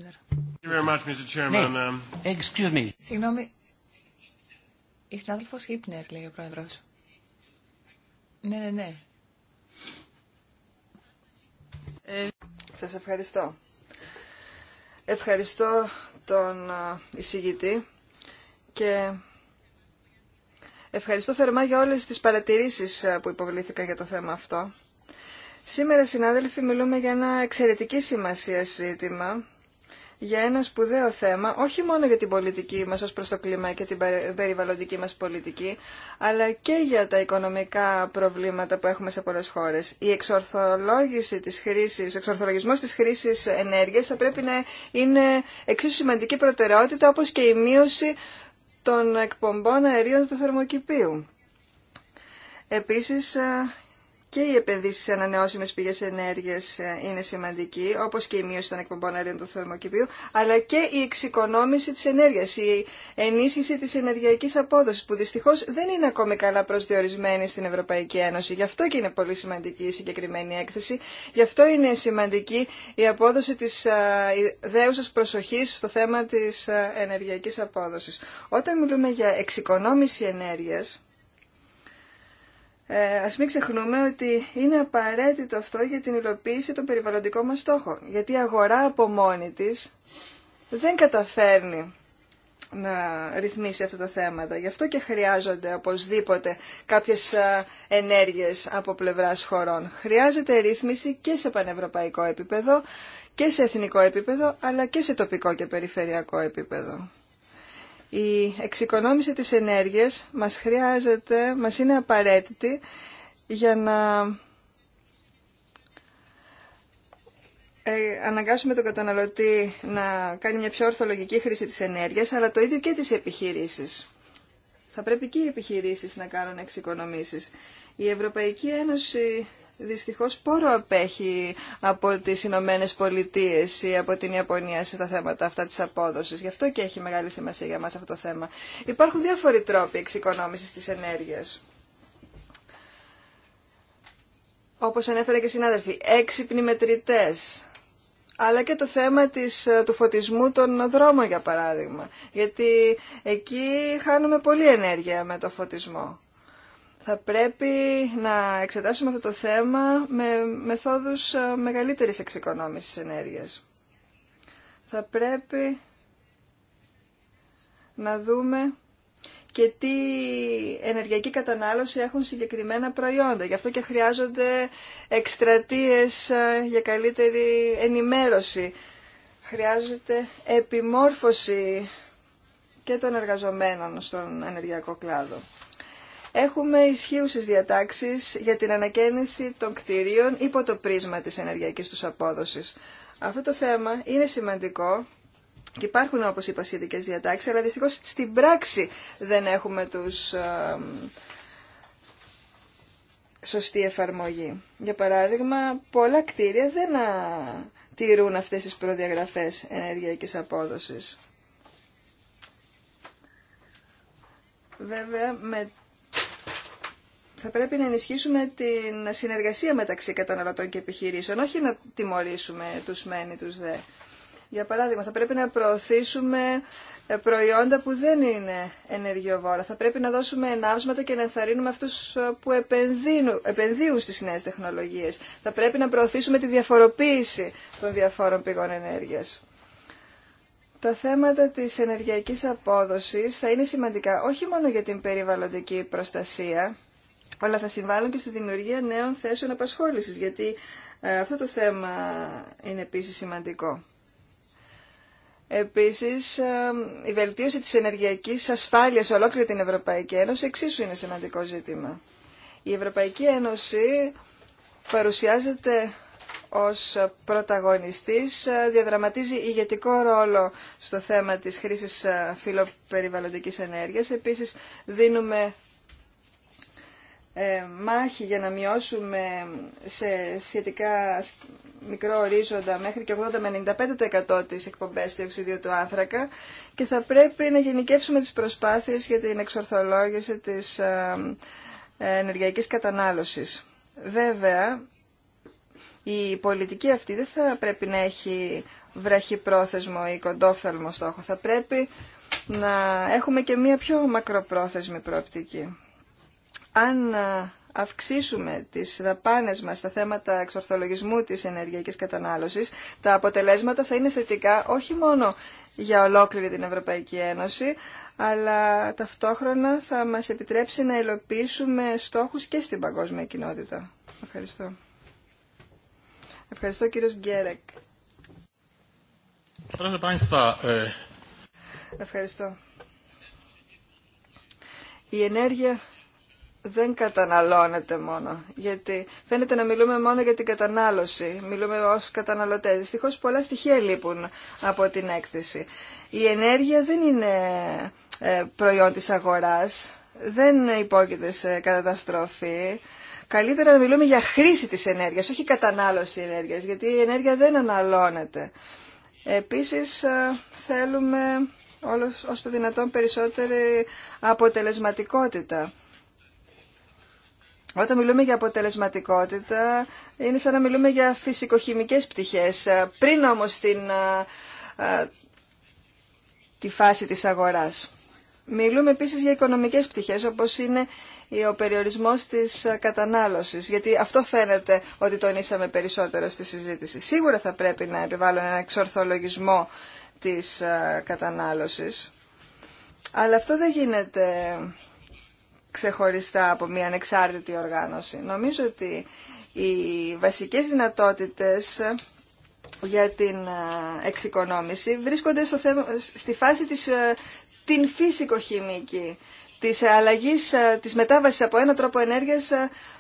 very much, Mr. Chairman. Hey, ναι, um, excuse me. Συγγνώμη, η συνάδελφος Χίπνερ, λέει ο πρόεδρος. Ναι, ναι, ναι. Ε, σας ευχαριστώ. Ευχαριστώ τον εισηγητή και ευχαριστώ θερμά για όλες τις παρατηρήσεις που υποβλήθηκαν για το θέμα αυτό. Σήμερα, συνάδελφοι, μιλούμε για ένα εξαιρετική σημασία ζήτημα για ένα σπουδαίο θέμα, όχι μόνο για την πολιτική μας ως προς το κλίμα και την περιβαλλοντική μας πολιτική, αλλά και για τα οικονομικά προβλήματα που έχουμε σε πολλές χώρες. Η εξορθολόγηση της χρήσης, ο εξορθολογισμός της χρήσης ενέργειας θα πρέπει να είναι εξίσου σημαντική προτεραιότητα, όπως και η μείωση των εκπομπών αερίων του θερμοκηπίου. Επίσης, και οι επενδύσει σε ανανεώσιμε πηγέ ενέργεια ε, είναι σημαντική, όπω και η μείωση των εκπομπών αερίων του θερμοκηπίου, αλλά και η εξοικονόμηση τη ενέργεια, η ενίσχυση τη ενεργειακή απόδοση, που δυστυχώ δεν είναι ακόμη καλά προσδιορισμένη στην Ευρωπαϊκή Ένωση. Γι' αυτό και είναι πολύ σημαντική η συγκεκριμένη έκθεση. Γι' αυτό είναι σημαντική η απόδοση τη ε, δέουσα προσοχή στο θέμα τη ε, ενεργειακή απόδοση. Όταν μιλούμε για εξοικονόμηση ενέργεια, ε, ας μην ξεχνούμε ότι είναι απαραίτητο αυτό για την υλοποίηση των περιβαλλοντικών μας στόχων. Γιατί η αγορά από μόνη της δεν καταφέρνει να ρυθμίσει αυτά τα θέματα. Γι' αυτό και χρειάζονται οπωσδήποτε κάποιες ε, ενέργειες από πλευράς χωρών. Χρειάζεται ρύθμιση και σε πανευρωπαϊκό επίπεδο και σε εθνικό επίπεδο αλλά και σε τοπικό και περιφερειακό επίπεδο. Η εξοικονόμηση της ενέργειας μας χρειάζεται, μας είναι απαραίτητη για να ε, αναγκάσουμε τον καταναλωτή να κάνει μια πιο ορθολογική χρήση της ενέργειας, αλλά το ίδιο και τις επιχειρήσεις. Θα πρέπει και οι επιχειρήσεις να κάνουν εξοικονομήσεις. Η Ευρωπαϊκή Ένωση δυστυχώς πόρο απέχει από τις Ηνωμένε Πολιτείε ή από την Ιαπωνία σε τα θέματα αυτά της απόδοσης. Γι' αυτό και έχει μεγάλη σημασία για μας αυτό το θέμα. Υπάρχουν διάφοροι τρόποι εξοικονόμησης της ενέργειας. Όπως ανέφερα και συνάδελφοι, έξυπνοι μετρητές, αλλά και το θέμα της, του φωτισμού των δρόμων, για παράδειγμα. Γιατί εκεί χάνουμε πολύ ενέργεια με το φωτισμό θα πρέπει να εξετάσουμε αυτό το θέμα με μεθόδους ε, μεγαλύτερης εξοικονόμησης ενέργειας. Θα πρέπει να δούμε και τι ενεργειακή κατανάλωση έχουν συγκεκριμένα προϊόντα. Γι' αυτό και χρειάζονται εκστρατείες ε, για καλύτερη ενημέρωση. Χρειάζεται επιμόρφωση και των εργαζομένων στον ενεργειακό κλάδο έχουμε ισχύουσες διατάξεις για την ανακαίνιση των κτηρίων υπό το πρίσμα της ενεργειακής τους απόδοσης. Αυτό το θέμα είναι σημαντικό και υπάρχουν όπω είπα σχετικέ διατάξει, αλλά δυστυχώ στην πράξη δεν έχουμε τους σωστή εφαρμογή. Για παράδειγμα, πολλά κτίρια δεν α, τηρούν αυτές τις προδιαγραφές ενεργειακής απόδοσης. Βέβαια, θα πρέπει να ενισχύσουμε την συνεργασία μεταξύ καταναλωτών και επιχειρήσεων, όχι να τιμωρήσουμε τους μεν ή τους δε. Για παράδειγμα, θα πρέπει να προωθήσουμε ε, προϊόντα που δεν είναι ενεργειοβόρα. Θα πρέπει να δώσουμε ενάψματα και να ενθαρρύνουμε αυτούς ε, που επενδύουν, επενδύουν στις νέες τεχνολογίες. Θα πρέπει να προωθήσουμε τη διαφοροποίηση των διαφόρων πηγών ενέργειας. Τα θέματα της ενεργειακής απόδοσης θα είναι σημαντικά όχι μόνο για την περιβαλλοντική προστασία, αλλά θα συμβάλλουν και στη δημιουργία νέων θέσεων απασχόλησης, γιατί ε, αυτό το θέμα είναι επίσης σημαντικό. Επίσης, ε, η βελτίωση της ενεργειακής ασφάλειας ολόκληρη την Ευρωπαϊκή Ένωση εξίσου είναι σημαντικό ζήτημα. Η Ευρωπαϊκή Ένωση παρουσιάζεται ως πρωταγωνιστής, ε, διαδραματίζει ηγετικό ρόλο στο θέμα της χρήσης φιλοπεριβαλλοντικής ενέργειας. Επίσης, δίνουμε ε, μάχη για να μειώσουμε σε σχετικά μικρό ορίζοντα μέχρι και 80 με 95% τις εκπομπές του άνθρακα και θα πρέπει να γενικεύσουμε τις προσπάθειες για την εξορθολόγηση της ε, ε, ενεργειακής κατανάλωσης. Βέβαια, η πολιτική αυτή δεν θα πρέπει να έχει βραχυπρόθεσμο ή κοντόφθαλμο στόχο. Θα πρέπει να έχουμε και μία πιο μακροπρόθεσμη προοπτική αν ε, αυξήσουμε τις δαπάνες μας στα θέματα εξορθολογισμού της ενεργειακής κατανάλωσης, τα αποτελέσματα θα είναι θετικά όχι μόνο για ολόκληρη την Ευρωπαϊκή Ένωση, αλλά ταυτόχρονα θα μας επιτρέψει να υλοποιήσουμε στόχους και στην παγκόσμια κοινότητα. Ευχαριστώ. Ευχαριστώ κύριος Γκέρεκ. Ε, Ευχαριστώ. Η ενέργεια δεν καταναλώνεται μόνο, γιατί φαίνεται να μιλούμε μόνο για την κατανάλωση, μιλούμε ω καταναλωτέ. Δυστυχώ πολλά στοιχεία λείπουν από την έκθεση. Η ενέργεια δεν είναι ε, προϊόν της αγοράς, δεν υπόκειται σε καταστροφή. Καλύτερα να μιλούμε για χρήση της ενέργειας, όχι κατανάλωση ενέργειας, γιατί η ενέργεια δεν αναλώνεται. Επίσης ε, θέλουμε όλος, όσο δυνατόν περισσότερη αποτελεσματικότητα όταν μιλούμε για αποτελεσματικότητα, είναι σαν να μιλούμε για φυσικοχημικές πτυχές. Ε, πριν όμως την, ε, ε, τη φάση της αγοράς. Μιλούμε επίσης για οικονομικές πτυχές, όπως είναι ο περιορισμός της κατανάλωσης, γιατί αυτό φαίνεται ότι τονίσαμε περισσότερο στη συζήτηση. Σίγουρα θα πρέπει να επιβάλλουν ένα εξορθολογισμό της κατανάλωσης, αλλά αυτό δεν γίνεται ξεχωριστά από μια ανεξάρτητη οργάνωση. Νομίζω ότι οι βασικές δυνατότητες για την ε, εξοικονόμηση βρίσκονται στο στη φάση της ε, την φυσικοχημική, της αλλαγής, ε, της μετάβασης από ένα τρόπο ενέργειας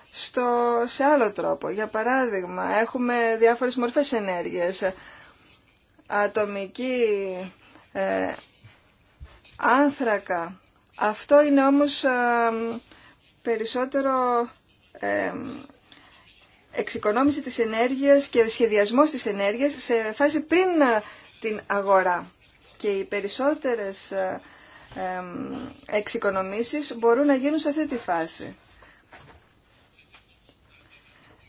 στο, σε άλλο τρόπο. Για παράδειγμα, έχουμε διάφορες μορφές ενέργειας, ατομική, άνθρακα, αυτό είναι όμως ε, περισσότερο ε, εξοικονόμηση της ενέργειας και σχεδιασμός της ενέργειας σε φάση πριν ε, την αγορά. Και οι περισσότερες εξοικονομήσεις μπορούν να γίνουν σε αυτή τη φάση.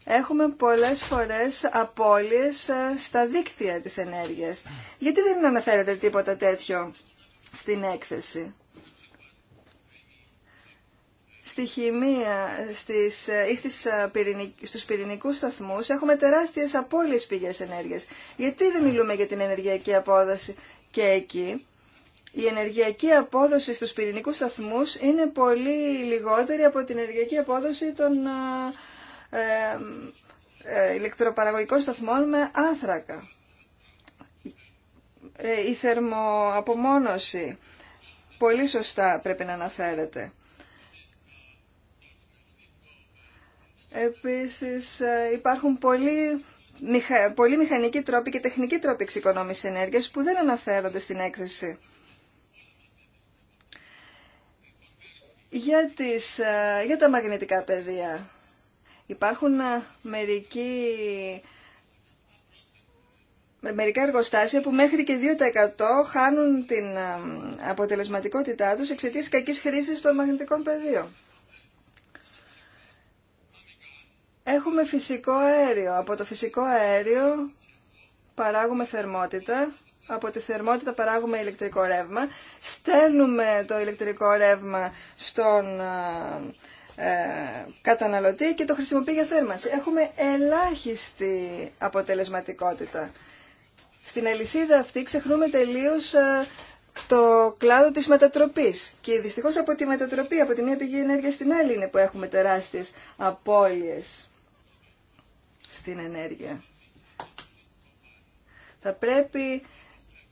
Έχουμε πολλές φορές απώλειες στα δίκτυα της ενέργειας. Γιατί δεν αναφέρεται τίποτα τέτοιο στην έκθεση στη χημεία στις, ε, ή στις, ε, στους πυρηνικούς σταθμούς έχουμε τεράστιες απώλειες πηγές ενέργειας. Γιατί δεν ναι. μιλούμε για την ενεργειακή απόδοση και εκεί. Η ενεργειακή απόδοση στους πυρηνικούς σταθμούς είναι πολύ λιγότερη από την ενεργειακή απόδοση των ε, ε ηλεκτροπαραγωγικών σταθμών με άνθρακα. η θερμοαπομόνωση, πολύ σωστά πρέπει να αναφέρεται. Επίσης ε, υπάρχουν πολλοί, μηχανικοί τρόποι και τεχνικοί τρόποι εξοικονόμησης ενέργειας που δεν αναφέρονται στην έκθεση. Για, τις, ε, για τα μαγνητικά πεδία υπάρχουν ε, μερικοί μερικά εργοστάσια που μέχρι και 2% χάνουν την αποτελεσματικότητά τους εξαιτίας κακής χρήσης των μαγνητικών πεδίων. Έχουμε φυσικό αέριο. Από το φυσικό αέριο παράγουμε θερμότητα. Από τη θερμότητα παράγουμε ηλεκτρικό ρεύμα. Στέλνουμε το ηλεκτρικό ρεύμα στον ε, καταναλωτή και το χρησιμοποιεί για θέρμανση. Έχουμε ελάχιστη αποτελεσματικότητα. Στην αλυσίδα αυτή ξεχνούμε τελείως το κλάδο της μετατροπής. Και δυστυχώς από τη μετατροπή, από τη μία πηγή ενέργεια στην άλλη είναι που έχουμε τεράστιες απώλειες στην ενέργεια. Θα πρέπει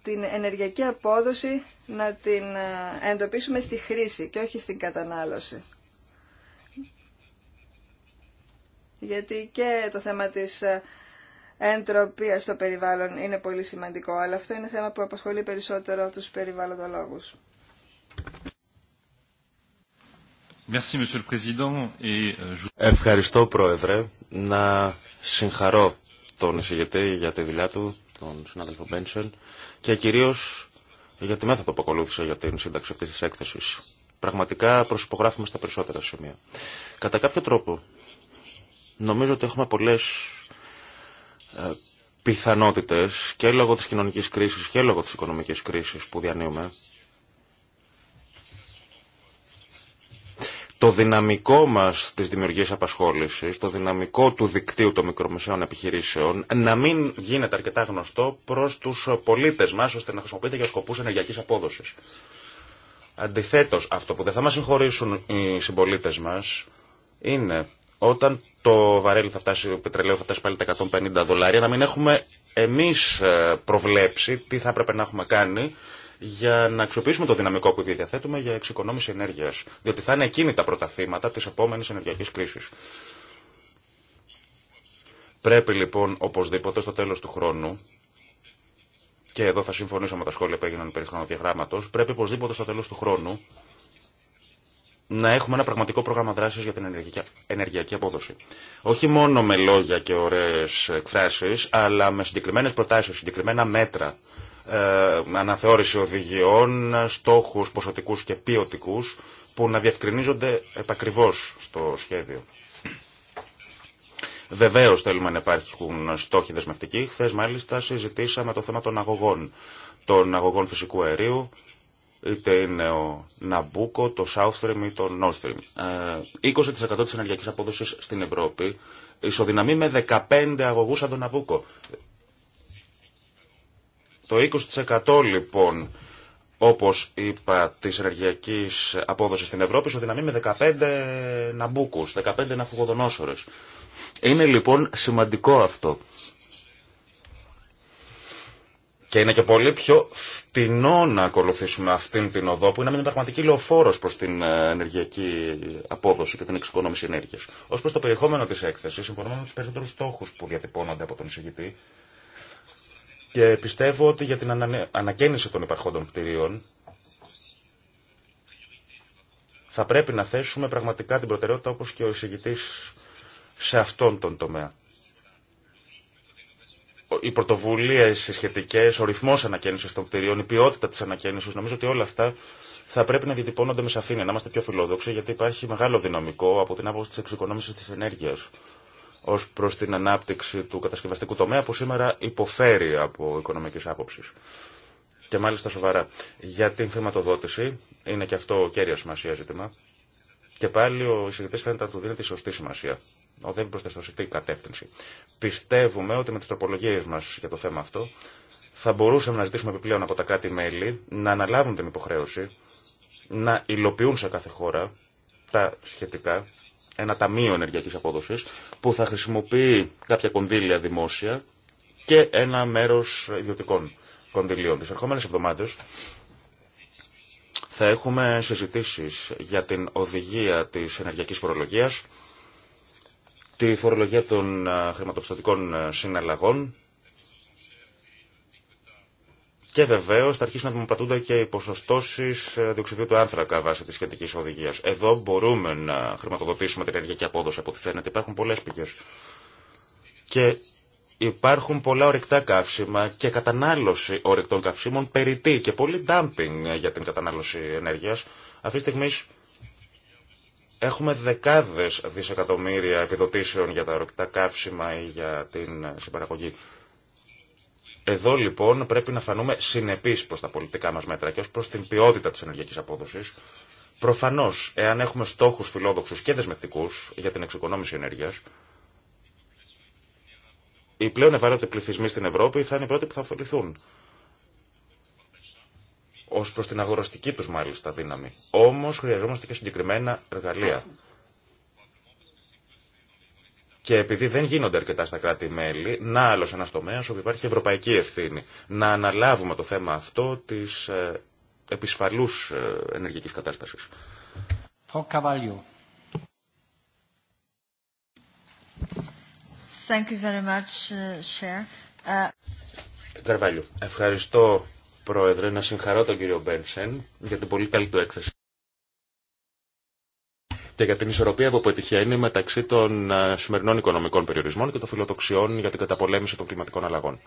την ενεργειακή απόδοση να την ε, εντοπίσουμε στη χρήση και όχι στην κατανάλωση. Γιατί και το θέμα της ε, εντροπίας στο περιβάλλον είναι πολύ σημαντικό, αλλά αυτό είναι θέμα που απασχολεί περισσότερο τους περιβαλλοντολόγους. Euh, Ευχαριστώ, Πρόεδρε. Να συγχαρώ τον εισηγητή για τη δουλειά του, τον συνάδελφο Μπέντσεν, και κυρίω για τη μέθοδο που ακολούθησε για την σύνταξη αυτή τη έκθεση. Πραγματικά προσυπογράφουμε στα περισσότερα σημεία. Κατά κάποιο τρόπο, νομίζω ότι έχουμε πολλέ ε, πιθανότητες και λόγω της κοινωνική κρίσης και λόγω της οικονομική κρίση που διανύουμε το δυναμικό μας της δημιουργίας απασχόλησης, το δυναμικό του δικτύου των μικρομεσαίων επιχειρήσεων να μην γίνεται αρκετά γνωστό προς τους πολίτες μας ώστε να χρησιμοποιείται για σκοπούς ενεργειακής απόδοσης. Αντιθέτως, αυτό που δεν θα μας συγχωρήσουν οι συμπολίτε μας είναι όταν το βαρέλι θα φτάσει, το πετρελαίο θα φτάσει πάλι τα 150 δολάρια, να μην έχουμε εμείς ε, προβλέψει τι θα έπρεπε να έχουμε κάνει για να αξιοποιήσουμε το δυναμικό που διαθέτουμε για εξοικονόμηση ενέργεια. Διότι θα είναι εκείνη τα πρωταθήματα τη επόμενη ενεργειακή κρίση. Πρέπει λοιπόν οπωσδήποτε στο τέλο του χρόνου και εδώ θα συμφωνήσω με τα σχόλια που έγιναν περί χρονοδιαγράμματο, πρέπει οπωσδήποτε στο τέλο του χρόνου να έχουμε ένα πραγματικό πρόγραμμα δράση για την ενεργειακή απόδοση. Όχι μόνο με λόγια και ωραίε εκφράσει, αλλά με συγκεκριμένε προτάσει, συγκεκριμένα μέτρα ε, αναθεώρηση οδηγιών, στόχους ποσοτικούς και ποιοτικούς που να διευκρινίζονται επακριβώς στο σχέδιο. Βεβαίω θέλουμε να υπάρχουν στόχοι δεσμευτικοί. Χθε μάλιστα συζητήσαμε το θέμα των αγωγών. Των αγωγών φυσικού αερίου, είτε είναι ο Ναμπούκο, το South Stream ή το North Stream. 20% ε, της ενεργειακής απόδοσης στην Ευρώπη ισοδυναμεί με 15 αγωγούς σαν τον Ναμπούκο. Το 20% λοιπόν, όπως είπα, της ενεργειακής απόδοσης στην Ευρώπη ισοδυναμεί με 15 ναμπούκους, 15 ναφουγοδονόσορες. Είναι λοιπόν σημαντικό αυτό. Και είναι και πολύ πιο φτηνό να ακολουθήσουμε αυτήν την οδό που είναι μια πραγματική λεωφόρο προ την ε, ενεργειακή απόδοση και την εξοικονόμηση ενέργεια. Ω προ το περιεχόμενο τη έκθεση, συμφωνώ με του περισσότερου στόχου που διατυπώνονται από τον εισηγητή και πιστεύω ότι για την ανακαίνιση των υπαρχόντων κτηρίων θα πρέπει να θέσουμε πραγματικά την προτεραιότητα όπως και ο εισηγητής σε αυτόν τον τομέα. Οι πρωτοβουλίε, οι σχετικέ, ο ρυθμό ανακαίνιση των κτηρίων, η ποιότητα τη ανακαίνιση, νομίζω ότι όλα αυτά θα πρέπει να διατυπώνονται με σαφήνεια, να είμαστε πιο φιλόδοξοι, γιατί υπάρχει μεγάλο δυναμικό από την άποψη τη εξοικονόμηση τη ενέργεια ως προς την ανάπτυξη του κατασκευαστικού τομέα που σήμερα υποφέρει από οικονομικής άποψης. Και μάλιστα σοβαρά. Για την θεματοδότηση, είναι και αυτό κέρια σημασία ζήτημα, και πάλι ο εισηγητή φαίνεται να του δίνει τη σωστή σημασία. Οδεύει προ τη σωστή κατεύθυνση. Πιστεύουμε ότι με τι τροπολογίε μας για το θέμα αυτό θα μπορούσαμε να ζητήσουμε επιπλέον από τα κράτη-μέλη να αναλάβουν την υποχρέωση να υλοποιούν σε κάθε χώρα τα σχετικά ένα ταμείο ενεργειακής απόδοσης που θα χρησιμοποιεί κάποια κονδύλια δημόσια και ένα μέρος ιδιωτικών κονδυλίων. Τι ερχόμενε εβδομάδες θα έχουμε συζητήσει για την οδηγία της ενεργειακής φορολογίας, τη φορολογία των χρηματοπιστωτικών συναλλαγών και βεβαίω θα αρχίσουν να δημοπρατούνται και οι ποσοστώσει ε, διοξιδίου του άνθρακα βάσει τη σχετική οδηγία. Εδώ μπορούμε να χρηματοδοτήσουμε την ενεργειακή απόδοση από ό,τι φαίνεται. Υπάρχουν πολλέ πηγέ. Και υπάρχουν πολλά ορυκτά καύσιμα και κατανάλωση ορυκτών καυσίμων περιττή και πολύ dumping ε, για την κατανάλωση ενέργεια. Αυτή τη στιγμή έχουμε δεκάδε δισεκατομμύρια επιδοτήσεων για τα ορυκτά καύσιμα ή για την συμπαραγωγή. Εδώ λοιπόν πρέπει να φανούμε συνεπείς προ τα πολιτικά μας μέτρα και ω προς την ποιότητα της ενεργειακής απόδοσης. Προφανώς, εάν έχουμε στόχους φιλόδοξους και δεσμευτικούς για την εξοικονόμηση ενέργειας, οι πλέον ευάλωτοι πληθυσμοί στην Ευρώπη θα είναι οι πρώτοι που θα ωφεληθούν. Ω προ την αγοραστική του μάλιστα δύναμη. Όμω χρειαζόμαστε και συγκεκριμένα εργαλεία. Και επειδή δεν γίνονται αρκετά στα κράτη-μέλη, να άλλο ένα τομέα όπου υπάρχει ευρωπαϊκή ευθύνη. Να αναλάβουμε το θέμα αυτό τη ε, επισφαλού ε, ενεργική κατάσταση. Thank you very much, Καρβάλιο. Uh, uh, ευχαριστώ, Πρόεδρε, να συγχαρώ τον κύριο Μπένσεν για την πολύ καλή του έκθεση και για την ισορροπία που πετυχαίνει μεταξύ των ε, σημερινών οικονομικών περιορισμών και των φιλοδοξιών για την καταπολέμηση των κλιματικών αλλαγών.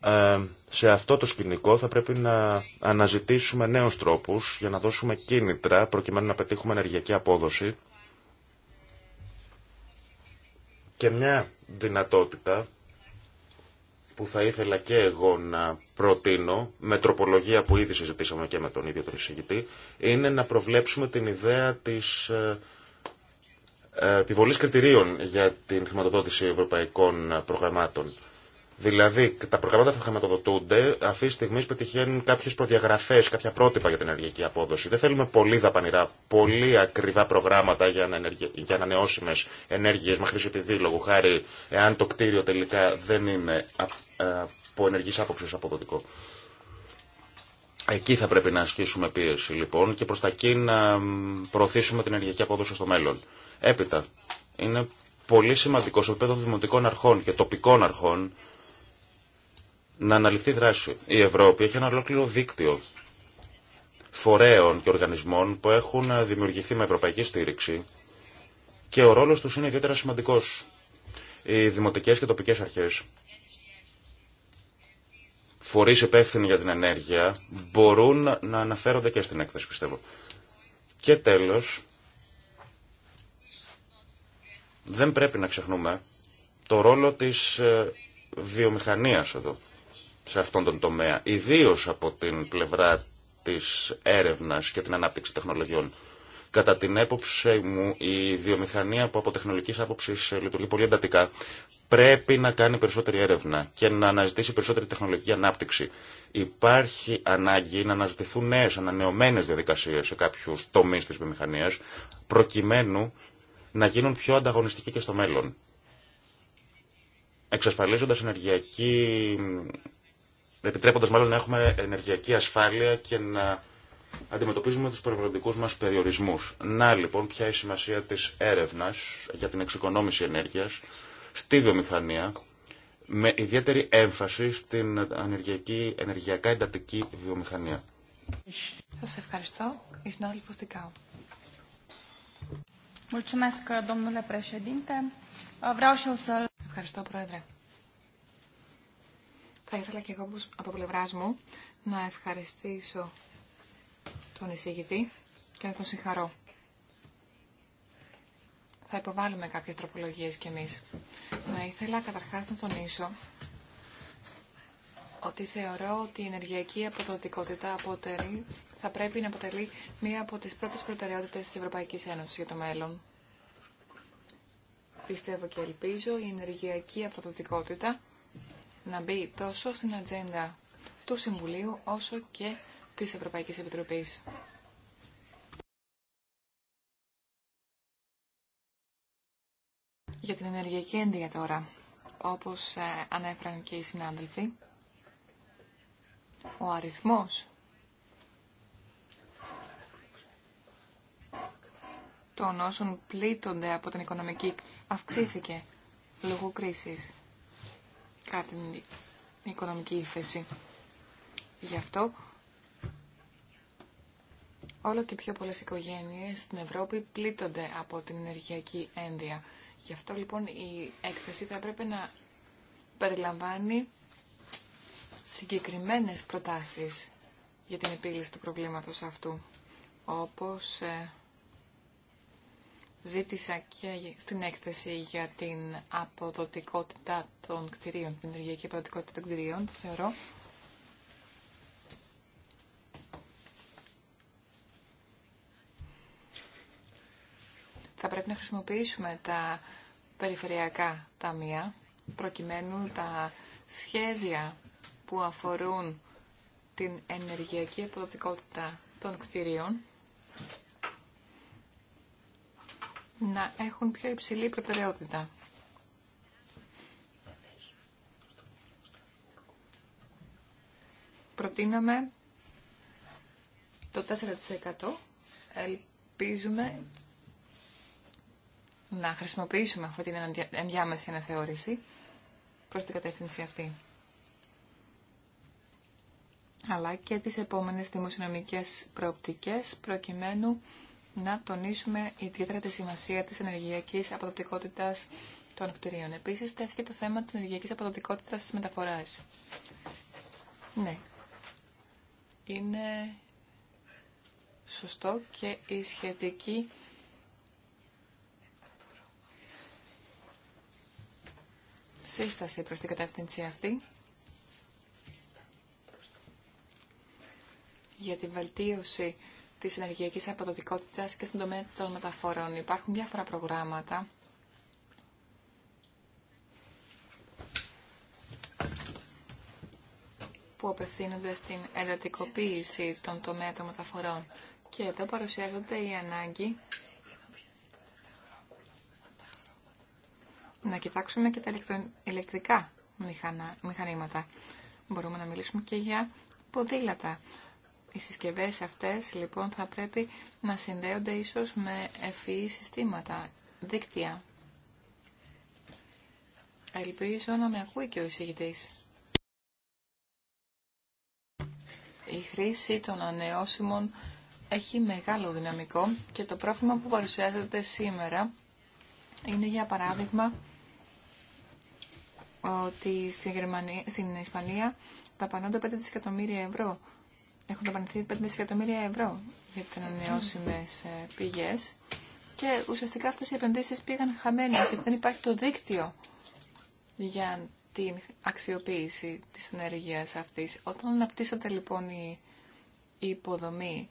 Ε, σε αυτό το σκηνικό θα πρέπει να αναζητήσουμε νέους τρόπους για να δώσουμε κίνητρα προκειμένου να πετύχουμε ενεργειακή απόδοση και μια δυνατότητα που θα ήθελα και εγώ να προτείνω, με τροπολογία που ήδη συζητήσαμε και με τον ίδιο τον εισηγητή, είναι να προβλέψουμε την ιδέα της ε, ε, επιβολής κριτηρίων για την χρηματοδότηση ευρωπαϊκών προγραμμάτων. Δηλαδή, τα προγράμματα θα χρηματοδοτούνται, αυτή τη στιγμή πετυχαίνουν κάποιε προδιαγραφέ, κάποια πρότυπα για την ενεργειακή απόδοση. Δεν θέλουμε πολύ δαπανηρά, πολύ ακριβά προγράμματα για, ανανεργε... για ανανεώσιμε ενέργειε με χρήση λόγω χάρη εάν το κτίριο τελικά δεν είναι ε, από ενεργή άποψη αποδοτικό. Εκεί θα πρέπει να ασκήσουμε πίεση λοιπόν και προ τα εκεί να προωθήσουμε την ενεργειακή απόδοση στο μέλλον. Έπειτα, είναι πολύ σημαντικό σε επίπεδο δημοτικών αρχών και τοπικών αρχών να αναλυθεί δράση. Η Ευρώπη έχει ένα ολόκληρο δίκτυο φορέων και οργανισμών που έχουν δημιουργηθεί με ευρωπαϊκή στήριξη και ο ρόλος τους είναι ιδιαίτερα σημαντικός. Οι δημοτικές και τοπικές αρχές, φορείς υπεύθυνοι για την ενέργεια, μπορούν να αναφέρονται και στην έκθεση, πιστεύω. Και τέλος, δεν πρέπει να ξεχνούμε το ρόλο της ε, βιομηχανίας εδώ σε αυτόν τον τομέα, ιδίω από την πλευρά τη έρευνα και την ανάπτυξη τεχνολογιών. Κατά την έποψη μου, η βιομηχανία που από τεχνολογική άποψη λειτουργεί πολύ εντατικά πρέπει να κάνει περισσότερη έρευνα και να αναζητήσει περισσότερη τεχνολογική ανάπτυξη. Υπάρχει ανάγκη να αναζητηθούν νέε, ανανεωμένε διαδικασίε σε κάποιου τομεί τη βιομηχανία, προκειμένου να γίνουν πιο ανταγωνιστικοί και στο μέλλον. Εξασφαλίζοντα ενεργειακή Επιτρέποντα μάλλον να έχουμε ενεργειακή ασφάλεια και να αντιμετωπίζουμε του περιβαλλοντικού μα περιορισμού. Να λοιπόν ποια είναι η σημασία τη έρευνα για την εξοικονόμηση ενέργεια στη βιομηχανία με ιδιαίτερη έμφαση στην ενεργειακή, ενεργειακά εντατική βιομηχανία. ευχαριστώ. Ευχαριστώ, Πρόεδρε. Θα ήθελα και εγώ από πλευρά μου να ευχαριστήσω τον εισηγητή και να τον συγχαρώ. Θα υποβάλουμε κάποιες τροπολογίες κι εμείς. Θα ήθελα καταρχάς να τονίσω ότι θεωρώ ότι η ενεργειακή αποδοτικότητα αποτελεί, θα πρέπει να αποτελεί μία από τις πρώτες προτεραιότητες της Ευρωπαϊκής Ένωσης για το μέλλον. Πιστεύω και ελπίζω η ενεργειακή αποδοτικότητα να μπει τόσο στην ατζέντα του Συμβουλίου όσο και της Ευρωπαϊκής Επιτροπής. Για την ενεργειακή ένδυα τώρα, όπως ε, ανέφεραν και οι συνάδελφοι, ο αριθμός των όσων πλήττονται από την οικονομική αυξήθηκε λόγω κρίσης κάτι την οικονομική ύφεση. Γι' αυτό όλο και πιο πολλές οικογένειες στην Ευρώπη πλήττονται από την ενεργειακή ένδια. Γι' αυτό λοιπόν η έκθεση θα πρέπει να περιλαμβάνει συγκεκριμένες προτάσεις για την επίλυση του προβλήματος αυτού, όπως ε, Ζήτησα και στην έκθεση για την αποδοτικότητα των κτηρίων, την ενεργειακή αποδοτικότητα των κτηρίων, θεωρώ. Θα πρέπει να χρησιμοποιήσουμε τα περιφερειακά ταμεία, προκειμένου τα σχέδια που αφορούν την ενεργειακή αποδοτικότητα των κτηρίων να έχουν πιο υψηλή προτεραιότητα. Προτείναμε το 4%. Ελπίζουμε να χρησιμοποιήσουμε αυτή την ενδιάμεση αναθεώρηση προς την κατεύθυνση αυτή. Αλλά και τις επόμενες δημοσιονομικές προοπτικές προκειμένου να τονίσουμε ιδιαίτερα τη σημασία της ενεργειακής αποδοτικότητας των κτηρίων. Επίσης, τέθηκε το θέμα της ενεργειακής αποδοτικότητας της μεταφοράς. Ναι. Είναι σωστό και η σχετική σύσταση προς την κατεύθυνση αυτή για τη βελτίωση τη ενεργειακή αποδοτικότητα και στον τομέα των μεταφορών. Υπάρχουν διάφορα προγράμματα. που απευθύνονται στην εντατικοποίηση των τομέα των μεταφορών. Και εδώ παρουσιάζονται η ανάγκη να κοιτάξουμε και τα ηλεκτρικά μηχανήματα. Μπορούμε να μιλήσουμε και για ποδήλατα. Οι συσκευές αυτές λοιπόν θα πρέπει να συνδέονται ίσως με ευφυή e συστήματα, δίκτυα. Ελπίζω να με ακούει και ο εισηγητής. Η χρήση των ανεώσιμων έχει μεγάλο δυναμικό και το πρόβλημα που παρουσιάζεται σήμερα είναι για παράδειγμα ότι στην, Γερμανία, στην Ισπανία δαπανώνται 5 δισεκατομμύρια ευρώ έχουν δαπανηθεί 5 δισεκατομμύρια ευρώ για τι ανανεώσιμε ε, πηγές και ουσιαστικά αυτές οι επενδύσεις πήγαν χαμένες γιατί δεν υπάρχει το δίκτυο για την αξιοποίηση της ενέργειας αυτής. Όταν αναπτύσσεται λοιπόν η υποδομή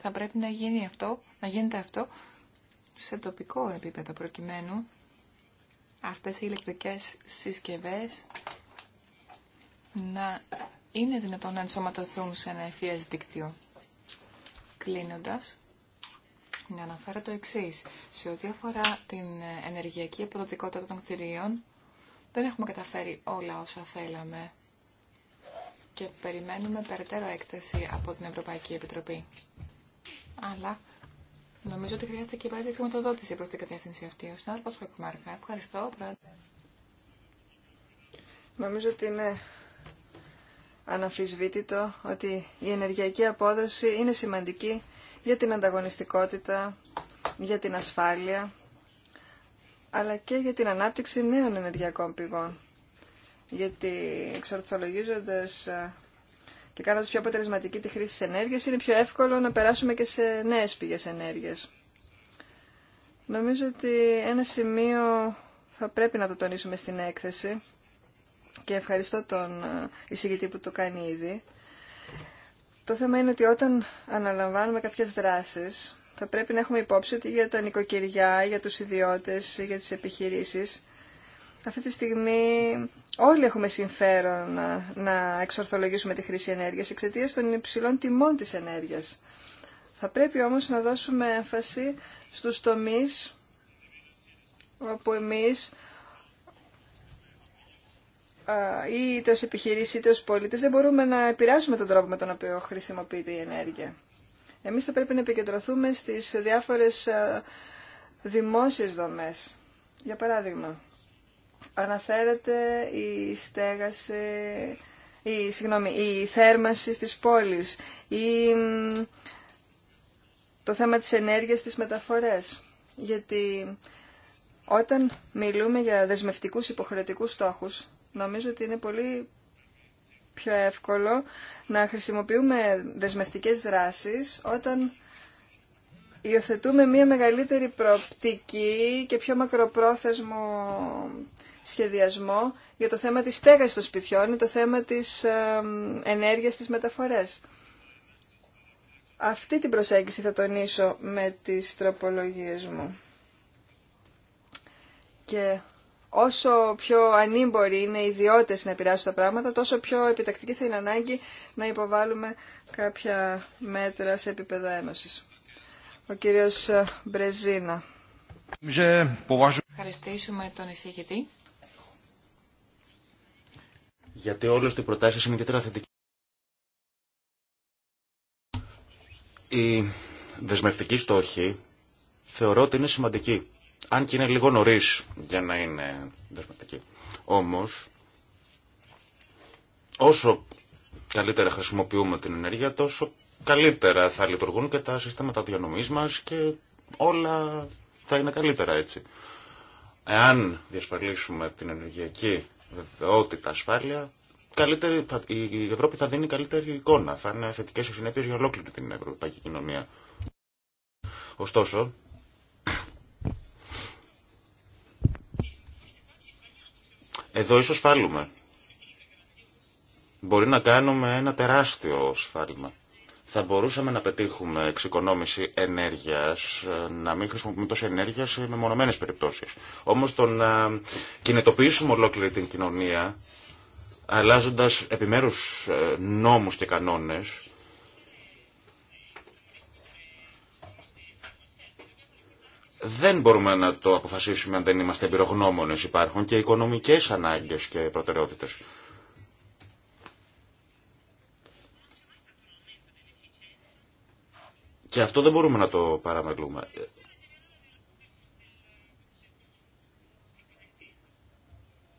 θα πρέπει να, γίνει αυτό, να γίνεται αυτό σε τοπικό επίπεδο προκειμένου αυτές οι ηλεκτρικές συσκευές να είναι δυνατόν να ενσωματωθούν σε ένα ευφυές δίκτυο. Κλείνοντας, να αναφέρω το εξή. Σε ό,τι αφορά την ενεργειακή αποδοτικότητα των κτηρίων, δεν έχουμε καταφέρει όλα όσα θέλαμε και περιμένουμε περαιτέρω έκθεση από την Ευρωπαϊκή Επιτροπή. Αλλά νομίζω ότι χρειάζεται και η παρέτητη χρηματοδότηση προ την κατεύθυνση αυτή. Ο συνάδελφο Ευχαριστώ, Νομίζω ότι αναφυσβήτητο ότι η ενεργειακή απόδοση είναι σημαντική για την ανταγωνιστικότητα, για την ασφάλεια, αλλά και για την ανάπτυξη νέων ενεργειακών πηγών. Γιατί εξορθολογίζοντας ε, και κάνοντας πιο αποτελεσματική τη χρήση της ενέργειας, είναι πιο εύκολο να περάσουμε και σε νέες πηγές ενέργειας. Νομίζω ότι ένα σημείο θα πρέπει να το τονίσουμε στην έκθεση, και ευχαριστώ τον ε, εισηγητή που το κάνει ήδη. Το θέμα είναι ότι όταν αναλαμβάνουμε κάποιες δράσεις θα πρέπει να έχουμε υπόψη ότι για τα νοικοκυριά, για τους ιδιώτες, για τις επιχειρήσεις αυτή τη στιγμή όλοι έχουμε συμφέρον ε, να εξορθολογήσουμε τη χρήση ενέργειας εξαιτία των υψηλών τιμών της ενέργειας. Θα πρέπει όμως να δώσουμε έμφαση στους τομείς όπου εμείς ή είτε ως επιχειρήσει είτε ως πολίτες δεν μπορούμε να επηρεάσουμε τον τρόπο με τον οποίο χρησιμοποιείται η ενέργεια. Εμείς θα πρέπει να επικεντρωθούμε στις διάφορες δημόσιες δομές. Για παράδειγμα, αναφέρεται η στέγαση, η, συγγνώμη, η θέρμανση στις πόλεις, η, το θέμα της ενέργειας στις μεταφορές. Γιατί όταν μιλούμε για δεσμευτικούς υποχρεωτικούς στόχους, νομίζω ότι είναι πολύ πιο εύκολο να χρησιμοποιούμε δεσμευτικές δράσεις όταν υιοθετούμε μια μεγαλύτερη προοπτική και πιο μακροπρόθεσμο σχεδιασμό για το θέμα της στέγασης των σπιτιών ή το θέμα της ενέργειας της μεταφορές. Αυτή την προσέγγιση θα τονίσω με τις τροπολογίες μου. Και όσο πιο ανήμποροι είναι οι ιδιώτες να επηρεάσουν τα πράγματα, τόσο πιο επιτακτική θα είναι ανάγκη να υποβάλουμε κάποια μέτρα σε επίπεδα ένωσης. Ο κύριος Μπρεζίνα. Ευχαριστήσουμε τον εισηγητή. Γιατί όλε οι προτάσει είναι ιδιαίτερα θετικέ. Οι δεσμευτικοί στόχοι θεωρώ ότι είναι σημαντική αν και είναι λίγο νωρί για να είναι δεσμευτική. Όμω, όσο καλύτερα χρησιμοποιούμε την ενέργεια, τόσο καλύτερα θα λειτουργούν και τα συστήματα διανομή μα και όλα θα είναι καλύτερα έτσι. Εάν διασφαλίσουμε την ενεργειακή βεβαιότητα, ασφάλεια, καλύτερη, θα, η Ευρώπη θα δίνει καλύτερη εικόνα. Θα είναι θετικέ οι συνέπειε για ολόκληρη την ευρωπαϊκή κοινωνία. Ωστόσο, Εδώ ίσως φάλουμε. Μπορεί να κάνουμε ένα τεράστιο σφάλμα. Θα μπορούσαμε να πετύχουμε εξοικονόμηση ενέργειας, να μην χρησιμοποιούμε τόση ενέργεια σε μεμονωμένες περιπτώσεις. Όμως το να κινητοποιήσουμε ολόκληρη την κοινωνία, αλλάζοντας επιμέρους ε, νόμους και κανόνες, δεν μπορούμε να το αποφασίσουμε αν δεν είμαστε εμπειρογνώμονες. Υπάρχουν και οικονομικές ανάγκες και προτεραιότητες. Και αυτό δεν μπορούμε να το παραμελούμε.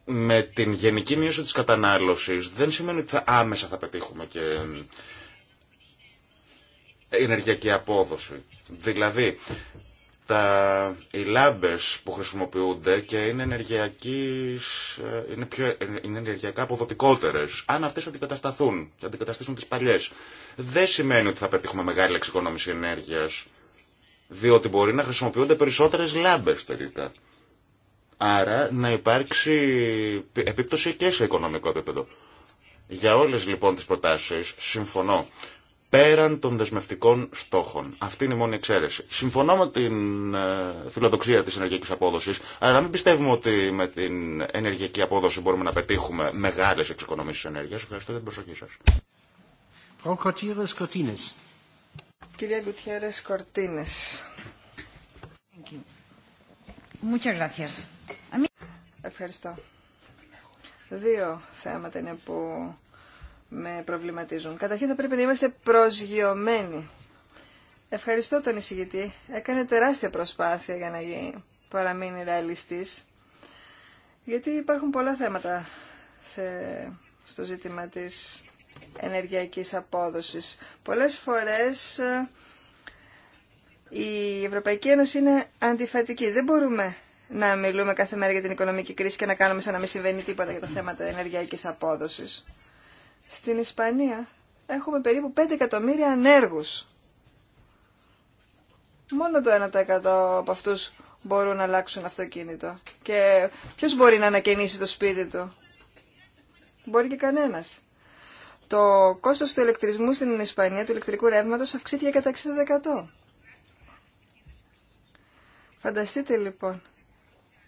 Με την γενική μείωση της κατανάλωσης δεν σημαίνει ότι θα άμεσα θα πετύχουμε και ενεργειακή απόδοση. Δηλαδή, τα, οι λάμπες που χρησιμοποιούνται και είναι, ε, είναι, πιο, είναι ενεργειακά αποδοτικότερες, αν αυτές αντικατασταθούν και αντικαταστήσουν τις παλιές, δεν σημαίνει ότι θα πετύχουμε μεγάλη εξοικονόμηση ενέργειας, διότι μπορεί να χρησιμοποιούνται περισσότερες λάμπες τελικά. Άρα να υπάρξει επίπτωση και σε οικονομικό επίπεδο. Για όλες λοιπόν τις προτάσεις συμφωνώ πέραν των δεσμευτικών στόχων. Αυτή είναι η μόνη εξαίρεση. Συμφωνώ με την ε, φιλοδοξία της ενεργειακής απόδοσης, αλλά μην πιστεύουμε ότι με την ενεργειακή απόδοση μπορούμε να πετύχουμε μεγάλες εξοικονομήσεις ενέργειας. Ευχαριστώ για την προσοχή σας. Ευχαριστώ. Δύο θέματα είναι που με προβληματίζουν. Καταρχήν θα πρέπει να είμαστε προσγειωμένοι. Ευχαριστώ τον εισηγητή. Έκανε τεράστια προσπάθεια για να παραμείνει ρεαλιστής. Γιατί υπάρχουν πολλά θέματα στο ζήτημα της ενεργειακής απόδοσης. Πολλές φορές ε, η Ευρωπαϊκή Ένωση είναι αντιφατική. Δεν μπορούμε να μιλούμε κάθε μέρα για την οικονομική κρίση και να κάνουμε σαν να μην συμβαίνει τίποτα για τα θέματα ενεργειακής απόδοσης. Στην Ισπανία έχουμε περίπου 5 εκατομμύρια ανέργους. Μόνο το 1% από αυτούς μπορούν να αλλάξουν αυτοκίνητο. Και ποιος μπορεί να ανακαινήσει το σπίτι του. Μπορεί και κανένας. Το κόστος του ηλεκτρισμού στην Ισπανία, του ηλεκτρικού ρεύματος, αυξήθηκε κατά 60%. Φανταστείτε λοιπόν,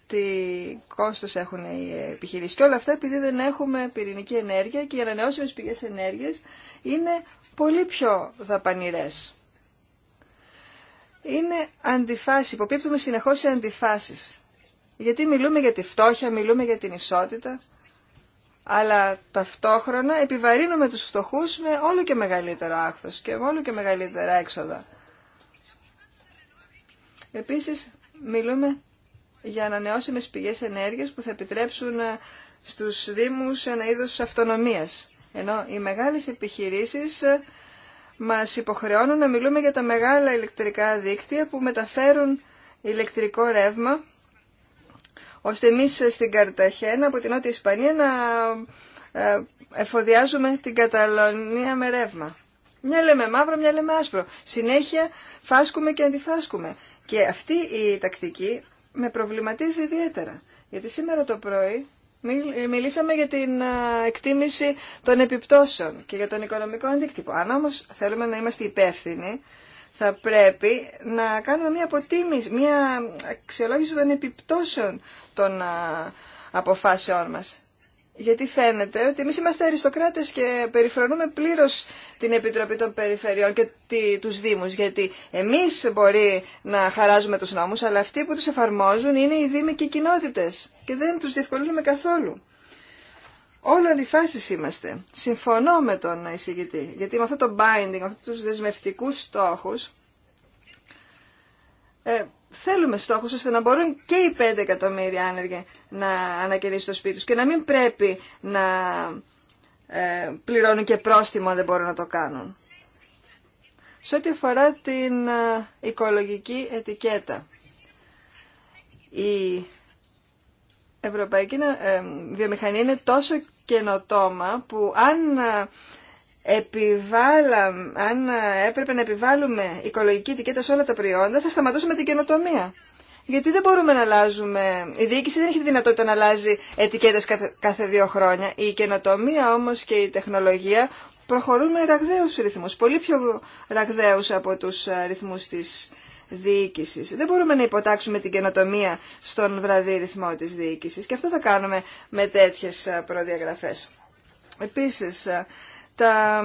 τι κόστος έχουν οι επιχειρήσεις. Και όλα αυτά επειδή δεν έχουμε πυρηνική ενέργεια και οι ανανεώσιμες πηγές ενέργειας είναι πολύ πιο δαπανηρές. Είναι αντιφάση, υποπίπτουμε συνεχώς σε αντιφάσεις. Γιατί μιλούμε για τη φτώχεια, μιλούμε για την ισότητα, αλλά ταυτόχρονα επιβαρύνουμε τους φτωχούς με όλο και μεγαλύτερο άχθος και με όλο και μεγαλύτερα έξοδα. Επίσης, μιλούμε για ανανεώσιμες πηγές ενέργειας που θα επιτρέψουν ε, στους Δήμους ένα είδος αυτονομίας. Ενώ οι μεγάλες επιχειρήσεις ε, μας υποχρεώνουν να μιλούμε για τα μεγάλα ηλεκτρικά δίκτυα που μεταφέρουν ηλεκτρικό ρεύμα, ώστε εμείς ε, στην Καρταχένα από την Νότια Ισπανία να εφοδιάζουμε την Καταλωνία με ρεύμα. Μια λέμε μαύρο, μια λέμε άσπρο. Συνέχεια φάσκουμε και αντιφάσκουμε. Και αυτή η τακτική με προβληματίζει ιδιαίτερα. Γιατί σήμερα το πρωί μιλήσαμε για την εκτίμηση των επιπτώσεων και για τον οικονομικό αντίκτυπο. Αν όμως θέλουμε να είμαστε υπεύθυνοι, θα πρέπει να κάνουμε μια αποτίμηση, μια αξιολόγηση των επιπτώσεων των αποφάσεών μας γιατί φαίνεται ότι εμείς είμαστε αριστοκράτες και περιφρονούμε πλήρως την Επιτροπή των Περιφερειών και τους Δήμους, γιατί εμείς μπορεί να χαράζουμε τους νόμους, αλλά αυτοί που τους εφαρμόζουν είναι οι Δήμοι και οι κοινότητες και δεν τους διευκολύνουμε καθόλου. Όλο αντιφάσεις είμαστε. Συμφωνώ με τον εισηγητή, γιατί με αυτό το binding, αυτούς τους δεσμευτικούς στόχους, ε, θέλουμε στόχους ώστε να μπορούν και οι 5 εκατομμύρια άνεργοι να ανακαινήσουν το σπίτι τους και να μην πρέπει να ε, πληρώνουν και πρόστιμο αν δεν μπορούν να το κάνουν. Σε ό,τι αφορά την ε, οικολογική ετικέτα, η ευρωπαϊκή ε, βιομηχανία είναι τόσο καινοτόμα που αν ε, επιβάλα, αν έπρεπε να επιβάλλουμε οικολογική ετικέτα σε όλα τα προϊόντα, θα σταματούσαμε την καινοτομία. Γιατί δεν μπορούμε να αλλάζουμε. Η διοίκηση δεν έχει τη δυνατότητα να αλλάζει ετικέτες κάθε, κάθε δύο χρόνια. Η καινοτομία όμως και η τεχνολογία προχωρούν με ραγδαίους ρυθμούς, πολύ πιο ραγδαίους από τους ε, ρυθμούς της διοίκηση. Δεν μπορούμε να υποτάξουμε την καινοτομία στον βραδύ ρυθμό της διοίκηση. και αυτό θα κάνουμε με τέτοιες ε, προδιαγραφές. Επίσης, ε, τα,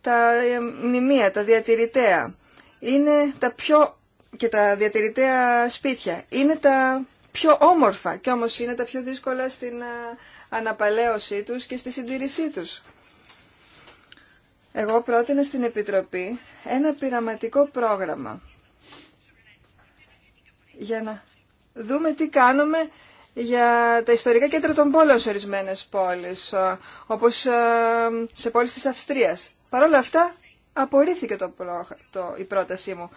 τα μνημεία, τα διατηρητέα. Είναι τα πιο και τα διατηρητέα σπίτια. Είναι τα πιο όμορφα και όμως είναι τα πιο δύσκολα στην αναπαλαίωσή τους και στη συντήρησή τους. Εγώ πρότεινα στην Επιτροπή ένα πειραματικό πρόγραμμα για να δούμε τι κάνουμε για τα ιστορικά κέντρα των πόλεων σε ορισμένε πόλει, όπω ε, σε πόλεις τη Αυστρία. Παρ' όλα αυτά, απορρίφθηκε το, το, η πρότασή μου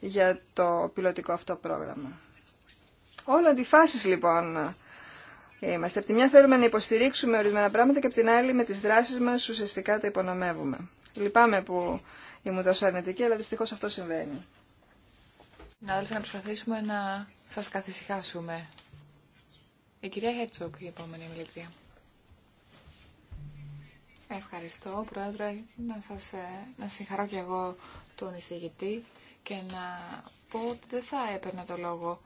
για το πιλωτικό αυτό πρόγραμμα. Όλο αντιφάσει, λοιπόν είμαστε. Από τη μια θέλουμε να υποστηρίξουμε ορισμένα πράγματα και από την άλλη με τις δράσεις μας ουσιαστικά τα υπονομεύουμε. Λυπάμαι που ήμουν τόσο αρνητική, αλλά δυστυχώς αυτό συμβαίνει. Να, να προσπαθήσουμε να σας καθησυχάσουμε. Η κυρία Χέτσοκ, η επόμενη μιλητρία. Ευχαριστώ, Πρόεδρε. Να σας ε, να συγχαρώ και εγώ τον εισηγητή και να πω ότι δεν θα έπαιρνα το λόγο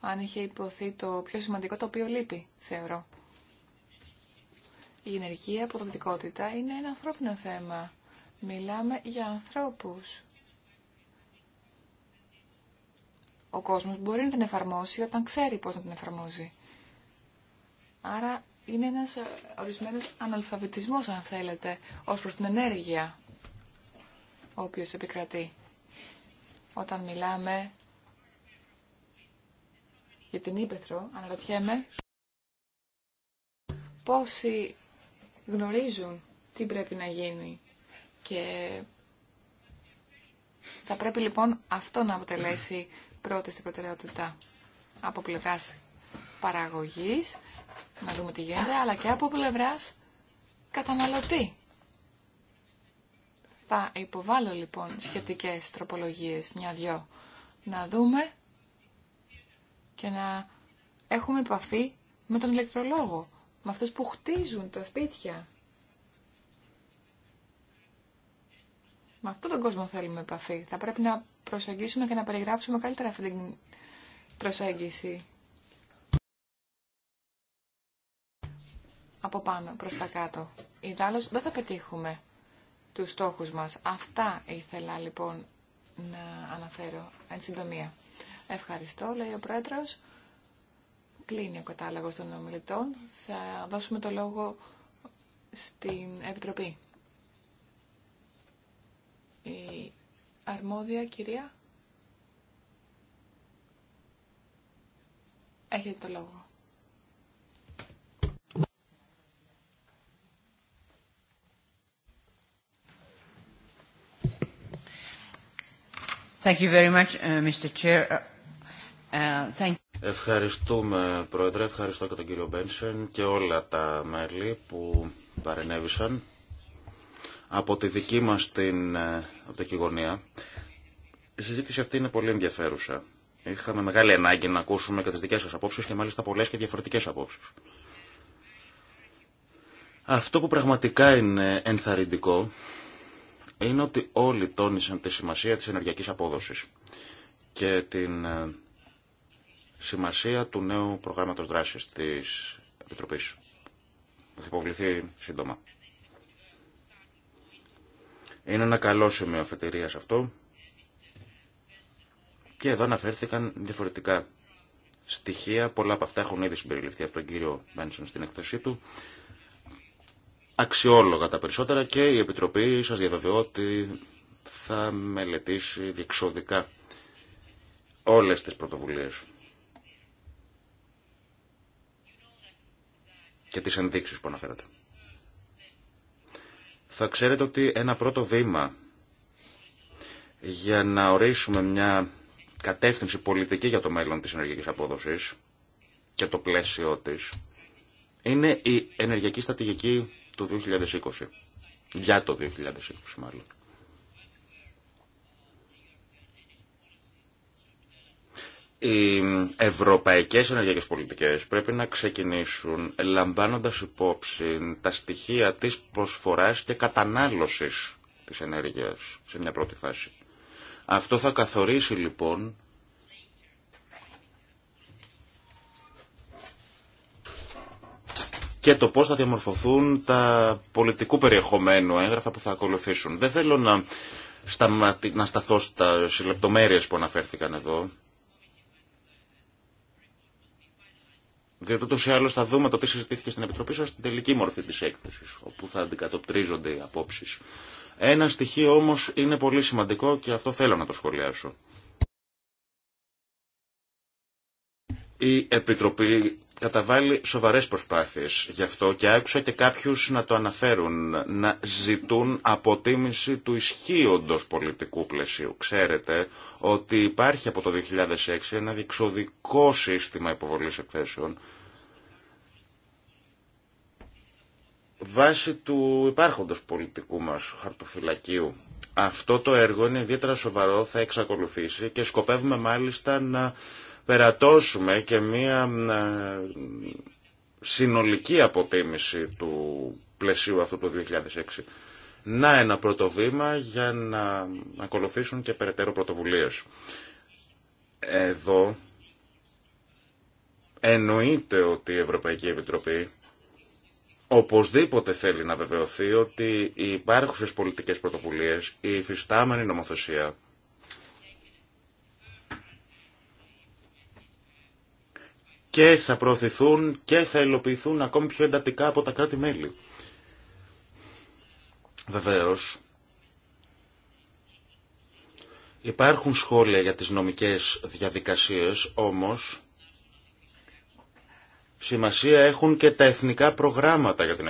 αν είχε υποθεί το πιο σημαντικό το οποίο λείπει, θεωρώ. Η ενεργή αποδοτικότητα είναι ένα ανθρώπινο θέμα. Μιλάμε για ανθρώπους. ο κόσμος μπορεί να την εφαρμόσει όταν ξέρει πώς να την εφαρμόζει. Άρα είναι ένας ε, ορισμένος αναλφαβητισμός, αν θέλετε, ως προς την ενέργεια, ο οποίος επικρατεί. Όταν μιλάμε για την Ήπεθρο, αναρωτιέμαι πόσοι γνωρίζουν τι πρέπει να γίνει και θα πρέπει λοιπόν αυτό να αποτελέσει πρώτη στην προτεραιότητα από πλευρά παραγωγή να δούμε τι γίνεται, αλλά και από πλευρά καταναλωτή. Θα υποβάλω λοιπόν σχετικές τροπολογίες, μια-δυο, να δούμε και να έχουμε επαφή με τον ηλεκτρολόγο, με αυτούς που χτίζουν τα σπίτια Με αυτόν τον κόσμο θέλουμε επαφή. Θα πρέπει να προσεγγίσουμε και να περιγράψουμε καλύτερα αυτή την προσέγγιση. Από πάνω προς τα κάτω. Ιδάλλως δεν θα πετύχουμε τους στόχους μας. Αυτά ήθελα λοιπόν να αναφέρω εν συντομία. Ευχαριστώ, λέει ο Πρόεδρος. Κλείνει ο κατάλογος των ομιλητών. Θα δώσουμε το λόγο στην Επιτροπή. Η αρμόδια κυρία. Έχετε το λόγο. Thank you very much, uh, Mr. Chair. Uh, uh, thank you. Ευχαριστούμε, Πρόεδρε. Ευχαριστώ και τον κύριο Μπένσεν και όλα τα μέλη που παρενέβησαν από τη δική μας την οπτική ε, γωνία. Η συζήτηση αυτή είναι πολύ ενδιαφέρουσα. Είχαμε μεγάλη ανάγκη να ακούσουμε και τις δικές σας απόψεις και μάλιστα πολλές και διαφορετικές απόψεις. Αυτό που πραγματικά είναι ενθαρρυντικό είναι ότι όλοι τόνισαν τη σημασία της ενεργειακής απόδοσης και την ε, σημασία του νέου προγράμματος δράσης της Επιτροπής θα υποβληθεί σύντομα. Είναι ένα καλό σημείο αφετηρία αυτό. Και εδώ αναφέρθηκαν διαφορετικά στοιχεία. Πολλά από αυτά έχουν ήδη συμπεριληφθεί από τον κύριο Μπένσον στην εκθεσή του. Αξιόλογα τα περισσότερα και η Επιτροπή σας διαβεβαιώ ότι θα μελετήσει διεξοδικά όλες τις πρωτοβουλίες και τις ενδείξεις που αναφέρατε θα ξέρετε ότι ένα πρώτο βήμα για να ορίσουμε μια κατεύθυνση πολιτική για το μέλλον της ενεργειακής απόδοσης και το πλαίσιο της είναι η ενεργειακή στρατηγική του 2020. Για το 2020 μάλλον. Οι ευρωπαϊκές ενεργειακές πολιτικές πρέπει να ξεκινήσουν λαμβάνοντας υπόψη τα στοιχεία της προσφοράς και κατανάλωσης της ενέργειας σε μια πρώτη φάση. Αυτό θα καθορίσει λοιπόν και το πώς θα διαμορφωθούν τα πολιτικού περιεχομένου έγγραφα που θα ακολουθήσουν. Δεν θέλω να, να σταθώ στα λεπτομέρειες που αναφέρθηκαν εδώ. Διότι ούτω ή άλλω θα δούμε το τι συζητήθηκε στην Επιτροπή σα στην τελική μορφή τη έκθεση, όπου θα αντικατοπτρίζονται οι απόψει. Ένα στοιχείο όμω είναι πολύ σημαντικό και αυτό θέλω να το σχολιάσω. Η Επιτροπή καταβάλει σοβαρές προσπάθειες γι' αυτό και άκουσα και κάποιους να το αναφέρουν, να ζητούν αποτίμηση του ισχύοντος πολιτικού πλαισίου. Ξέρετε ότι υπάρχει από το 2006 ένα διεξοδικό σύστημα υποβολής εκθέσεων βάσει του υπάρχοντος πολιτικού μας χαρτοφυλακίου. Αυτό το έργο είναι ιδιαίτερα σοβαρό, θα εξακολουθήσει και σκοπεύουμε μάλιστα να περατώσουμε και μία ε, συνολική αποτίμηση του πλαισίου αυτού του 2006. Να ένα πρώτο βήμα για να ακολουθήσουν και περαιτέρω πρωτοβουλίες. Εδώ εννοείται ότι η Ευρωπαϊκή Επιτροπή οπωσδήποτε θέλει να βεβαιωθεί ότι οι υπάρχουσες πολιτικές πρωτοβουλίες, η υφιστάμενη νομοθεσία και θα προωθηθούν και θα υλοποιηθούν ακόμη πιο εντατικά από τα κράτη-μέλη. Βεβαίως, υπάρχουν σχόλια για τις νομικές διαδικασίες, όμως σημασία έχουν και τα εθνικά προγράμματα για την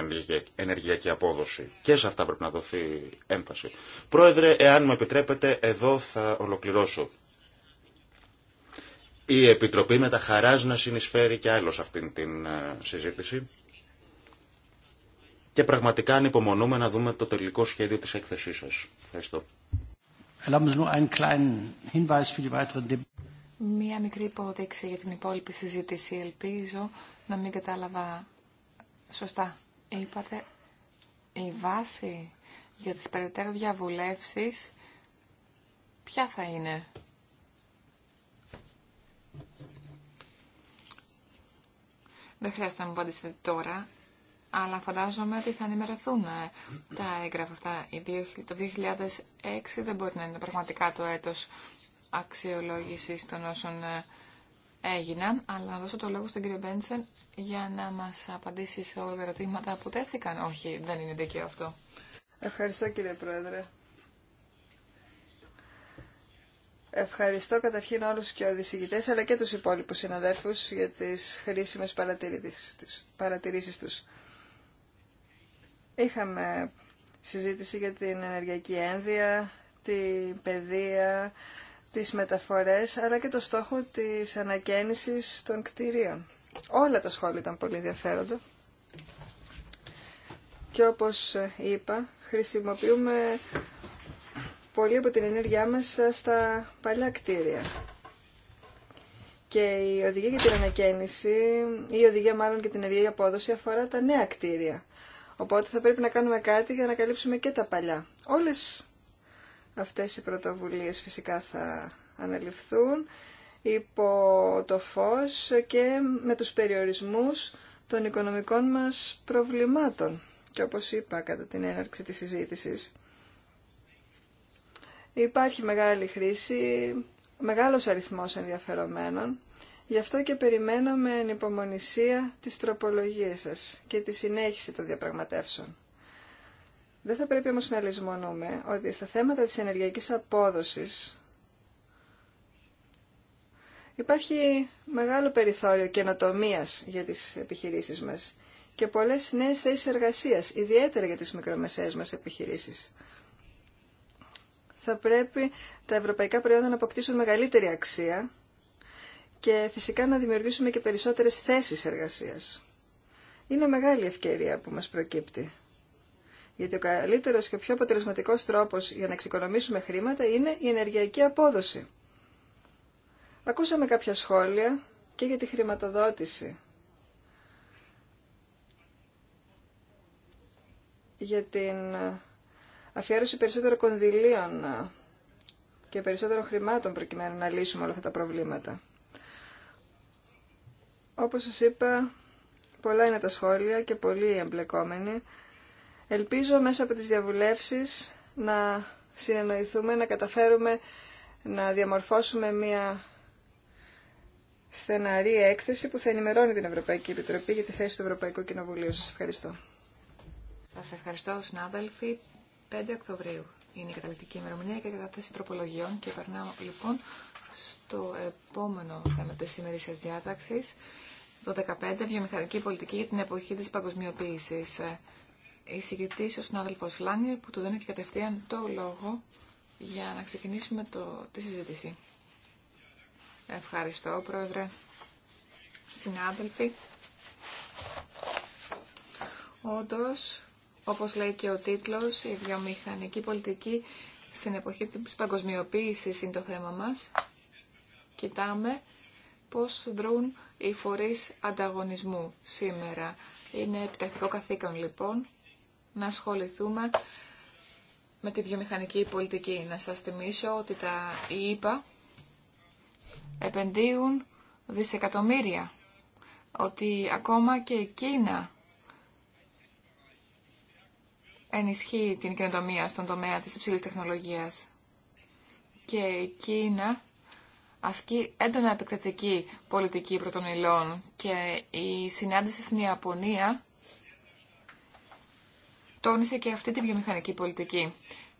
ενεργειακή απόδοση. Και σε αυτά πρέπει να δοθεί έμφαση. Πρόεδρε, εάν μου επιτρέπετε, εδώ θα ολοκληρώσω η Επιτροπή με τα χαράς να συνεισφέρει και άλλο σε αυτήν την ε, συζήτηση. Και πραγματικά ανυπομονούμε να δούμε το τελικό σχέδιο της έκθεσής σας. Ευχαριστώ. Μία μικρή υπόδειξη για την υπόλοιπη συζήτηση. Ελπίζω να μην κατάλαβα σωστά. Είπατε η βάση για τις περαιτέρω διαβουλεύσεις ποια θα είναι. Δεν χρειάζεται να μου απαντήσετε τώρα, αλλά φαντάζομαι ότι θα ενημερωθούν τα έγγραφα αυτά. Το 2006 δεν μπορεί να είναι πραγματικά το έτος αξιολόγησης των όσων ε, έγιναν, αλλά να δώσω το λόγο στον κύριο Μπέντσεν για να μας απαντήσει σε όλα τα ερωτήματα που τέθηκαν. Όχι, δεν είναι δίκαιο αυτό. Ευχαριστώ κύριε Πρόεδρε. Ευχαριστώ καταρχήν όλους και οδησηγητές αλλά και τους υπόλοιπους συναδέρφους για τις χρήσιμες παρατηρήσεις τους. Είχαμε συζήτηση για την ενεργειακή ένδυα, την παιδεία, τις μεταφορές αλλά και το στόχο της ανακαίνησης των κτηρίων. Όλα τα σχόλια ήταν πολύ ενδιαφέροντα. Και όπως είπα, χρησιμοποιούμε πολύ από την ενέργειά μας στα παλιά κτίρια. Και η οδηγία για την ανακαίνιση, ή η οδηγία μάλλον για την ενεργειακή απόδοση αφορά τα νέα κτίρια. Οπότε θα πρέπει να κάνουμε κάτι για να καλύψουμε και τα παλιά. Όλες αυτές οι πρωτοβουλίες φυσικά θα αναλυφθούν υπό το φως και με τους περιορισμούς των οικονομικών μας προβλημάτων. Και όπως είπα κατά την έναρξη της συζήτησης, Υπάρχει μεγάλη χρήση, μεγάλος αριθμός ενδιαφερομένων, γι' αυτό και περιμένω με ανυπομονησία τις τροπολογίες σας και τη συνέχιση των διαπραγματεύσεων. Δεν θα πρέπει όμως να λησμονούμε ότι στα θέματα της ενεργειακής απόδοσης υπάρχει μεγάλο περιθώριο καινοτομία για τις επιχειρήσεις μας και πολλές νέες θέσεις εργασίας, ιδιαίτερα για τις μικρομεσαίες μας επιχειρήσεις θα πρέπει τα ευρωπαϊκά προϊόντα να αποκτήσουν μεγαλύτερη αξία και φυσικά να δημιουργήσουμε και περισσότερες θέσεις εργασίας. Είναι μεγάλη ευκαιρία που μας προκύπτει. Γιατί ο καλύτερος και ο πιο αποτελεσματικός τρόπος για να εξοικονομήσουμε χρήματα είναι η ενεργειακή απόδοση. Ακούσαμε κάποια σχόλια και για τη χρηματοδότηση. Για την αφιέρωση περισσότερο κονδυλίων ε, και περισσότερο χρημάτων προκειμένου να λύσουμε όλα αυτά τα προβλήματα. Όπως σας είπα, πολλά είναι τα σχόλια και πολλοί εμπλεκόμενοι. Ελπίζω μέσα από τις διαβουλεύσεις να συνεννοηθούμε, να καταφέρουμε να διαμορφώσουμε μια στεναρή έκθεση που θα ενημερώνει την Ευρωπαϊκή Επιτροπή για τη θέση του Ευρωπαϊκού Κοινοβουλίου. Σας ευχαριστώ. Σας ευχαριστώ, συνάδελφοι. 5 Οκτωβρίου είναι η καταληκτική ημερομηνία και η κατάθεση τροπολογιών και περνάω λοιπόν στο επόμενο θέμα της σημερινής διάταξης το 15 βιομηχανική πολιτική για την εποχή της παγκοσμιοποίησης ε, εισηγητής ο συνάδελφο Λάνι, που του δίνει και κατευθείαν το λόγο για να ξεκινήσουμε το, τη συζήτηση. Ευχαριστώ πρόεδρε, συνάδελφοι. Όντω. Όπως λέει και ο τίτλος, η βιομηχανική πολιτική στην εποχή της παγκοσμιοποίησης είναι το θέμα μας. Κοιτάμε πώς δρούν οι φορείς ανταγωνισμού σήμερα. Είναι επιτακτικό καθήκον λοιπόν να ασχοληθούμε με τη βιομηχανική πολιτική. Να σας θυμίσω ότι τα ΙΠΑ επενδύουν δισεκατομμύρια, ότι ακόμα και η Κίνα ενισχύει την καινοτομία στον τομέα της υψηλής τεχνολογίας. Και η Κίνα ασκεί έντονα επεκτατική πολιτική πρωτονηλών και η συνάντηση στην Ιαπωνία τόνισε και αυτή τη βιομηχανική πολιτική.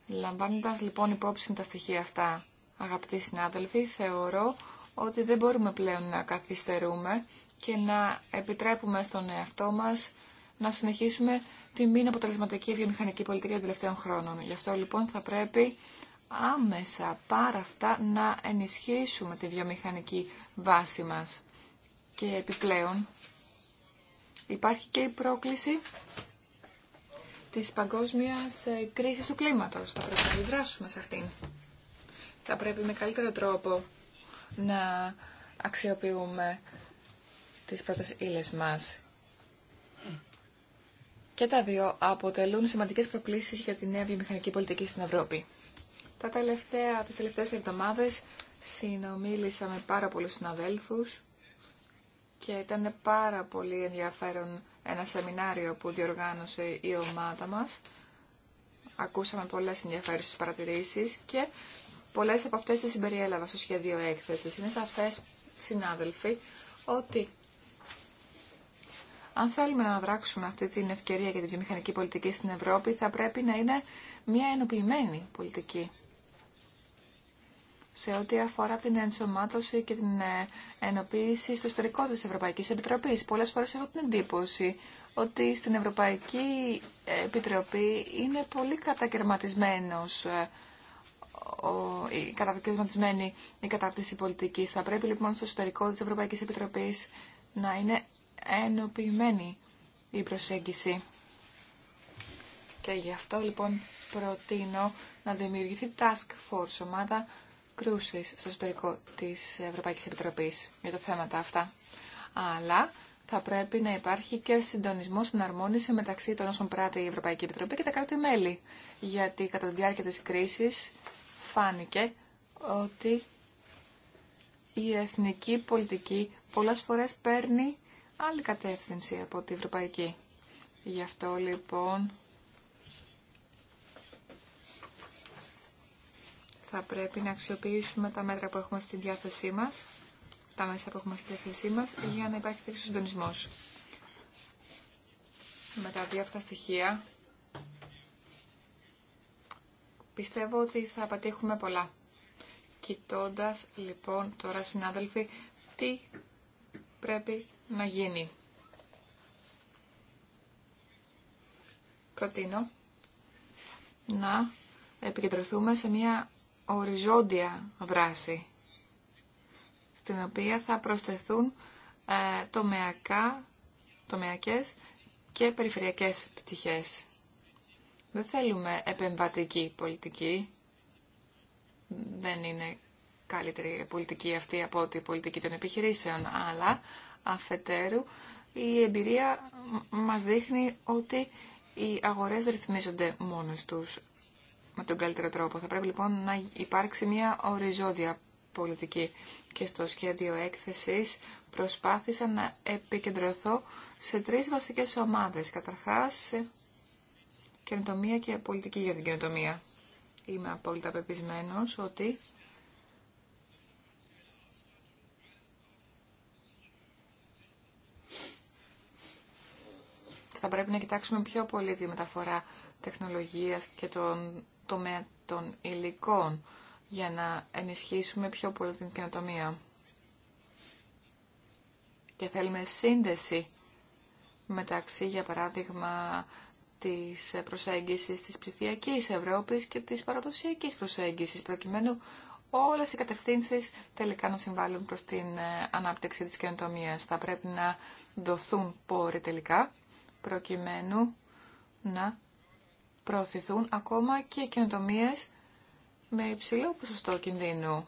Λαμβάνοντας λοιπόν υπόψη τα στοιχεία αυτά, αγαπητοί συνάδελφοι, θεωρώ ότι δεν μπορούμε πλέον να καθυστερούμε και να επιτρέπουμε στον εαυτό μας να συνεχίσουμε τη μη αποτελεσματική βιομηχανική πολιτική των τελευταίων χρόνων. Γι' αυτό λοιπόν θα πρέπει άμεσα πάρα αυτά να ενισχύσουμε τη βιομηχανική βάση μας. Και επιπλέον υπάρχει και η πρόκληση της παγκόσμιας ε, κρίσης του κλίματος. Θα πρέπει να αντιδράσουμε σε αυτήν. Θα πρέπει με καλύτερο τρόπο να αξιοποιούμε τις πρώτες ύλες μας και τα δύο αποτελούν σημαντικές προκλήσεις για τη νέα βιομηχανική πολιτική στην Ευρώπη. Τα τελευταία, τις τελευταίες εβδομάδες συνομίλησα με πάρα πολλούς συναδέλφους και ήταν πάρα πολύ ενδιαφέρον ένα σεμινάριο που διοργάνωσε η ομάδα μας. Ακούσαμε πολλές ενδιαφέρουσες παρατηρήσεις και πολλές από αυτές τις συμπεριέλαβα στο σχέδιο έκθεσης. Είναι σαφές, συνάδελφοι, ότι αν θέλουμε να δράξουμε αυτή την ευκαιρία για τη βιομηχανική πολιτική στην Ευρώπη, θα πρέπει να είναι μια ενοποιημένη πολιτική σε ό,τι αφορά την ενσωμάτωση και την ε, ενοποίηση στο ιστορικό της Ευρωπαϊκής Επιτροπής. Πολλές φορές έχω την εντύπωση ότι στην Ευρωπαϊκή ε, Επιτροπή είναι πολύ κατακαιρματισμένος ε, η κατακαιρματισμένη η κατάρτιση πολιτικής. Θα πρέπει λοιπόν στο ιστορικό της Ευρωπαϊκής Επιτροπής να είναι ενοποιημένη η προσέγγιση. Και γι' αυτό λοιπόν προτείνω να δημιουργηθεί task force ομάδα κρούσης στο εσωτερικό της Ευρωπαϊκής Επιτροπής για τα θέματα αυτά. Αλλά θα πρέπει να υπάρχει και συντονισμό, αρμόνιση μεταξύ των όσων πράττει η Ευρωπαϊκή Επιτροπή και τα κράτη-μέλη. Γιατί κατά τη διάρκεια της κρίσης φάνηκε ότι η εθνική πολιτική πολλές φορές παίρνει άλλη κατεύθυνση από την ευρωπαϊκή. Γι' αυτό λοιπόν θα πρέπει να αξιοποιήσουμε τα μέτρα που έχουμε στη διάθεσή μας, τα μέσα που έχουμε στη διάθεσή μας, για να υπάρχει τέτοιος συντονισμός. Με τα δύο αυτά στοιχεία πιστεύω ότι θα πετύχουμε πολλά. Κοιτώντας λοιπόν τώρα συνάδελφοι τι πρέπει να γίνει. Προτείνω να επικεντρωθούμε σε μια οριζόντια δράση, στην οποία θα προσθεθούν ε, τομεακά, τομεακές και περιφερειακές πτυχές. Δεν θέλουμε επεμβατική πολιτική. Δεν είναι καλύτερη πολιτική αυτή από την πολιτική των επιχειρήσεων, αλλά Αφετέρου, η εμπειρία μας δείχνει ότι οι αγορές ρυθμίζονται μόνο τους με τον καλύτερο τρόπο. Θα πρέπει λοιπόν να υπάρξει μια οριζόντια πολιτική. Και στο σχέδιο έκθεσης προσπάθησα να επικεντρωθώ σε τρεις βασικές ομάδες. Καταρχάς, καινοτομία και πολιτική για την καινοτομία. Είμαι απόλυτα πεπισμένος ότι θα πρέπει να κοιτάξουμε πιο πολύ τη μεταφορά τεχνολογίας και τον τομέα των υλικών για να ενισχύσουμε πιο πολύ την καινοτομία. Και θέλουμε σύνδεση μεταξύ, για παράδειγμα, της προσέγγισης της ψηφιακής Ευρώπης και της παραδοσιακής προσέγγισης, προκειμένου όλες οι κατευθύνσεις τελικά να συμβάλλουν προς την ε, ανάπτυξη της καινοτομίας. Θα πρέπει να δοθούν πόροι τελικά προκειμένου να προωθηθούν ακόμα και καινοτομίε με υψηλό ποσοστό κινδύνου.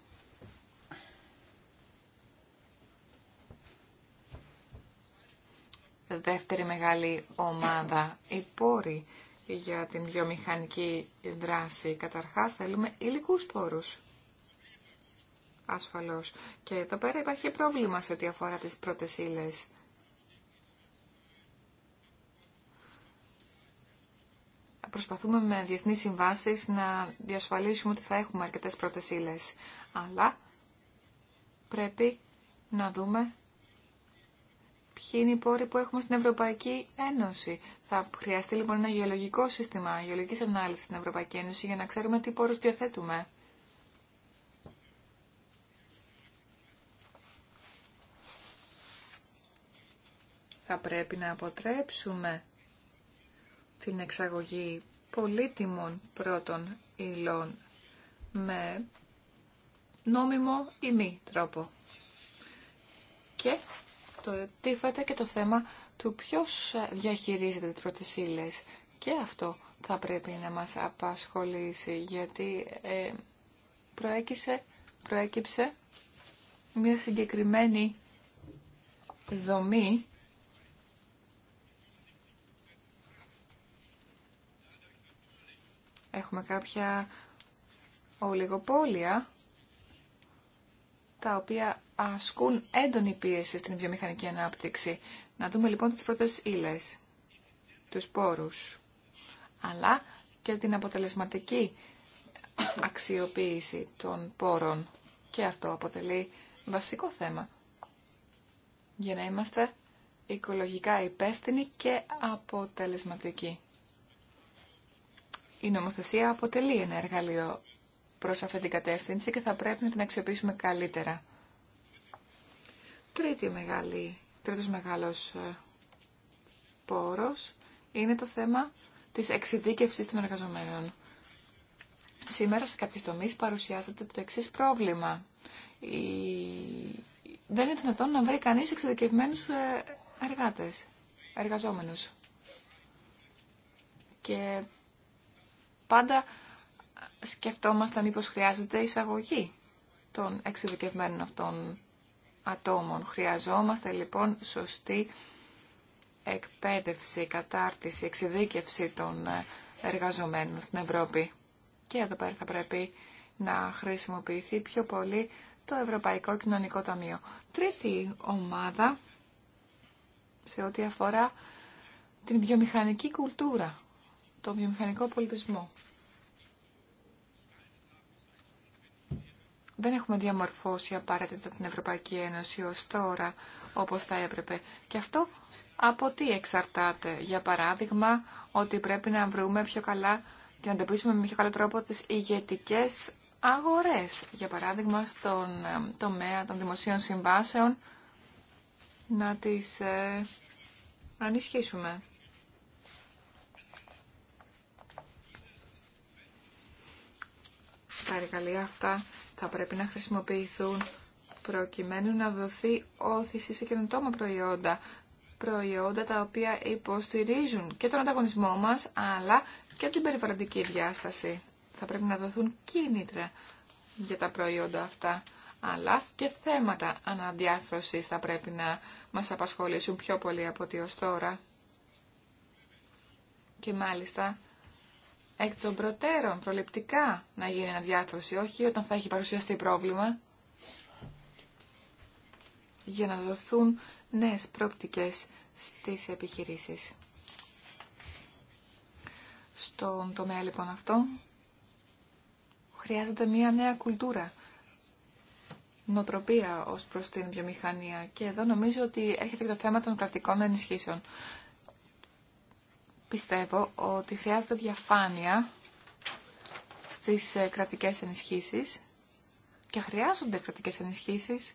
Δεύτερη μεγάλη ομάδα, οι πόροι για την βιομηχανική δράση. Καταρχάς θέλουμε υλικού πόρους. Ασφαλώς. Και εδώ πέρα υπάρχει πρόβλημα σε ό,τι αφορά τις πρώτες ύλες. προσπαθούμε με διεθνείς συμβάσεις να διασφαλίσουμε ότι θα έχουμε αρκετές πρώτες ύλες. Αλλά πρέπει να δούμε ποιοι είναι οι πόροι που έχουμε στην Ευρωπαϊκή Ένωση. Θα χρειαστεί λοιπόν ένα γεωλογικό σύστημα γεωλογικής ανάλυσης στην Ευρωπαϊκή Ένωση για να ξέρουμε τι πόρους διαθέτουμε. Θα πρέπει να αποτρέψουμε την εξαγωγή πολύτιμων πρώτων υλών με νόμιμο ή μη τρόπο. Και το τίθεται και το θέμα του ποιος διαχειρίζεται τις πρώτες ύλες. Και αυτό θα πρέπει να μας απασχολήσει, γιατί ε, προέκυψε, προέκυψε μια συγκεκριμένη δομή Έχουμε κάποια ολιγοπόλια τα οποία ασκούν έντονη πίεση στην βιομηχανική ανάπτυξη. Να δούμε λοιπόν τις πρώτες ύλες, τους πόρους, αλλά και την αποτελεσματική αξιοποίηση των πόρων. Και αυτό αποτελεί βασικό θέμα για να είμαστε οικολογικά υπεύθυνοι και αποτελεσματικοί. Η νομοθεσία αποτελεί ένα εργαλείο προς αυτή την κατεύθυνση και θα πρέπει να την αξιοποιήσουμε καλύτερα. Τρίτη μεγάλη, τρίτος μεγάλος ε, πόρος είναι το θέμα της εξειδίκευσης των εργαζομένων. Σήμερα σε κάποιες τομείς παρουσιάζεται το εξής πρόβλημα. Δεν είναι δυνατόν να βρει κανείς εξειδικευμένους ε, εργάτες, εργαζόμενους. Και πάντα σκεφτόμασταν μήπως χρειάζεται εισαγωγή των εξειδικευμένων αυτών ατόμων. Χρειαζόμαστε λοιπόν σωστή εκπαίδευση, κατάρτιση, εξειδίκευση των ε, εργαζομένων στην Ευρώπη. Και εδώ πέρα θα πρέπει να χρησιμοποιηθεί πιο πολύ το Ευρωπαϊκό Κοινωνικό Ταμείο. Τρίτη ομάδα σε ό,τι αφορά την βιομηχανική κουλτούρα το βιομηχανικό πολιτισμό. Δεν έχουμε διαμορφώσει απαραίτητα την Ευρωπαϊκή Ένωση ως τώρα όπως θα έπρεπε. Και αυτό από τι εξαρτάται. Για παράδειγμα, ότι πρέπει να βρούμε πιο καλά και να εντοπίσουμε με πιο καλό τρόπο τις ηγετικέ αγορές. Για παράδειγμα, στον ε, τομέα των δημοσίων συμβάσεων να τις ε, ανισχύσουμε. Τα εργαλεία αυτά θα πρέπει να χρησιμοποιηθούν προκειμένου να δοθεί όθηση σε καινοτόμα προϊόντα. Προϊόντα τα οποία υποστηρίζουν και τον ανταγωνισμό μας, αλλά και την περιβαλλοντική διάσταση. Θα πρέπει να δοθούν κίνητρα για τα προϊόντα αυτά. Αλλά και θέματα αναδιάρθρωσης θα πρέπει να μας απασχολήσουν πιο πολύ από ό,τι ως τώρα. Και μάλιστα εκ των προτέρων, προληπτικά να γίνει διάρθρωση όχι όταν θα έχει παρουσιαστεί πρόβλημα, για να δοθούν νέες πρόπτικες στις επιχειρήσεις. Στον τομέα λοιπόν αυτό χρειάζεται μια νέα κουλτούρα, νοτροπία ως προς την βιομηχανία και εδώ νομίζω ότι έρχεται και το θέμα των κρατικών ενισχύσεων πιστεύω ότι χρειάζεται διαφάνεια στις ε, κρατικές ενισχύσεις και χρειάζονται κρατικές ενισχύσεις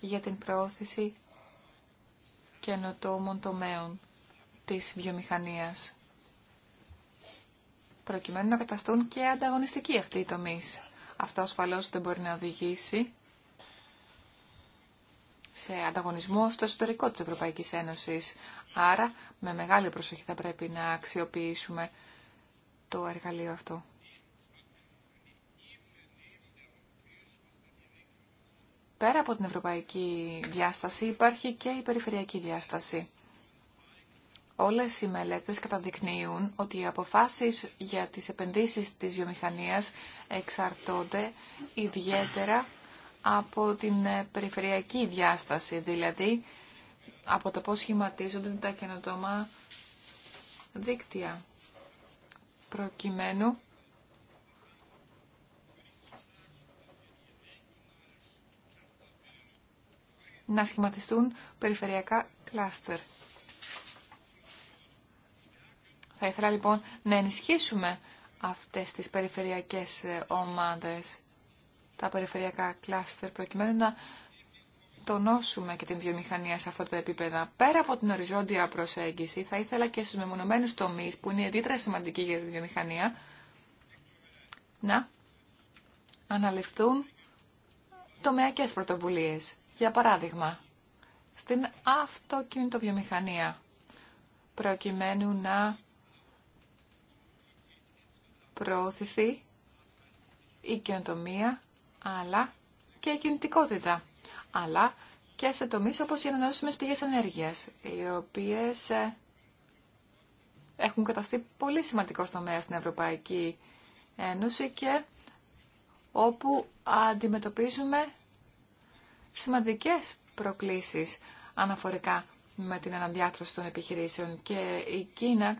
για την προώθηση καινοτόμων τομέων της βιομηχανίας προκειμένου να καταστούν και ανταγωνιστικοί αυτοί οι τομείς. Αυτό ασφαλώς δεν μπορεί να οδηγήσει σε ανταγωνισμό στο εσωτερικό της Ευρωπαϊκής Ένωσης. Άρα, με μεγάλη προσοχή θα πρέπει να αξιοποιήσουμε το εργαλείο αυτό. Πέρα από την ευρωπαϊκή διάσταση υπάρχει και η περιφερειακή διάσταση. Όλες οι μελέτες καταδεικνύουν ότι οι αποφάσεις για τις επενδύσεις της βιομηχανίας εξαρτώνται ιδιαίτερα από την ε, περιφερειακή διάσταση, δηλαδή από το πώς σχηματίζονται τα καινοτόμα δίκτυα, προκειμένου να σχηματιστούν περιφερειακά κλάστερ. Θα ήθελα λοιπόν να ενισχύσουμε αυτές τις περιφερειακές ε, ομάδες τα περιφερειακά κλάστερ προκειμένου να τονώσουμε και την βιομηχανία σε αυτό το επίπεδο. Πέρα από την οριζόντια προσέγγιση, θα ήθελα και στους μεμονωμένους τομείς που είναι ιδιαίτερα σημαντικοί για τη βιομηχανία να αναλυφθούν τομεακές πρωτοβουλίες. Για παράδειγμα, στην αυτοκινητοβιομηχανία, προκειμένου να προωθηθεί η καινοτομία αλλά και κινητικότητα, αλλά και σε τομείς όπως οι ανανεώσιμες πηγές ενέργειας, οι οποίες ε, έχουν καταστεί πολύ σημαντικό τομέα στην Ευρωπαϊκή Ένωση και όπου αντιμετωπίζουμε σημαντικές προκλήσεις αναφορικά με την αναδιάρθρωση των επιχειρήσεων και η Κίνα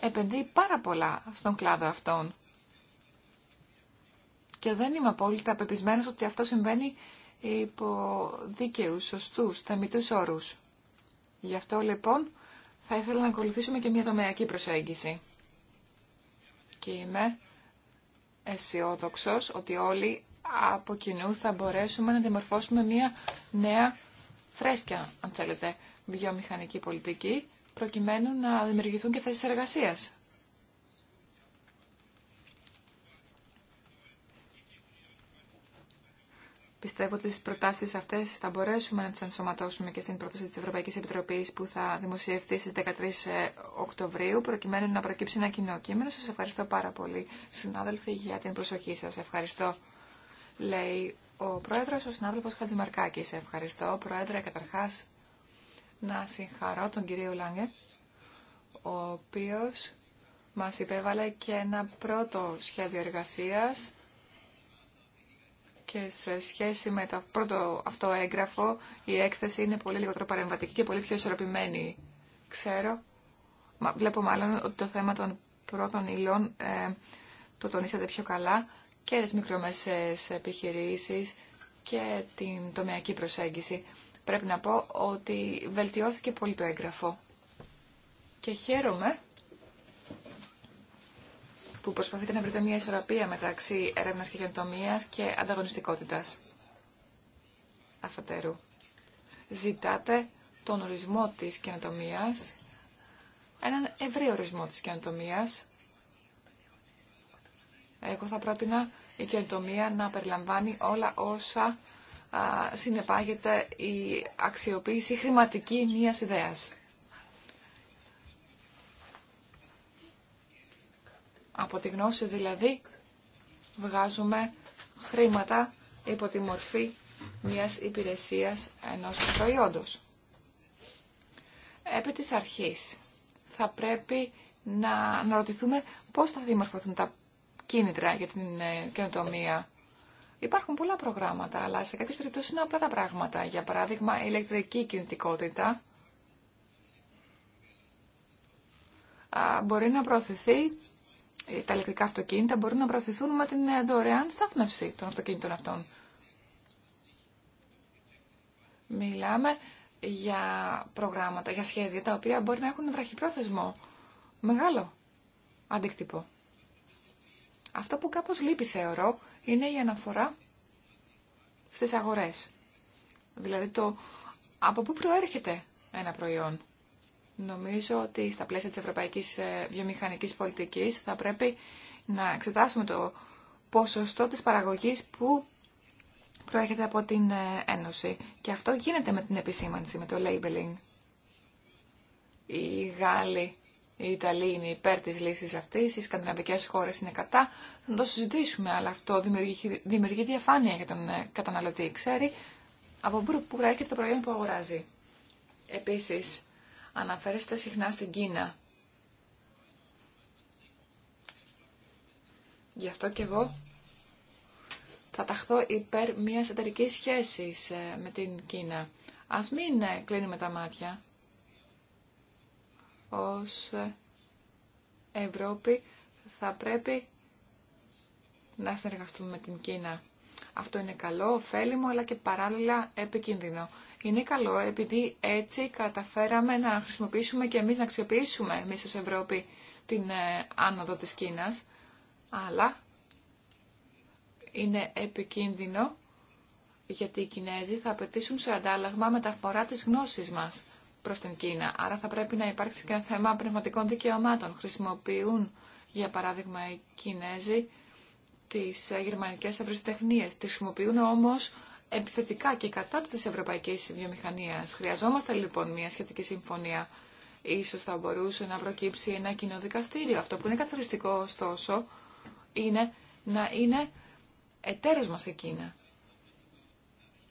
επενδύει πάρα πολλά στον κλάδο αυτόν. Και δεν είμαι απόλυτα πεπισμένος ότι αυτό συμβαίνει υπό δίκαιους, σωστούς, θεμητούς όρους. Γι' αυτό λοιπόν θα ήθελα να ακολουθήσουμε και μια τομεακή προσέγγιση. Και είμαι αισιόδοξο ότι όλοι από κοινού θα μπορέσουμε να δημορφώσουμε μια νέα φρέσκια, αν θέλετε, βιομηχανική πολιτική, προκειμένου να δημιουργηθούν και θέσεις εργασίας. Πιστεύω ότι τις προτάσεις αυτές θα μπορέσουμε να τις ενσωματώσουμε και στην πρόταση της Ευρωπαϊκής Επιτροπής που θα δημοσιευθεί στις 13 ε, Οκτωβρίου προκειμένου να προκύψει ένα κοινό κείμενο. Σας ευχαριστώ πάρα πολύ συνάδελφοι για την προσοχή σας. Ευχαριστώ. Λέει ο Πρόεδρος, ο συνάδελφος Χατζημαρκάκης. Ευχαριστώ, Πρόεδρε, καταρχάς να συγχαρώ τον κύριο Λάγκε, ο οποίος μας υπέβαλε και ένα πρώτο σχέδιο εργασίας και σε σχέση με το πρώτο αυτό έγγραφο η έκθεση είναι πολύ λιγότερο παρεμβατική και πολύ πιο ισορροπημένη. Ξέρω, βλέπω μάλλον ότι το θέμα των πρώτων υλών ε, το τονίσατε πιο καλά και τις μικρομεσαίες επιχειρήσεις και την τομεακή προσέγγιση. Πρέπει να πω ότι βελτιώθηκε πολύ το έγγραφο και χαίρομαι που προσπαθείτε να βρείτε μια ισορροπία μεταξύ έρευνας και καινοτομία και ανταγωνιστικότητας αφετέρου. Ζητάτε τον ορισμό της καινοτομίας, έναν ευρύ ορισμό της καινοτομίας. Εγώ θα πρότεινα η καινοτομία να περιλαμβάνει όλα όσα α, συνεπάγεται η αξιοποίηση χρηματική μιας ιδέας. Από τη γνώση δηλαδή βγάζουμε χρήματα υπό τη μορφή μιας υπηρεσίας ενός προϊόντος. Επί της αρχής θα πρέπει να αναρωτηθούμε πώς θα δημορφωθούν τα κίνητρα για την ε, καινοτομία. Υπάρχουν πολλά προγράμματα, αλλά σε κάποιες περιπτώσεις είναι απλά τα πράγματα. Για παράδειγμα, η ηλεκτρική κινητικότητα μπορεί να προωθηθεί τα ηλεκτρικά αυτοκίνητα μπορούν να προωθηθούν με την ε, δωρεάν στάθμευση των αυτοκίνητων αυτών. Μιλάμε για προγράμματα, για σχέδια τα οποία μπορεί να έχουν βραχυπρόθεσμο μεγάλο αντίκτυπο. Αυτό που κάπως λείπει θεωρώ είναι η αναφορά στις αγορές. Δηλαδή το από πού προέρχεται ένα προϊόν. Νομίζω ότι στα πλαίσια της ευρωπαϊκής ε, βιομηχανικής πολιτικής θα πρέπει να εξετάσουμε το ποσοστό της παραγωγής που προέρχεται από την ε, Ένωση. Και αυτό γίνεται με την επισήμανση, με το labeling. Οι Γάλλοι, οι Ιταλοί είναι υπέρ της λύσης αυτής, οι σκανδιναβικές χώρες είναι κατά. Να το συζητήσουμε, αλλά αυτό δημιουργεί, δημιουργεί διαφάνεια για τον ε, καταναλωτή. Ξέρει από πού προέρχεται το προϊόν που αγοράζει. Επίσης, Αναφέρεστε συχνά στην Κίνα. Γι' αυτό και εγώ θα ταχθώ υπέρ μιας εταιρική σχέσης ε, με την Κίνα. Ας μην ε, κλείνουμε τα μάτια. Ως ε, Ευρώπη θα πρέπει να συνεργαστούμε με την Κίνα. Αυτό είναι καλό, ωφέλιμο, αλλά και παράλληλα επικίνδυνο. Είναι καλό επειδή έτσι καταφέραμε να χρησιμοποιήσουμε και εμείς να αξιοποιήσουμε εμείς ως Ευρώπη την ε, άνοδο της Κίνας, αλλά είναι επικίνδυνο γιατί οι Κινέζοι θα απαιτήσουν σε αντάλλαγμα μεταφορά της γνώσης μας προς την Κίνα. Άρα θα πρέπει να υπάρξει και ένα θέμα πνευματικών δικαιωμάτων. Χρησιμοποιούν, για παράδειγμα, οι Κινέζοι τις ε, γερμανικές ευρεσιτεχνίες. Τις χρησιμοποιούν όμως επιθετικά και κατά τη ευρωπαϊκή βιομηχανία. Χρειαζόμαστε λοιπόν μια σχετική συμφωνία. Ίσως θα μπορούσε να προκύψει ένα κοινό δικαστήριο. Αυτό που είναι καθοριστικό ωστόσο είναι να είναι εταίρος μας εκείνα.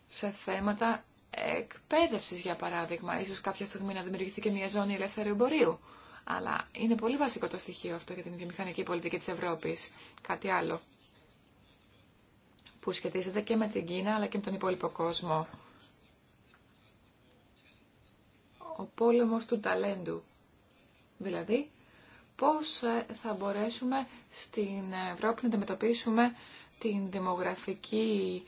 Σε θέματα εκπαίδευση, για παράδειγμα, ίσως κάποια στιγμή να δημιουργηθεί και μια ζώνη ελεύθερου εμπορίου. Αλλά είναι πολύ βασικό το στοιχείο αυτό για την βιομηχανική πολιτική της Ευρώπης. Κάτι άλλο που σχετίζεται και με την Κίνα αλλά και με τον υπόλοιπο κόσμο. Ο πόλεμος του ταλέντου. Δηλαδή, πώς ε, θα μπορέσουμε στην Ευρώπη να αντιμετωπίσουμε την δημογραφική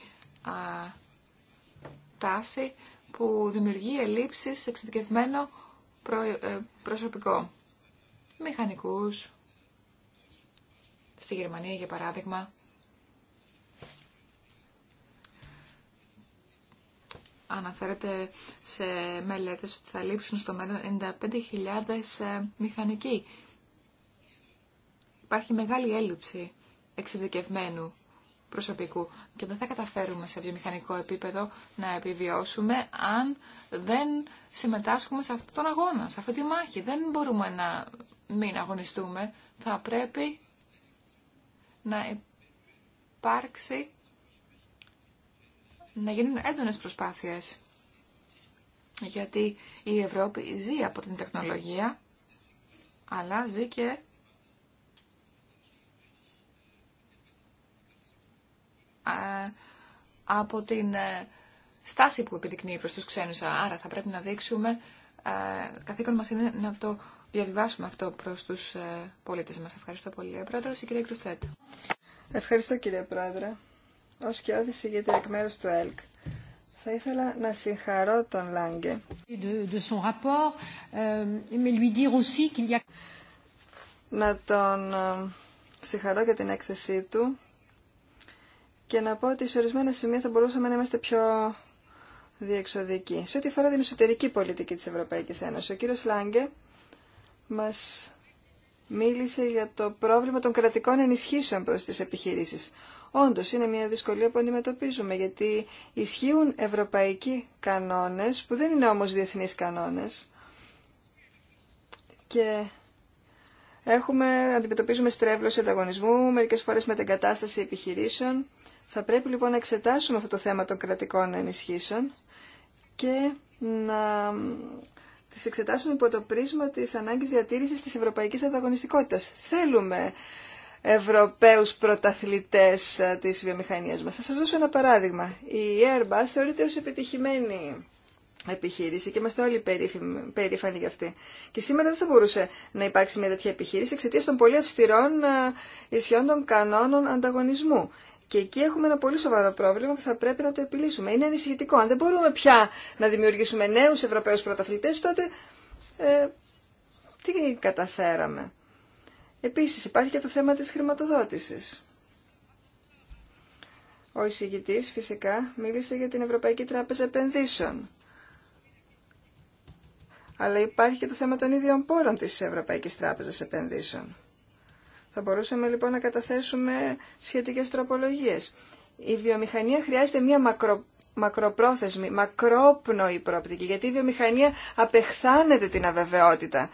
τάση που δημιουργεί ελλείψεις σε εξειδικευμένο ε, προσωπικό. Μηχανικούς. Στη Γερμανία, για παράδειγμα, αναφέρεται σε μελέτες ότι θα λείψουν στο μέλλον 95.000 ε, μηχανικοί. Υπάρχει μεγάλη έλλειψη εξειδικευμένου προσωπικού και δεν θα καταφέρουμε σε βιομηχανικό επίπεδο να επιβιώσουμε αν δεν συμμετάσχουμε σε αυτόν τον αγώνα, σε αυτή τη μάχη. Δεν μπορούμε να μην αγωνιστούμε. Θα πρέπει να υπάρξει να γίνουν έντονες προσπάθειες. Γιατί η Ευρώπη ζει από την τεχνολογία, αλλά ζει και από την ε, στάση που επιδεικνύει προς τους ξένους. Άρα θα πρέπει να δείξουμε, ε, καθήκον μας είναι να το διαβιβάσουμε αυτό προς τους ε, πολίτες μας. Ευχαριστώ πολύ, Πρόεδρος, η κυρία Κρουστέτ. Ευχαριστώ, κύριε Πρόεδρε ως και για την εκμέρους του ΕΛΚ. Θα ήθελα να συγχαρώ τον Λάγκε. Να τον ε, συγχαρώ για την έκθεσή του και να πω ότι σε ορισμένα σημεία θα μπορούσαμε να είμαστε πιο διεξοδικοί. Σε ό,τι αφορά την εσωτερική πολιτική της Ευρωπαϊκής Ένωσης, ο κύριος Λάγκε μας μίλησε για το πρόβλημα των κρατικών ενισχύσεων προς τις επιχειρήσεις. Όντως είναι μια δυσκολία που αντιμετωπίζουμε γιατί ισχύουν ευρωπαϊκοί κανόνες που δεν είναι όμως διεθνείς κανόνες και έχουμε, αντιμετωπίζουμε στρέβλωση ανταγωνισμού, μερικές φορές κατάσταση επιχειρήσεων. Θα πρέπει λοιπόν να εξετάσουμε αυτό το θέμα των κρατικών ενισχύσεων και να τις εξετάσουμε υπό το πρίσμα της ανάγκης διατήρησης της ευρωπαϊκής ανταγωνιστικότητας. Θέλουμε Ευρωπαίους πρωταθλητές ε, της βιομηχανίας μας. Θα σας δώσω ένα παράδειγμα. Η Airbus θεωρείται ως επιτυχημένη επιχείρηση και είμαστε όλοι περήφανοι για αυτή. Και σήμερα δεν θα μπορούσε να υπάρξει μια τέτοια επιχείρηση εξαιτία των πολύ αυστηρών ε, ισχυών των κανόνων ανταγωνισμού. Και εκεί έχουμε ένα πολύ σοβαρό πρόβλημα που θα πρέπει να το επιλύσουμε. Είναι ανησυχητικό. Αν δεν μπορούμε πια να δημιουργήσουμε νέους ευρωπαίους πρωταθλητέ, τότε ε, τι καταφέραμε. Επίσης υπάρχει και το θέμα της χρηματοδότησης. Ο εισηγητής φυσικά μίλησε για την Ευρωπαϊκή Τράπεζα Επενδύσεων. Αλλά υπάρχει και το θέμα των ίδιων πόρων της Ευρωπαϊκής Τράπεζας Επενδύσεων. Θα μπορούσαμε λοιπόν να καταθέσουμε σχετικές τροπολογίες. Η βιομηχανία χρειάζεται μια μακρο, μακροπρόθεσμη, μακρόπνοη πρόπτικη, γιατί η βιομηχανία απεχθάνεται την αβεβαιότητα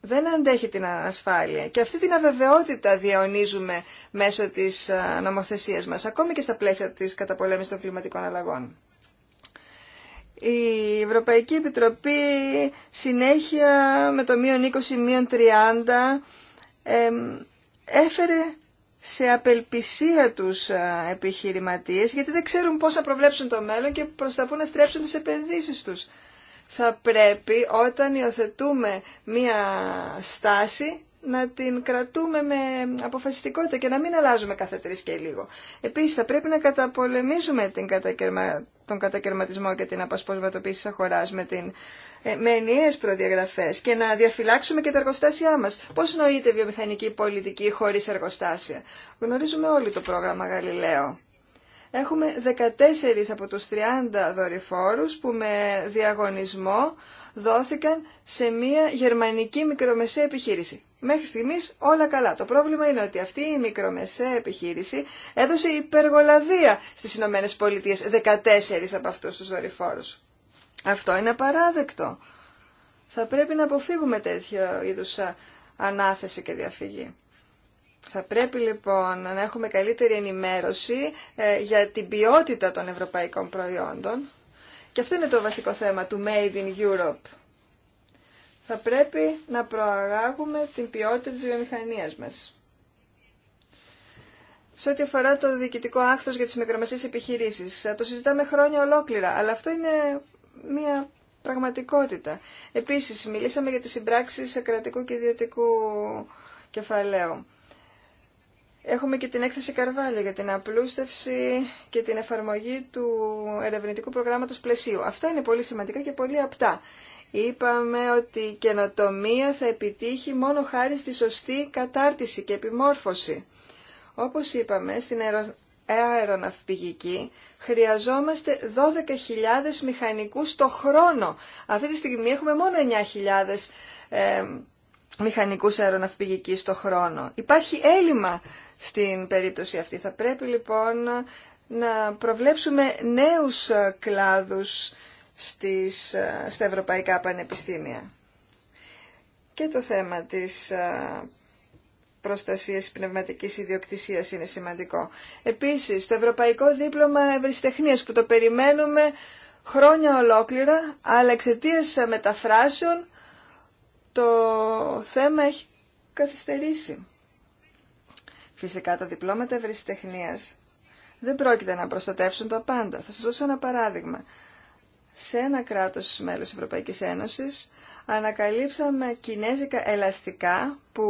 δεν αντέχει την ανασφάλεια. Και αυτή την αβεβαιότητα διαονίζουμε μέσω της νομοθεσίας μας, ακόμη και στα πλαίσια της καταπολέμησης των κλιματικών αλλαγών. Η Ευρωπαϊκή Επιτροπή συνέχεια με το μείον 20, μείον 30 έφερε σε απελπισία τους επιχειρηματίες γιατί δεν ξέρουν πώς θα προβλέψουν το μέλλον και προς τα πού να στρέψουν τις επενδύσεις τους θα πρέπει όταν υιοθετούμε μία στάση να την κρατούμε με αποφασιστικότητα και να μην αλλάζουμε κάθε τρει και λίγο. Επίσης θα πρέπει να καταπολεμήσουμε τον κατακαιρματισμό και την απασποσβατοποίηση της αγοράς με, την... Ε, με προδιαγραφές και να διαφυλάξουμε και τα εργοστάσια μας. Πώς νοείται βιομηχανική πολιτική χωρίς εργοστάσια. Γνωρίζουμε όλοι το πρόγραμμα Γαλιλαίο έχουμε 14 από τους 30 δορυφόρους που με διαγωνισμό δόθηκαν σε μια γερμανική μικρομεσαία επιχείρηση. Μέχρι στιγμής όλα καλά. Το πρόβλημα είναι ότι αυτή η μικρομεσαία επιχείρηση έδωσε υπεργολαβία στις Ηνωμένε Πολιτείες 14 από αυτούς τους δορυφόρους. Αυτό είναι απαράδεκτο. Θα πρέπει να αποφύγουμε τέτοιο είδους ανάθεση και διαφυγή. Θα πρέπει λοιπόν να έχουμε καλύτερη ενημέρωση ε, για την ποιότητα των ευρωπαϊκών προϊόντων και αυτό είναι το βασικό θέμα του Made in Europe. Θα πρέπει να προαγάγουμε την ποιότητα της βιομηχανίας μας. Σε ό,τι αφορά το διοικητικό άκθος για τις μικρομεσαίες επιχειρήσεις, ε, το συζητάμε χρόνια ολόκληρα, αλλά αυτό είναι μια πραγματικότητα. Επίσης, μιλήσαμε για τις συμπράξεις κρατικού και ιδιωτικού κεφαλαίου. Έχουμε και την έκθεση Καρβάλιο για την απλούστευση και την εφαρμογή του ερευνητικού προγράμματος πλαισίου. Αυτά είναι πολύ σημαντικά και πολύ απτά. Είπαμε ότι η καινοτομία θα επιτύχει μόνο χάρη στη σωστή κατάρτιση και επιμόρφωση. Όπως είπαμε, στην αεροναυπηγική χρειαζόμαστε 12.000 μηχανικούς το χρόνο. Αυτή τη στιγμή έχουμε μόνο 9.000 ε, μηχανικούς αεροναυπηγικής το χρόνο. Υπάρχει έλλειμμα στην περίπτωση αυτή. Θα πρέπει λοιπόν να προβλέψουμε νέους κλάδους στις, στα ευρωπαϊκά πανεπιστήμια. Και το θέμα της ε, προστασίας πνευματικής ιδιοκτησίας είναι σημαντικό. Επίσης, το Ευρωπαϊκό Δίπλωμα Ευρυστεχνίας που το περιμένουμε χρόνια ολόκληρα, αλλά εξαιτία μεταφράσεων το θέμα έχει καθυστερήσει. Φυσικά τα διπλώματα ευρεσιτεχνία δεν πρόκειται να προστατεύσουν τα πάντα. Θα σα δώσω ένα παράδειγμα. Σε ένα κράτος μέλος Ευρωπαϊκή Ένωση ανακαλύψαμε κινέζικα ελαστικά που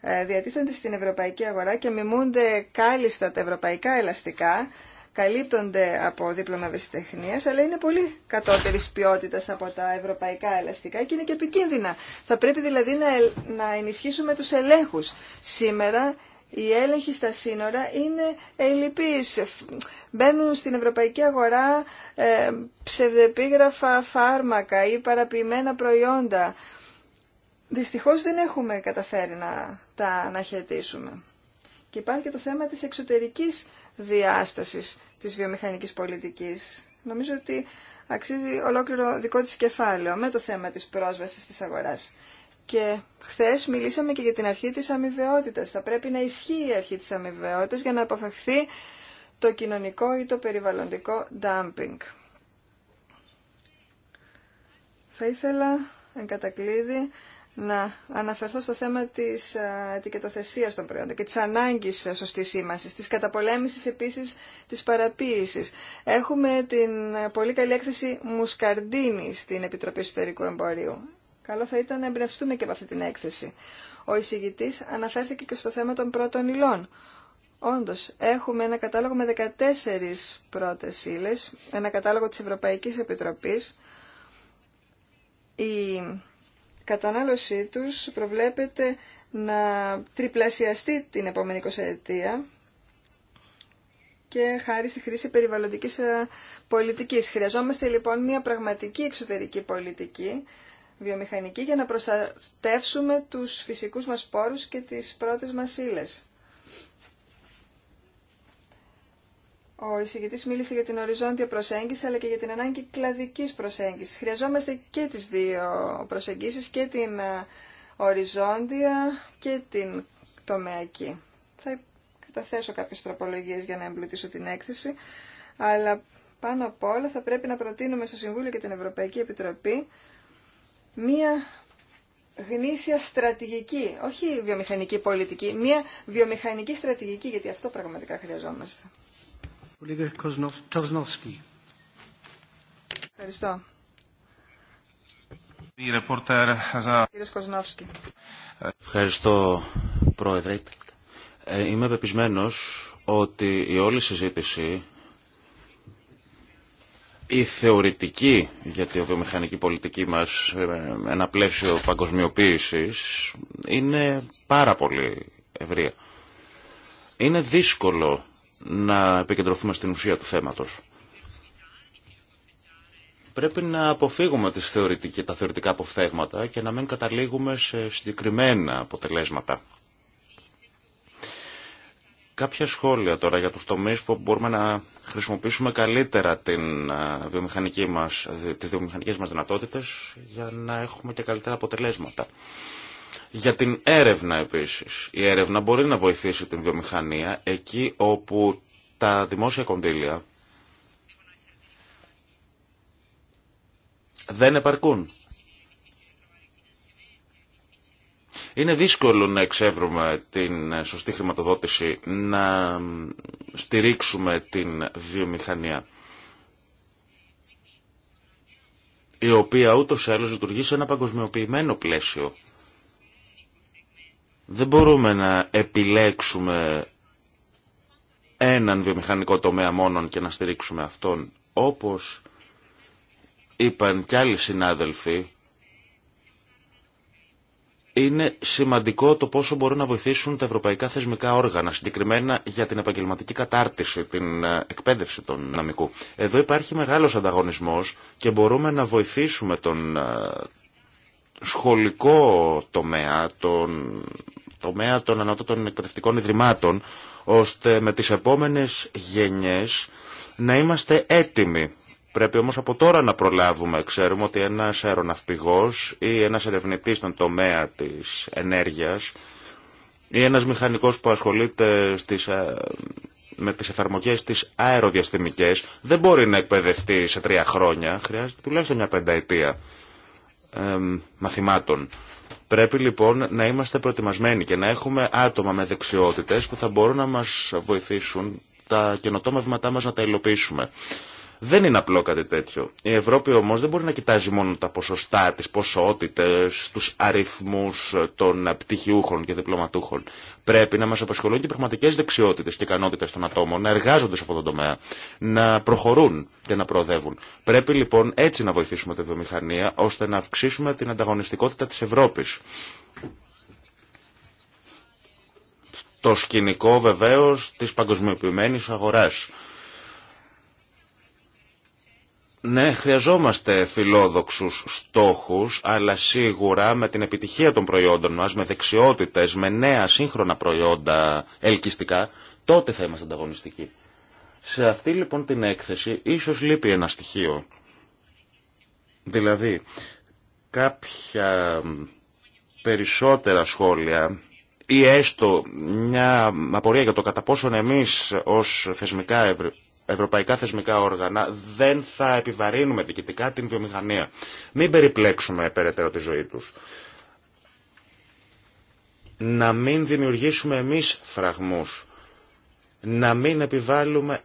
ε, διατίθενται στην ευρωπαϊκή αγορά και μιμούνται κάλλιστα τα ευρωπαϊκά ελαστικά, καλύπτονται από δίπλωμα ευρεσιτεχνία, αλλά είναι πολύ κατώτερη ποιότητα από τα ευρωπαϊκά ελαστικά και είναι και επικίνδυνα. Θα πρέπει δηλαδή να, ενισχύσουμε του ελέγχου Σήμερα η έλεγχοι στα σύνορα είναι ελλειπείς. Μπαίνουν στην ευρωπαϊκή αγορά ε, ψευδεπίγραφα φάρμακα ή παραποιημένα προϊόντα. Δυστυχώς δεν έχουμε καταφέρει να τα αναχαιτήσουμε. Και υπάρχει και το θέμα της εξωτερικής διάστασης της βιομηχανικής πολιτικής. Νομίζω ότι αξίζει ολόκληρο δικό της κεφάλαιο με το θέμα της πρόσβασης της αγοράς. Και χθε μιλήσαμε και για την αρχή τη αμοιβαιότητα. Θα πρέπει να ισχύει η αρχή τη αμοιβαιότητα για να αποφευχθεί το κοινωνικό ή το περιβαλλοντικό dumping. Θα ήθελα, εν κατακλείδη, να αναφερθώ στο θέμα της ε, ετικετοθεσίας των προϊόντων και της ανάγκης ε, σωστής σήμασης, της καταπολέμησης επίσης της παραποίησης. Έχουμε την ε, πολύ καλή έκθεση Μουσκαρντίνη στην Επιτροπή Εσωτερικού Εμπορίου. Καλό θα ήταν να εμπνευστούμε και από αυτή την έκθεση. Ο εισηγητή αναφέρθηκε και στο θέμα των πρώτων υλών. Όντω έχουμε ένα κατάλογο με 14 πρώτε ύλε, ένα κατάλογο τη Ευρωπαϊκή Επιτροπή. Η κατανάλωσή του προβλέπεται να τριπλασιαστεί την επόμενη 20 ετία και χάρη στη χρήση περιβαλλοντικής ε, πολιτικής. Χρειαζόμαστε λοιπόν μια πραγματική εξωτερική πολιτική βιομηχανική για να προστατεύσουμε τους φυσικούς μας πόρους και τις πρώτες μας ύλες. Ο εισηγητής μίλησε για την οριζόντια προσέγγιση αλλά και για την ανάγκη κλαδικής προσέγγισης. Χρειαζόμαστε και τις δύο προσεγγίσεις, και την ε, οριζόντια και την τομεακή. Θα καταθέσω κάποιες τροπολογίες για να εμπλουτίσω την έκθεση, αλλά πάνω απ' όλα θα πρέπει να προτείνουμε στο Συμβούλιο και την Ευρωπαϊκή Επιτροπή μία γνήσια στρατηγική, όχι βιομηχανική πολιτική, μία βιομηχανική στρατηγική, γιατί αυτό πραγματικά χρειαζόμαστε. Ευχαριστώ. Κοσνόφσκι. Ευχαριστώ, Πρόεδρε. Ε, είμαι πεπισμένος ότι η όλη συζήτηση η θεωρητική για τη βιομηχανική πολιτική μας ε, ένα πλαίσιο παγκοσμιοποίησης είναι πάρα πολύ ευρεία. Είναι δύσκολο να επικεντρωθούμε στην ουσία του θέματος. Πρέπει να αποφύγουμε τις θεωρητικές, τα θεωρητικά αποφθέγματα και να μην καταλήγουμε σε συγκεκριμένα αποτελέσματα. Κάποια σχόλια τώρα για τους τομείς που μπορούμε να χρησιμοποιήσουμε καλύτερα την βιομηχανική μας, τις βιομηχανικές μας δυνατότητες για να έχουμε και καλύτερα αποτελέσματα. Για την έρευνα επίσης. Η έρευνα μπορεί να βοηθήσει την βιομηχανία εκεί όπου τα δημόσια κονδύλια δεν επαρκούν. Είναι δύσκολο να εξεύρουμε την σωστή χρηματοδότηση, να στηρίξουμε την βιομηχανία, η οποία ούτως ή άλλως λειτουργεί σε ένα παγκοσμιοποιημένο πλαίσιο. Δεν μπορούμε να επιλέξουμε έναν βιομηχανικό τομέα μόνον και να στηρίξουμε αυτόν. Όπως είπαν κι άλλοι συνάδελφοι, είναι σημαντικό το πόσο μπορούν να βοηθήσουν τα ευρωπαϊκά θεσμικά όργανα, συγκεκριμένα για την επαγγελματική κατάρτιση, την ε, εκπαίδευση των δυναμικού. Εδώ υπάρχει μεγάλος ανταγωνισμός και μπορούμε να βοηθήσουμε τον ε, σχολικό τομέα, τον τομέα των ανώτατων εκπαιδευτικών ιδρυμάτων, ώστε με τις επόμενες γενιές να είμαστε έτοιμοι Πρέπει όμως από τώρα να προλάβουμε. Ξέρουμε ότι ένας αεροναυπηγός ή ένας ερευνητής στον τομέα της ενέργειας ή ένας μηχανικός που ασχολείται στις, ε, με τις εφαρμογές της αεροδιαστημικές δεν μπορεί να εκπαιδευτεί σε τρία χρόνια. Χρειάζεται τουλάχιστον μια πενταετία ε, μαθημάτων. Πρέπει λοιπόν να είμαστε προετοιμασμένοι και να έχουμε άτομα με δεξιότητες που θα μπορούν να μας βοηθήσουν τα καινοτόμα βήματά μας να τα υλοποιήσουμε. Δεν είναι απλό κάτι τέτοιο. Η Ευρώπη όμω δεν μπορεί να κοιτάζει μόνο τα ποσοστά, τι ποσότητε, του αριθμού των πτυχιούχων και διπλωματούχων. Πρέπει να μα απασχολούν και πραγματικέ δεξιότητε και ικανότητε των ατόμων να εργάζονται σε αυτό τον τομέα, να προχωρούν και να προοδεύουν. Πρέπει λοιπόν έτσι να βοηθήσουμε τη βιομηχανία ώστε να αυξήσουμε την ανταγωνιστικότητα τη Ευρώπη. Το σκηνικό βεβαίω τη παγκοσμιοποιημένη αγορά ναι, χρειαζόμαστε φιλόδοξους στόχους, αλλά σίγουρα με την επιτυχία των προϊόντων μας, με δεξιότητες, με νέα σύγχρονα προϊόντα ελκυστικά, τότε θα είμαστε ανταγωνιστικοί. Σε αυτή λοιπόν την έκθεση ίσως λείπει ένα στοιχείο. Δηλαδή, κάποια περισσότερα σχόλια ή έστω μια απορία για το κατά πόσον εμείς ως θεσμικά ευρωπαϊκά θεσμικά όργανα δεν θα επιβαρύνουμε διοικητικά την βιομηχανία. Μην περιπλέξουμε περαιτέρω τη ζωή τους. Να μην δημιουργήσουμε εμείς φραγμούς. Να μην επιβάλλουμε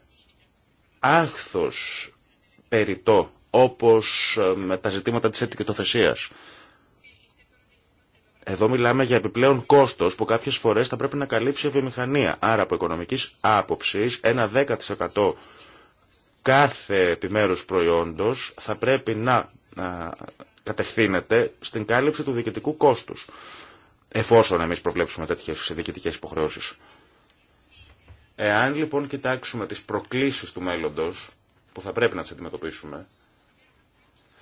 άχθος περιττό όπως ε, με τα ζητήματα της ετικετοθεσίας. Εδώ μιλάμε για επιπλέον κόστο που κάποιε φορέ θα πρέπει να καλύψει η βιομηχανία. Άρα από οικονομική άποψη ένα 10% κάθε επιμέρου προϊόντο θα πρέπει να κατευθύνεται στην κάλυψη του διοικητικού κόστου, Εφόσον εμεί προβλέψουμε τέτοιες διοικητικέ υποχρεώσει. Εάν λοιπόν κοιτάξουμε τι προκλήσει του μέλλοντος, που θα πρέπει να τι αντιμετωπίσουμε,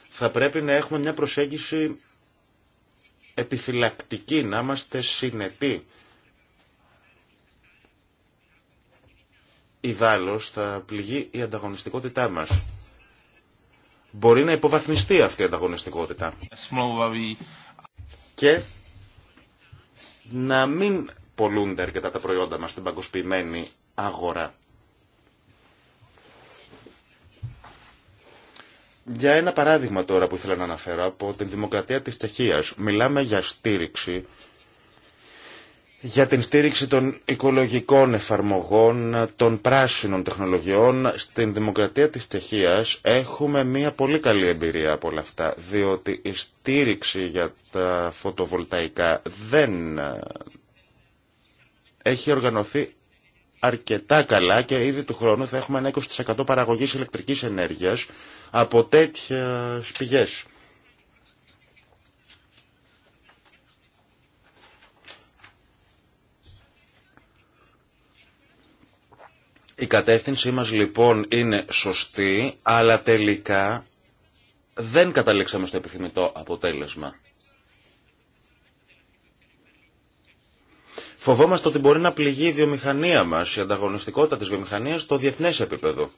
θα πρέπει να έχουμε μια προσέγγιση επιφυλακτικοί, να είμαστε συνετοί. Ιδάλλως θα πληγεί η ανταγωνιστικότητά μας. Μπορεί να υποβαθμιστεί αυτή η ανταγωνιστικότητα. Και να μην πολλούνται αρκετά τα προϊόντα μας στην παγκοσπημένη αγορά. Για ένα παράδειγμα τώρα που ήθελα να αναφέρω από την Δημοκρατία της Τσεχίας. Μιλάμε για στήριξη, για την στήριξη των οικολογικών εφαρμογών, των πράσινων τεχνολογιών. Στην Δημοκρατία της Τσεχίας έχουμε μια πολύ καλή εμπειρία από όλα αυτά, διότι η στήριξη για τα φωτοβολταϊκά δεν ε, έχει οργανωθεί αρκετά καλά και ήδη του χρόνου θα έχουμε ένα 20% παραγωγής ηλεκτρικής ενέργειας από τέτοιες πηγές. Η κατεύθυνσή μας λοιπόν είναι σωστή, αλλά τελικά δεν καταλήξαμε στο επιθυμητό αποτέλεσμα. Φοβόμαστε ότι μπορεί να πληγεί η βιομηχανία μας, η ανταγωνιστικότητα της βιομηχανίας στο διεθνές επίπεδο.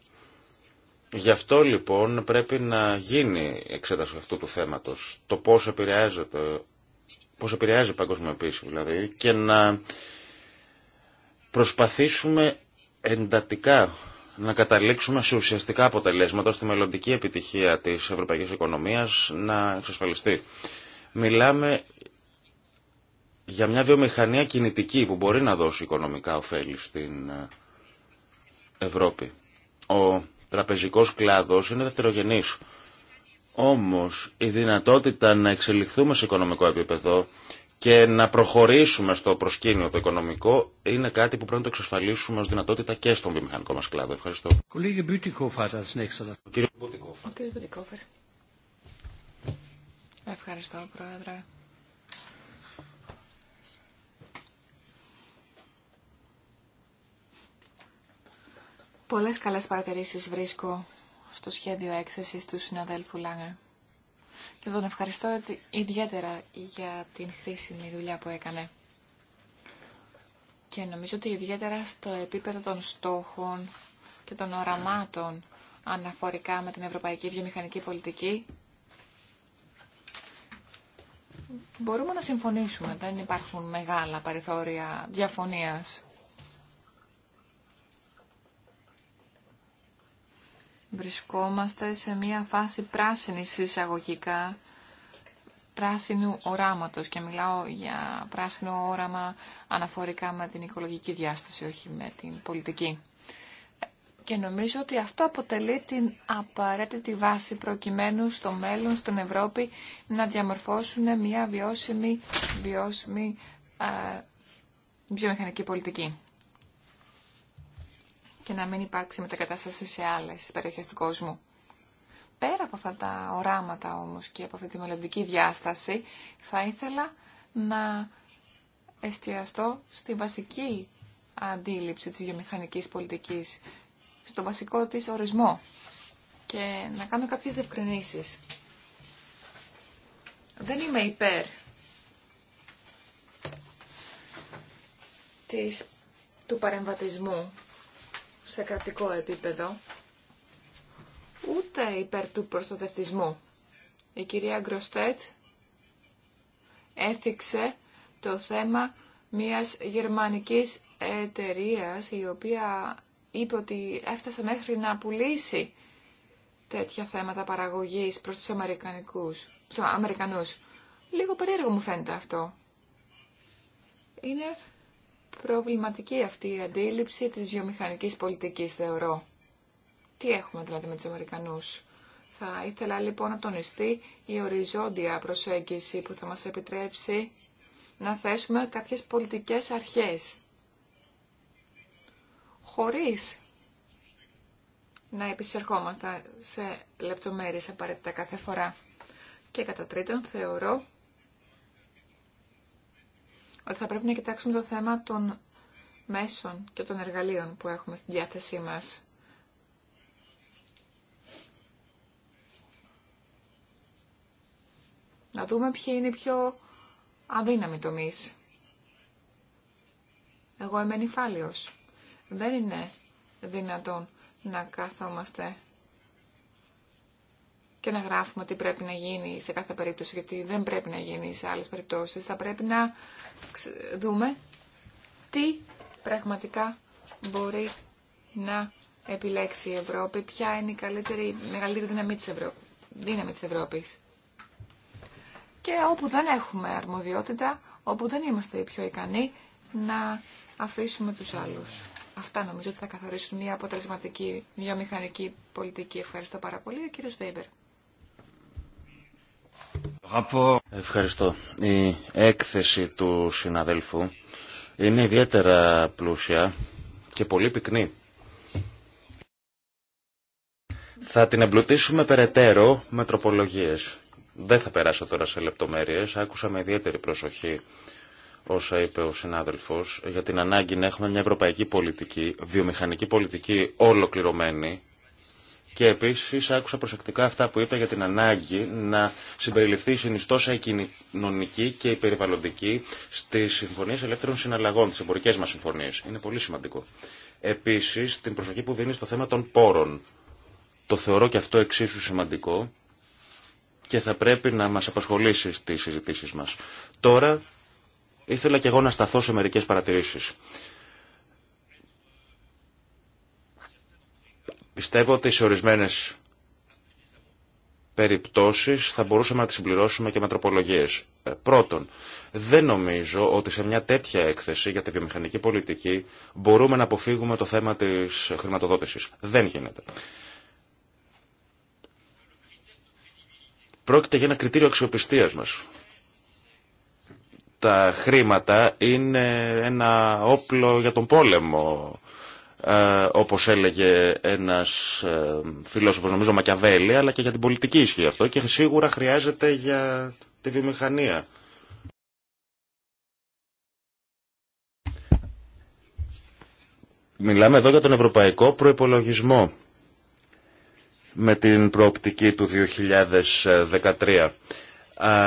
Γι' αυτό λοιπόν πρέπει να γίνει εξέταση αυτού του θέματος, το πώς επηρεάζεται, πώς επηρεάζει η παγκοσμιοποίηση δηλαδή και να προσπαθήσουμε εντατικά να καταλήξουμε σε ουσιαστικά αποτελέσματα στη μελλοντική επιτυχία της ευρωπαϊκής οικονομίας να εξασφαλιστεί. Μιλάμε για μια βιομηχανία κινητική που μπορεί να δώσει οικονομικά ωφέλη στην Ευρώπη. Ο τραπεζικός κλάδος είναι δευτερογενής. Όμως η δυνατότητα να εξελιχθούμε σε οικονομικό επίπεδο και να προχωρήσουμε στο προσκήνιο το οικονομικό είναι κάτι που πρέπει να το εξασφαλίσουμε ως δυνατότητα και στον βιομηχανικό μας κλάδο. Ευχαριστώ. Ευχαριστώ, Πρόεδρε. Πολλές καλές παρατηρήσεις βρίσκω στο σχέδιο έκθεσης του συναδέλφου Λάνε. Και τον ευχαριστώ ιδιαίτερα για την χρήσιμη δουλειά που έκανε. Και νομίζω ότι ιδιαίτερα στο επίπεδο των στόχων και των οραμάτων αναφορικά με την ευρωπαϊκή βιομηχανική πολιτική, μπορούμε να συμφωνήσουμε. Δεν υπάρχουν μεγάλα περιθώρια διαφωνίας. βρισκόμαστε σε μια φάση πράσινης εισαγωγικά πράσινου οράματος και μιλάω για πράσινο όραμα αναφορικά με την οικολογική διάσταση, όχι με την πολιτική. Και νομίζω ότι αυτό αποτελεί την απαραίτητη βάση προκειμένου στο μέλλον στην Ευρώπη να διαμορφώσουν μια βιώσιμη, βιώσιμη ε, βιομηχανική πολιτική και να μην υπάρξει μετακατάσταση σε άλλες περιοχές του κόσμου. Πέρα από αυτά τα οράματα όμω και από αυτή τη μελλοντική διάσταση, θα ήθελα να εστιαστώ στη βασική αντίληψη της βιομηχανικής πολιτικής, στο βασικό της ορισμό και να κάνω κάποιες διευκρινήσεις. Δεν είμαι υπέρ της, του παρεμβατισμού σε κρατικό επίπεδο, ούτε υπέρ του προστατευτισμού. Η κυρία Γκροστέτ έθιξε το θέμα μιας γερμανικής εταιρείας η οποία είπε ότι έφτασε μέχρι να πουλήσει τέτοια θέματα παραγωγής προς τους Αμερικανικούς, Αμερικανούς. Λίγο περίεργο μου φαίνεται αυτό. Είναι προβληματική αυτή η αντίληψη της βιομηχανικής πολιτικής, θεωρώ. Τι έχουμε δηλαδή με τους Αμερικανούς. Θα ήθελα λοιπόν να τονιστεί η οριζόντια προσέγγιση που θα μας επιτρέψει να θέσουμε κάποιες πολιτικές αρχές. Χωρίς να επισερχόμαστε σε λεπτομέρειες απαραίτητα κάθε φορά. Και κατά τρίτον θεωρώ ότι θα πρέπει να κοιτάξουμε το θέμα των μέσων και των εργαλείων που έχουμε στη διάθεσή μας. Να δούμε ποιοι είναι οι πιο αδύναμοι τομεί. Εγώ είμαι νυφάλιος. Δεν είναι δυνατόν να κάθομαστε και να γράφουμε τι πρέπει να γίνει σε κάθε περίπτωση, γιατί δεν πρέπει να γίνει σε άλλες περιπτώσεις. Θα πρέπει να δούμε τι πραγματικά μπορεί να επιλέξει η Ευρώπη, ποια είναι η καλύτερη, μεγαλύτερη δύναμη της, Ευρω... Ευρώπης. Και όπου δεν έχουμε αρμοδιότητα, όπου δεν είμαστε οι πιο ικανοί, να αφήσουμε τους άλλους. Αυτά νομίζω ότι θα καθορίσουν μια αποτελεσματική βιομηχανική πολιτική. Ευχαριστώ πάρα πολύ. Ο κύριος Βέιμπερ. Ευχαριστώ. Η έκθεση του συναδέλφου είναι ιδιαίτερα πλούσια και πολύ πυκνή. Θα την εμπλουτίσουμε περαιτέρω με τροπολογίες. Δεν θα περάσω τώρα σε λεπτομέρειες. Άκουσα με ιδιαίτερη προσοχή όσα είπε ο συνάδελφος για την ανάγκη να έχουμε μια ευρωπαϊκή πολιτική, βιομηχανική πολιτική ολοκληρωμένη και επίση άκουσα προσεκτικά αυτά που είπε για την ανάγκη να συμπεριληφθεί η συνιστόσα η κοινωνική και η περιβαλλοντική στι συμφωνίε ελεύθερων συναλλαγών, τι εμπορικέ μα συμφωνίε. Είναι πολύ σημαντικό. Επίση, την προσοχή που δίνει στο θέμα των πόρων. Το θεωρώ και αυτό εξίσου σημαντικό και θα πρέπει να μας απασχολήσει στις συζητήσεις μας. Τώρα ήθελα και εγώ να σταθώ σε μερικές παρατηρήσεις. Πιστεύω ότι σε ορισμένε περιπτώσει θα μπορούσαμε να τι συμπληρώσουμε και με τροπολογίε. Ε, πρώτον, δεν νομίζω ότι σε μια τέτοια έκθεση για τη βιομηχανική πολιτική μπορούμε να αποφύγουμε το θέμα τη χρηματοδότηση. Δεν γίνεται. Πρόκειται για ένα κριτήριο αξιοπιστία μας. Τα χρήματα είναι ένα όπλο για τον πόλεμο ε, όπως έλεγε ένας ε, φιλόσοφος, νομίζω Μακιαβέλη, αλλά και για την πολιτική ισχύ αυτό και σίγουρα χρειάζεται για τη βιομηχανία. Μιλάμε εδώ για τον ευρωπαϊκό προϋπολογισμό με την προοπτική του 2013. Ε,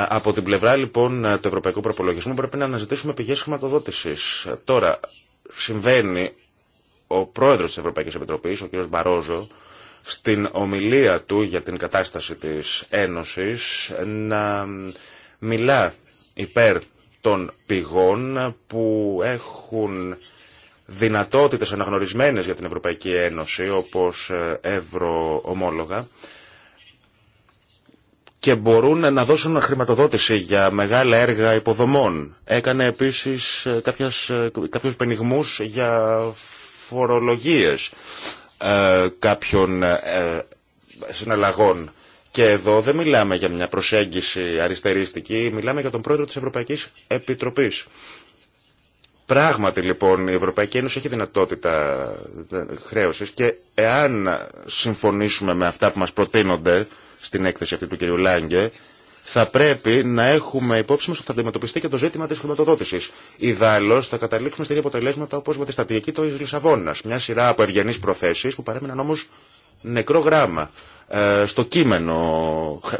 από την πλευρά λοιπόν του ευρωπαϊκού προπολογισμού πρέπει να αναζητήσουμε πηγές χρηματοδότησης. Τώρα συμβαίνει ο πρόεδρος της Ευρωπαϊκής Επιτροπής, ο κ. Μπαρόζο, στην ομιλία του για την κατάσταση της Ένωσης να μιλά υπέρ των πηγών που έχουν δυνατότητες αναγνωρισμένες για την Ευρωπαϊκή Ένωση όπως ε, ευρωομόλογα και μπορούν να δώσουν χρηματοδότηση για μεγάλα έργα υποδομών. Έκανε επίσης ε, ε, κάποιους πενιγμούς για φορολογίες ε, κάποιων ε, συναλλαγών. Και εδώ δεν μιλάμε για μια προσέγγιση αριστερίστικη, μιλάμε για τον πρόεδρο της Ευρωπαϊκής Επιτροπής. Πράγματι λοιπόν η Ευρωπαϊκή Ένωση έχει δυνατότητα χρέωσης και εάν συμφωνήσουμε με αυτά που μας προτείνονται στην έκθεση αυτή του κ. Λάγκε, θα πρέπει να έχουμε υπόψη μα ότι θα αντιμετωπιστεί και το ζήτημα τη χρηματοδότηση. Ιδάλω θα καταλήξουμε στα δύο αποτελέσματα όπω με τη στατιακή του Λισαβόνα, Μια σειρά από ευγενεί προθέσει που παρέμειναν όμω νεκρό γράμμα, ε, στο κείμενο,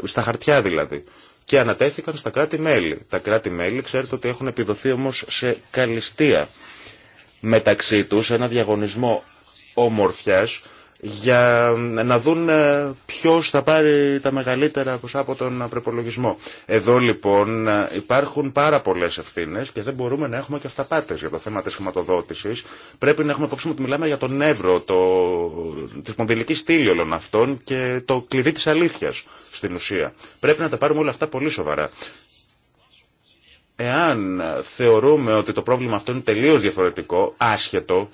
στα χαρτιά δηλαδή. Και ανατέθηκαν στα κράτη-μέλη. Τα κράτη-μέλη ξέρετε ότι έχουν επιδοθεί όμω σε καλυστία μεταξύ τους, ένα διαγωνισμό ομορφιά για ε, να δουν ε, ποιος θα πάρει τα μεγαλύτερα ποσά από τον προπολογισμό. Εδώ λοιπόν ε, υπάρχουν πάρα πολλές ευθύνε και δεν μπορούμε να έχουμε και αυταπάτες για το θέμα της χρηματοδότησης. Πρέπει να έχουμε υπόψη ότι μιλάμε για τον εύρο, το, τη μοντελική στήλη όλων αυτών και το κλειδί της αλήθειας στην ουσία. Πρέπει να τα πάρουμε όλα αυτά πολύ σοβαρά. Εάν θεωρούμε ότι το πρόβλημα αυτό είναι τελείως διαφορετικό, άσχετο,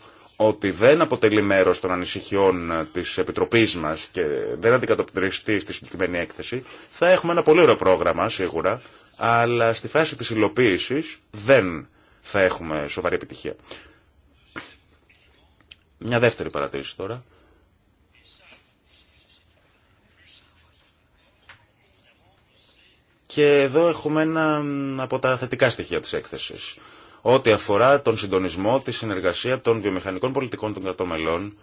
ότι δεν αποτελεί μέρος των ανησυχιών της Επιτροπής μας και δεν αντικατοπτριστεί στη συγκεκριμένη έκθεση, θα έχουμε ένα πολύ ωραίο πρόγραμμα σίγουρα, αλλά στη φάση της υλοποίησης δεν θα έχουμε σοβαρή επιτυχία. Μια δεύτερη παρατήρηση τώρα. Και εδώ έχουμε ένα από τα θετικά στοιχεία της έκθεσης ό,τι αφορά τον συντονισμό, τη συνεργασία των βιομηχανικών πολιτικών των κρατών μελών,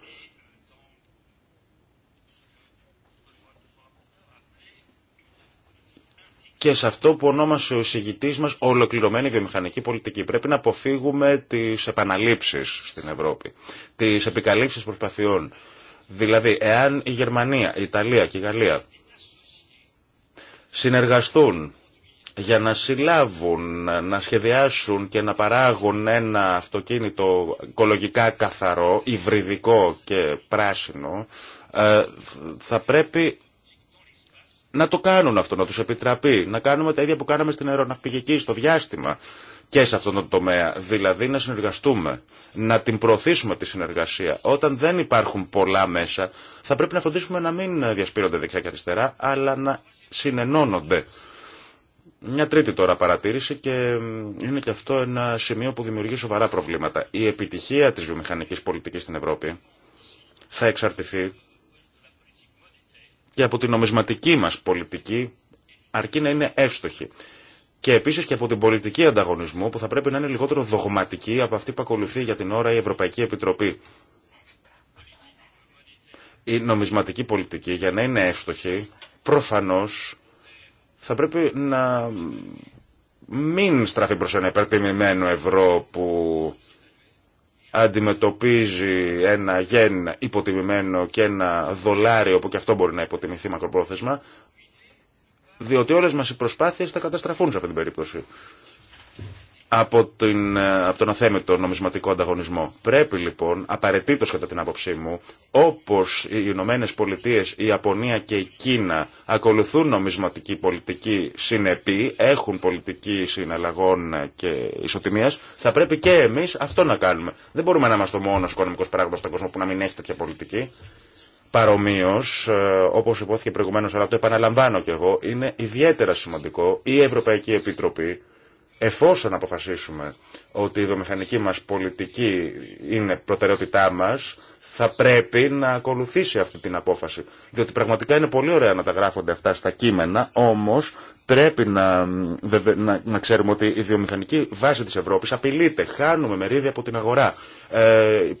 και σε αυτό που ονόμασε ο εισηγητής μας ολοκληρωμένη βιομηχανική πολιτική. Πρέπει να αποφύγουμε τις επαναλήψεις στην Ευρώπη, τις επικαλύψεις προσπαθειών. Δηλαδή, εάν η Γερμανία, η Ιταλία και η Γαλλία συνεργαστούν για να συλλάβουν, να σχεδιάσουν και να παράγουν ένα αυτοκίνητο οικολογικά καθαρό, υβριδικό και πράσινο, ε, θα πρέπει να το κάνουν αυτό, να τους επιτραπεί, να κάνουμε τα ίδια που κάναμε στην αεροναυπηγική, στο διάστημα και σε αυτόν τον τομέα. Δηλαδή να συνεργαστούμε, να την προωθήσουμε τη συνεργασία. Όταν δεν υπάρχουν πολλά μέσα, θα πρέπει να φροντίσουμε να μην διασπείρονται δεξιά και αριστερά, αλλά να συνενώνονται μια τρίτη τώρα παρατήρηση και είναι και αυτό ένα σημείο που δημιουργεί σοβαρά προβλήματα. Η επιτυχία της βιομηχανικής πολιτικής στην Ευρώπη θα εξαρτηθεί και από την νομισματική μας πολιτική αρκεί να είναι εύστοχη. Και επίσης και από την πολιτική ανταγωνισμού που θα πρέπει να είναι λιγότερο δογματική από αυτή που ακολουθεί για την ώρα η Ευρωπαϊκή Επιτροπή. Η νομισματική πολιτική για να είναι εύστοχη προφανώς θα πρέπει να μην στραφεί προς ένα υπερτιμημένο ευρώ που αντιμετωπίζει ένα γεν υποτιμημένο και ένα δολάριο που και αυτό μπορεί να υποτιμηθεί μακροπρόθεσμα, διότι όλες μας οι προσπάθειες θα καταστραφούν σε αυτή την περίπτωση από, την, ε, από τον αθέμητο νομισματικό ανταγωνισμό. Πρέπει λοιπόν, απαραίτητο κατά την άποψή μου, όπω οι Ηνωμένε Πολιτείε, η Ιαπωνία και η Κίνα ακολουθούν νομισματική πολιτική συνεπή, έχουν πολιτική συναλλαγών και ισοτιμία, θα πρέπει και εμεί αυτό να κάνουμε. Δεν μπορούμε να είμαστε ο μόνο οικονομικό παράγοντα στον κόσμο που να μην έχει τέτοια πολιτική. Παρομοίω, ε, όπω υπόθηκε προηγουμένω, αλλά το επαναλαμβάνω κι εγώ, είναι ιδιαίτερα σημαντικό η Ευρωπαϊκή Επιτροπή Εφόσον αποφασίσουμε ότι η βιομηχανική μας πολιτική είναι προτεραιότητά μας, θα πρέπει να ακολουθήσει αυτή την απόφαση. Διότι πραγματικά είναι πολύ ωραία να τα γράφονται αυτά στα κείμενα, όμως πρέπει να, να, ξέρουμε ότι η βιομηχανική βάση της Ευρώπης απειλείται, χάνουμε μερίδια από την αγορά. Ε, ε,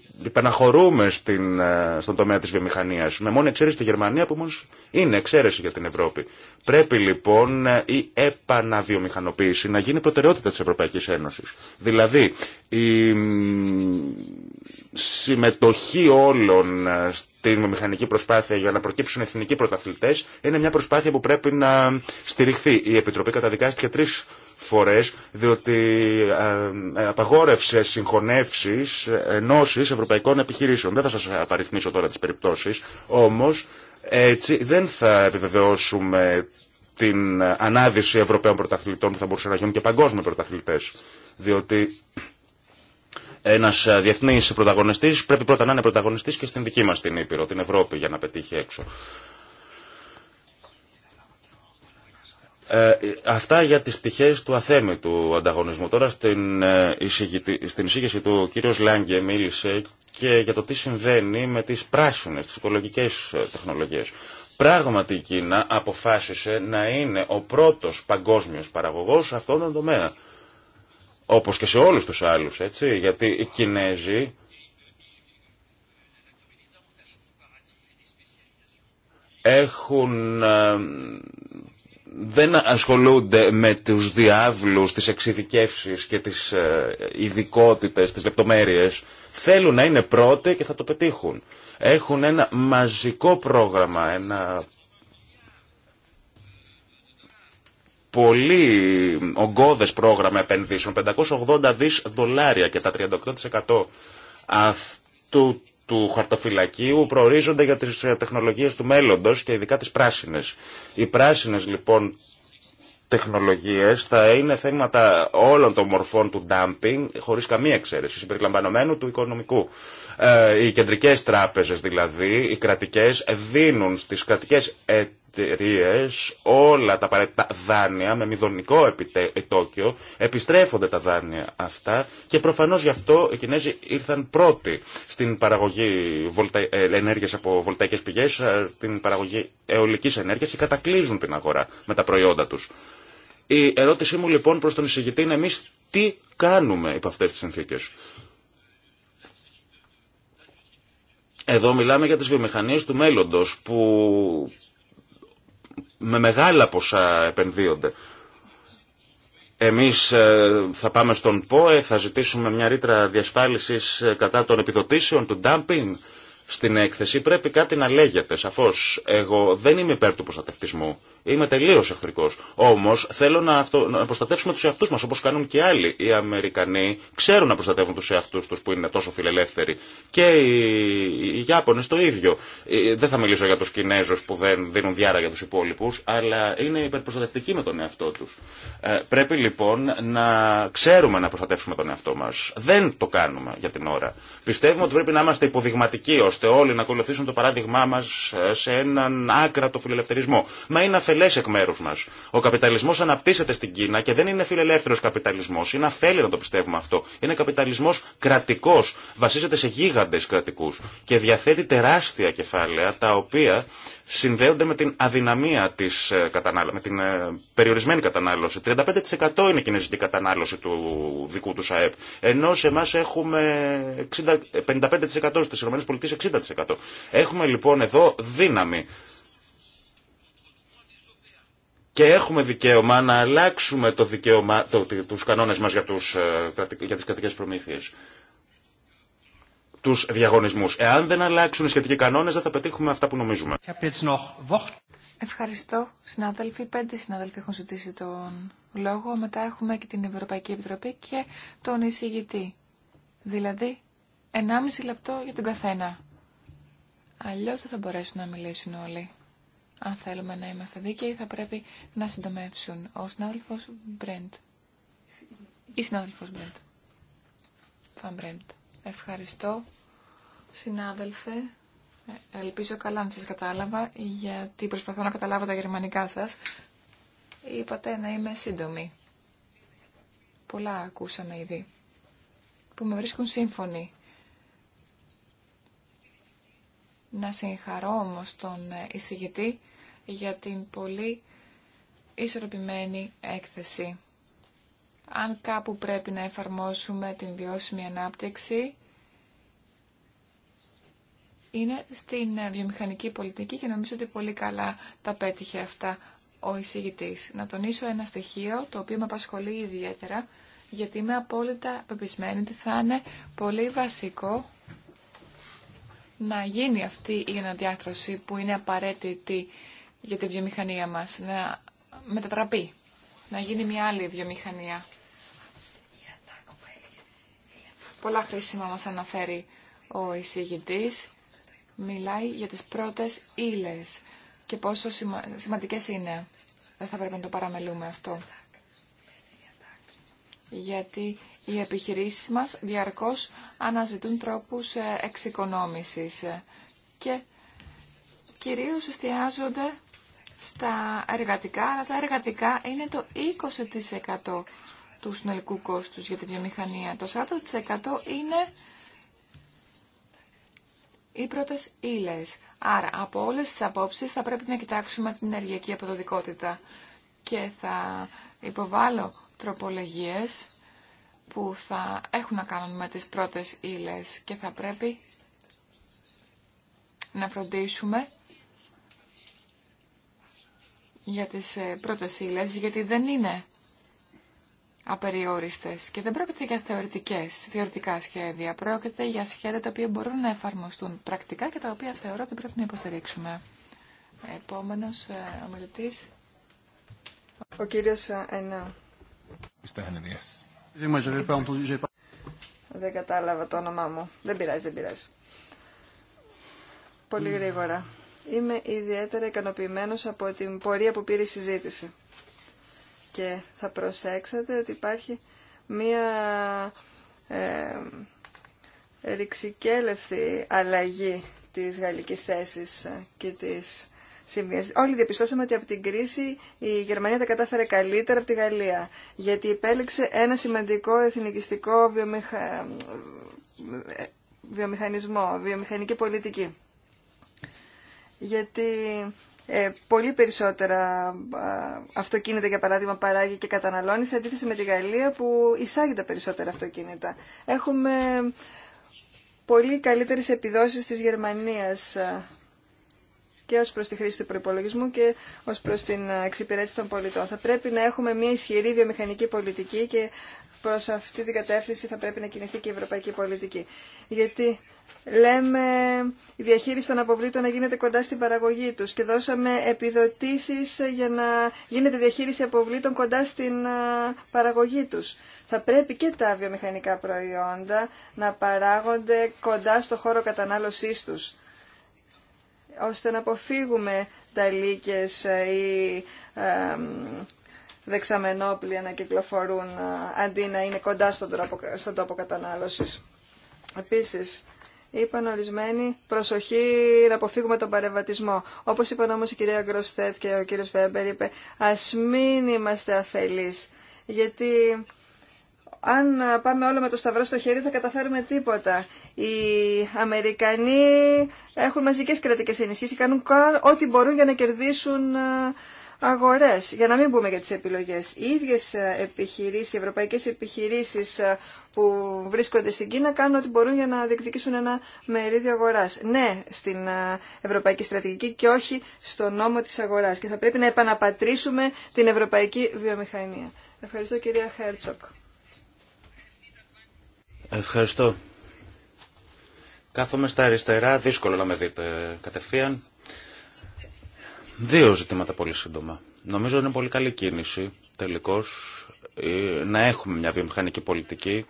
στον τομέα της βιομηχανίας, με μόνη εξαίρεση τη Γερμανία που όμως είναι εξαίρεση για την Ευρώπη. Πρέπει λοιπόν ε, η επαναβιομηχανοποίηση να γίνει προτεραιότητα της Ευρωπαϊκής Ένωσης. Δηλαδή η συμμετοχή όλων ε, στην βιομηχανική προσπάθεια για να προκύψουν εθνικοί πρωταθλητές είναι μια προσπάθεια που πρέπει να στηριχθεί. Η Επιτροπή καταδικάστηκε τρει διότι ε, ε, απαγόρευσε συγχωνεύσεις ενώσει ευρωπαϊκών επιχειρήσεων. Δεν θα σας απαριθμίσω τώρα τις περιπτώσεις, όμως έτσι δεν θα επιβεβαιώσουμε την ανάδυση Ευρωπαίων πρωταθλητών που θα μπορούσαν να γίνουν και παγκόσμιοι πρωταθλητές. Διότι ένα διεθνή πρωταγωνιστής πρέπει πρώτα να είναι πρωταγωνιστή και στην δική μα την Ήπειρο, την Ευρώπη, για να πετύχει έξω. Ε, αυτά για τις πτυχές του του ανταγωνισμού. Τώρα στην, ε, στην εισήγηση του ο κύριος Λάγκε μίλησε και για το τι συμβαίνει με τις πράσινες, τις οικολογικές ε, τεχνολογίες. Πράγματι η Κίνα αποφάσισε να είναι ο πρώτος παγκόσμιος παραγωγός σε αυτόν τον τομέα. Όπως και σε όλους τους άλλους, έτσι, γιατί οι Κινέζοι έχουν ε, δεν ασχολούνται με τους διάβλους, τις εξειδικεύσεις και τις ε, ειδικότητε, τις λεπτομέρειες. Θέλουν να είναι πρώτοι και θα το πετύχουν. Έχουν ένα μαζικό πρόγραμμα, ένα πολύ ογκώδες πρόγραμμα επενδύσεων, 580 δις δολάρια και τα 38% αυτού του χαρτοφυλακίου προορίζονται για τις ε, τεχνολογίες του μέλλοντος και ειδικά τις πράσινες. Οι πράσινες λοιπόν τεχνολογίες θα είναι θέματα όλων των μορφών του dumping χωρίς καμία εξαίρεση, συμπεριλαμβανομένου του οικονομικού. Ε, οι κεντρικές τράπεζες δηλαδή, οι κρατικές, δίνουν στις κρατικές ε, εταιρείε, όλα τα απαραίτητα δάνεια με μηδονικό επιτόκιο, επιστρέφονται τα δάνεια αυτά και προφανώ γι' αυτό οι Κινέζοι ήρθαν πρώτοι στην παραγωγή ε, ενέργεια από βολταϊκέ πηγέ, ε, την παραγωγή αιωλική ενέργεια και κατακλείζουν την αγορά με τα προϊόντα του. Η ερώτησή μου λοιπόν προ τον εισηγητή είναι εμεί τι κάνουμε υπό αυτέ τι συνθήκε. Εδώ μιλάμε για τις βιομηχανίες του μέλλοντος που με μεγάλα ποσά επενδύονται. Εμείς ε, θα πάμε στον ΠΟΕ, θα ζητήσουμε μια ρήτρα διασφάλισης ε, κατά των επιδοτήσεων, του ντάμπινγκ. Στην έκθεση πρέπει κάτι να λέγεται, σαφώς. Εγώ δεν είμαι υπέρ του προστατευτισμού. Είμαι τελείω εχθρικό. Όμω θέλω να, αυτο... να προστατεύσουμε του εαυτού μα όπω κάνουν και άλλοι. Οι Αμερικανοί ξέρουν να προστατεύουν του εαυτού του που είναι τόσο φιλελεύθεροι. Και οι, οι Ιάπωνε το ίδιο. Ε, δεν θα μιλήσω για του Κινέζου που δεν δίνουν διάρα για του υπόλοιπου, αλλά είναι υπερπροστατευτικοί με τον εαυτό του. Ε, πρέπει λοιπόν να ξέρουμε να προστατεύσουμε τον εαυτό μα. Δεν το κάνουμε για την ώρα. Πιστεύουμε ότι πρέπει να είμαστε υποδειγματικοί ώστε όλοι να ακολουθήσουν το παράδειγμά μα σε έναν άκρατο φιλελευθερισμό. Μα είναι φιλελέ εκ μέρου μα. Ο καπιταλισμό αναπτύσσεται στην Κίνα και δεν είναι φιλελεύθερο καπιταλισμό. Είναι αφέλη να το πιστεύουμε αυτό. Είναι καπιταλισμό κρατικό. Βασίζεται σε γίγαντε κρατικού και διαθέτει τεράστια κεφάλαια τα οποία συνδέονται με την αδυναμία τη ε, κατανάλωση, με την ε, περιορισμένη κατανάλωση. 35% είναι η κινέζικη κατανάλωση του δικού του ΑΕΠ. Ενώ σε εμά έχουμε 60, 55% στι ΗΠΑ 60%. Έχουμε λοιπόν εδώ δύναμη και έχουμε δικαίωμα να αλλάξουμε το δικαίωμα, το, τους κανόνες μας για, τους, ε, για τις κρατικές προμήθειες. Τους διαγωνισμούς. Εάν δεν αλλάξουν οι σχετικοί κανόνες δεν θα πετύχουμε αυτά που νομίζουμε. Ευχαριστώ συνάδελφοι. Πέντε συνάδελφοι έχουν ζητήσει τον λόγο. Μετά έχουμε και την Ευρωπαϊκή Επιτροπή και τον εισηγητή. Δηλαδή ενάμιση λεπτό για τον καθένα. Αλλιώς δεν θα μπορέσουν να μιλήσουν όλοι αν θέλουμε να είμαστε δίκαιοι, θα πρέπει να συντομεύσουν ο συνάδελφο Μπρέντ. Ή συνάδελφος Μπρέντ. Φαν Μπρέντ. Ευχαριστώ, συνάδελφε. Ε, ελπίζω καλά να σα κατάλαβα, γιατί προσπαθώ να καταλάβω τα γερμανικά σα. Είπατε να είμαι σύντομη. Πολλά ακούσαμε ήδη, που με βρίσκουν σύμφωνοι. Να συγχαρώ όμω τον ε, εισηγητή για την πολύ ισορροπημένη έκθεση. Αν κάπου πρέπει να εφαρμόσουμε την βιώσιμη ανάπτυξη, είναι στην ε, βιομηχανική πολιτική και νομίζω ότι πολύ καλά τα πέτυχε αυτά ο εισηγητής. Να τονίσω ένα στοιχείο το οποίο με απασχολεί ιδιαίτερα, γιατί είμαι απόλυτα πεπισμένη ότι θα είναι πολύ βασικό να γίνει αυτή η αναδιάρθρωση που είναι απαραίτητη για τη βιομηχανία μας να μετατραπεί, να γίνει μια άλλη βιομηχανία. Πολλά χρήσιμα μας αναφέρει ο εισηγητής. Μιλάει για τις πρώτες ύλες και πόσο σημα... σημαντικές είναι. Δεν θα πρέπει να το παραμελούμε αυτό. Γιατί οι επιχειρήσεις μας διαρκώς αναζητούν τρόπους ε, εξοικονόμησης ε, και κυρίως εστιάζονται στα εργατικά, αλλά τα εργατικά είναι το 20% του συνολικού κόστους για τη βιομηχανία. Το 40% είναι οι πρώτες ύλες. Άρα, από όλες τις απόψεις θα πρέπει να κοιτάξουμε την ενεργειακή αποδοτικότητα και θα υποβάλω τροπολογίες που θα έχουν να κάνουν με τις πρώτες ύλες και θα πρέπει να φροντίσουμε για τις ε, πρώτες ύλες, γιατί δεν είναι απεριόριστες και δεν πρόκειται για θεωρητικές, θεωρητικά σχέδια. Πρόκειται για σχέδια τα οποία μπορούν να εφαρμοστούν πρακτικά και τα οποία θεωρώ ότι πρέπει να υποστηρίξουμε. Επόμενος ε, ομιλητής. Ο κύριος ε, Ενά. Δεν κατάλαβα το όνομά μου. Δεν πειράζει, δεν πειράζει. Πολύ γρήγορα είμαι ιδιαίτερα ικανοποιημένος από την πορεία που πήρε η συζήτηση. Και θα προσέξατε ότι υπάρχει μία ε, ρηξικέλευθη αλλαγή της γαλλικής θέσης και της Συμβίας. Όλοι διαπιστώσαμε ότι από την κρίση η Γερμανία τα κατάφερε καλύτερα από τη Γαλλία, γιατί επέλεξε ένα σημαντικό εθνικιστικό βιομηχανισμό, βιομηχανική πολιτική γιατί ε, πολύ περισσότερα αυτοκίνητα, για παράδειγμα, παράγει και καταναλώνει, σε αντίθεση με τη Γαλλία που εισάγει τα περισσότερα αυτοκίνητα. Έχουμε πολύ καλύτερες επιδόσεις της Γερμανίας ε, και ως προς τη χρήση του προϋπολογισμού και ως προς την ε, εξυπηρέτηση των πολιτών. Θα πρέπει να έχουμε μια ισχυρή βιομηχανική πολιτική και προς αυτή την κατεύθυνση θα πρέπει να κινηθεί και η ευρωπαϊκή πολιτική. Γιατί λέμε η διαχείριση των αποβλήτων να γίνεται κοντά στην παραγωγή τους και δώσαμε επιδοτήσεις για να γίνεται διαχείριση αποβλήτων κοντά στην παραγωγή τους. Θα πρέπει και τα βιομηχανικά προϊόντα να παράγονται κοντά στο χώρο κατανάλωσής τους ώστε να αποφύγουμε τα λύκες ε, ή ε, δεξαμενόπλια να κυκλοφορούν ε, αντί να είναι κοντά στον τόπο κατανάλωσης. Επίσης, είπαν ορισμένοι προσοχή να αποφύγουμε τον παρεμβατισμό. Όπως είπαν όμω η κυρία Γκροστέτ και ο κύριος Βέμπερ είπε ας μην είμαστε αφελεί. γιατί αν πάμε όλο με το σταυρό στο χέρι θα καταφέρουμε τίποτα. Οι Αμερικανοί έχουν μαζικές ενισχύσει. και κάνουν ό,τι μπορούν για να κερδίσουν ε, Αγορέ, Για να μην πούμε για τις επιλογές. Οι ίδιες ε, επιχειρήσεις, οι ευρωπαϊκές επιχειρήσεις ε, που βρίσκονται στην Κίνα κάνουν ό,τι μπορούν για να διεκδικήσουν ένα μερίδιο αγοράς. Ναι, στην ε, ευρωπαϊκή στρατηγική και όχι στο νόμο της αγοράς. Και θα πρέπει να επαναπατρίσουμε την ευρωπαϊκή βιομηχανία. Ευχαριστώ κυρία Χέρτσοκ. Ευχαριστώ. Κάθομαι στα αριστερά, δύσκολο να με δείτε κατευθείαν. Δύο ζητήματα πολύ σύντομα. Νομίζω είναι πολύ καλή κίνηση τελικώς ε, να έχουμε μια βιομηχανική πολιτική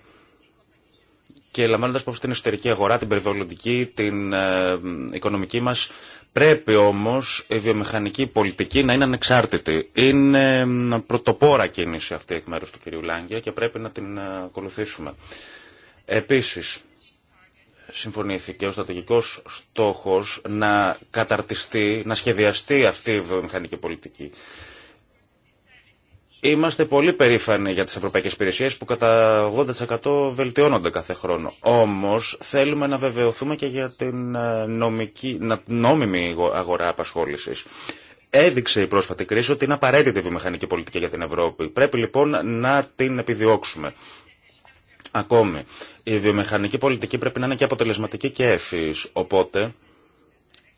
και λαμβάνοντας υπόψη την εσωτερική αγορά, την περιβαλλοντική, την ε, οικονομική μας, πρέπει όμως η βιομηχανική πολιτική να είναι ανεξάρτητη. Είναι πρωτοπόρα κίνηση αυτή εκ μέρους του κ. Λάγκια και πρέπει να την ε, ακολουθήσουμε. Επίσης, συμφωνήθηκε ο στρατηγικός στόχος να καταρτιστεί, να σχεδιαστεί αυτή η βιομηχανική πολιτική. Είμαστε πολύ περήφανοι για τις ευρωπαϊκές υπηρεσίες που κατά 80% βελτιώνονται κάθε χρόνο. Όμως θέλουμε να βεβαιωθούμε και για την ε, νομική, νόμιμη αγορά απασχόλησης. Έδειξε η πρόσφατη κρίση ότι είναι απαραίτητη η βιομηχανική πολιτική για την Ευρώπη. Πρέπει λοιπόν να την επιδιώξουμε. Ακόμη, η βιομηχανική πολιτική πρέπει να είναι και αποτελεσματική και έφη. οπότε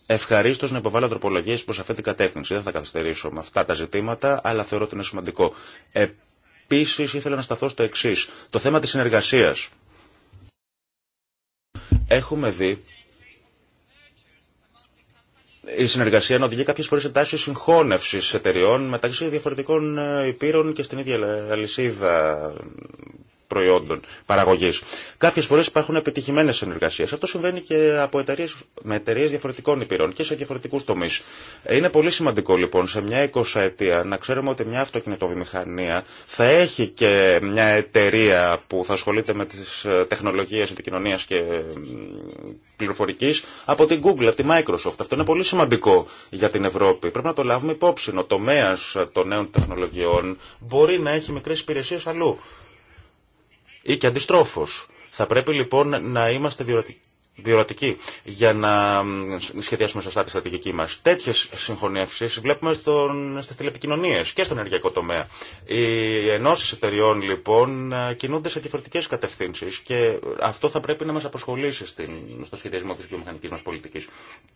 Ευχαρίστω να υποβάλω τροπολογίε προ αυτή την κατεύθυνση. Δεν θα καθυστερήσω με αυτά τα ζητήματα, αλλά θεωρώ ότι είναι σημαντικό. Επίση, ήθελα να σταθώ στο εξή. Το θέμα τη συνεργασία. Έχουμε δει η συνεργασία να οδηγεί κάποιε φορέ σε τάσει συγχώνευση εταιριών μεταξύ διαφορετικών ε, υπήρων και στην ίδια αλυσίδα προϊόντων παραγωγή. Κάποιε φορέ υπάρχουν επιτυχημένε συνεργασίε. Αυτό συμβαίνει και από εταιρείες, με εταιρείε διαφορετικών υπηρών και σε διαφορετικού τομεί. Είναι πολύ σημαντικό λοιπόν σε μια 20 ετία να ξέρουμε ότι μια αυτοκινητοβιομηχανία θα έχει και μια εταιρεία που θα ασχολείται με τι ε, τεχνολογίε επικοινωνία και πληροφορική από την Google, από τη Microsoft. Αυτό είναι πολύ σημαντικό για την Ευρώπη. Πρέπει να το λάβουμε υπόψη. Ο τομέα των νέων τεχνολογιών μπορεί να έχει μικρέ υπηρεσίε αλλού ή και αντιστρόφω. Θα πρέπει λοιπόν να είμαστε διορατικοί για να σχεδιάσουμε σωστά τη στρατηγική μα. Τέτοιε συγχωνεύσει βλέπουμε στι τηλεπικοινωνίε και στον ενεργειακό τομέα. Οι ενώσει εταιριών λοιπόν ε, κινούνται σε διαφορετικέ κατευθύνσει. και αυτό θα πρέπει να μα απασχολήσει στην, στο σχεδιασμό της βιομηχανική μας πολιτικής.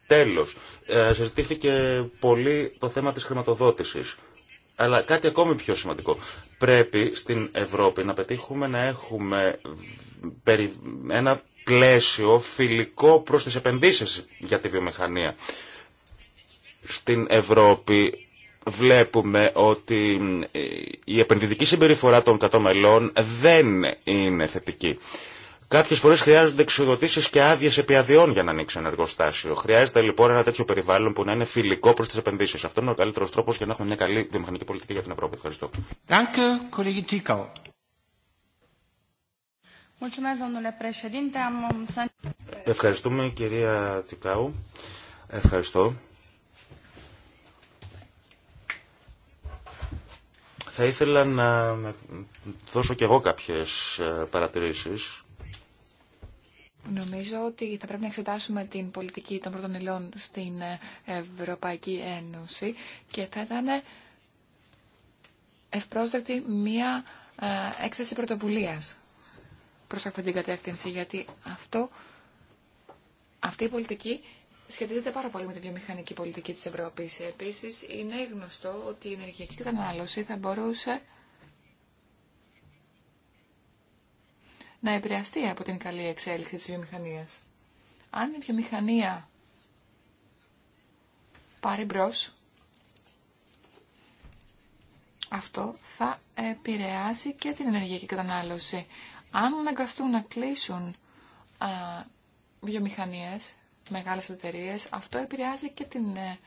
Τέλος, ε, συζητήθηκε πολύ το θέμα τη χρηματοδότηση. Αλλά κάτι ακόμη πιο σημαντικό. Πρέπει στην Ευρώπη να πετύχουμε να έχουμε ένα πλαίσιο φιλικό προς τις επενδύσεις για τη βιομηχανία. Στην Ευρώπη βλέπουμε ότι η επενδυτική συμπεριφορά των κατώμελών δεν είναι θετική. Κάποιε φορέ χρειάζονται εξοδοτήσει και άδειε αδειών για να ανοίξει ένα εργοστάσιο. Χρειάζεται λοιπόν ένα τέτοιο περιβάλλον που να είναι φιλικό προ τι επενδύσει. Αυτό είναι ο καλύτερο τρόπο για να έχουμε μια καλή βιομηχανική πολιτική για την Ευρώπη. Ευχαριστώ. Ευχαριστούμε κυρία Τικάου. Ευχαριστώ. Θα ήθελα να δώσω κι εγώ κάποιες ε, παρατηρήσεις Νομίζω ότι θα πρέπει να εξετάσουμε την πολιτική των πρώτων υλών στην Ευρωπαϊκή Ένωση και θα ήταν ευπρόσδεκτη μία ε, έκθεση πρωτοβουλίας προς αυτή την κατεύθυνση, γιατί αυτό, αυτή η πολιτική σχετίζεται πάρα πολύ με τη βιομηχανική πολιτική της Ευρώπης. Επίσης, είναι γνωστό ότι η ενεργειακή κατανάλωση θα μπορούσε να επηρεαστεί από την καλή εξέλιξη της βιομηχανίας. Αν η βιομηχανία πάρει μπρος, αυτό θα επηρεάσει και την ενεργειακή κατανάλωση. Αν αναγκαστούν να κλείσουν α, βιομηχανίες, μεγάλες εταιρείε, αυτό επηρεάζει και την ε,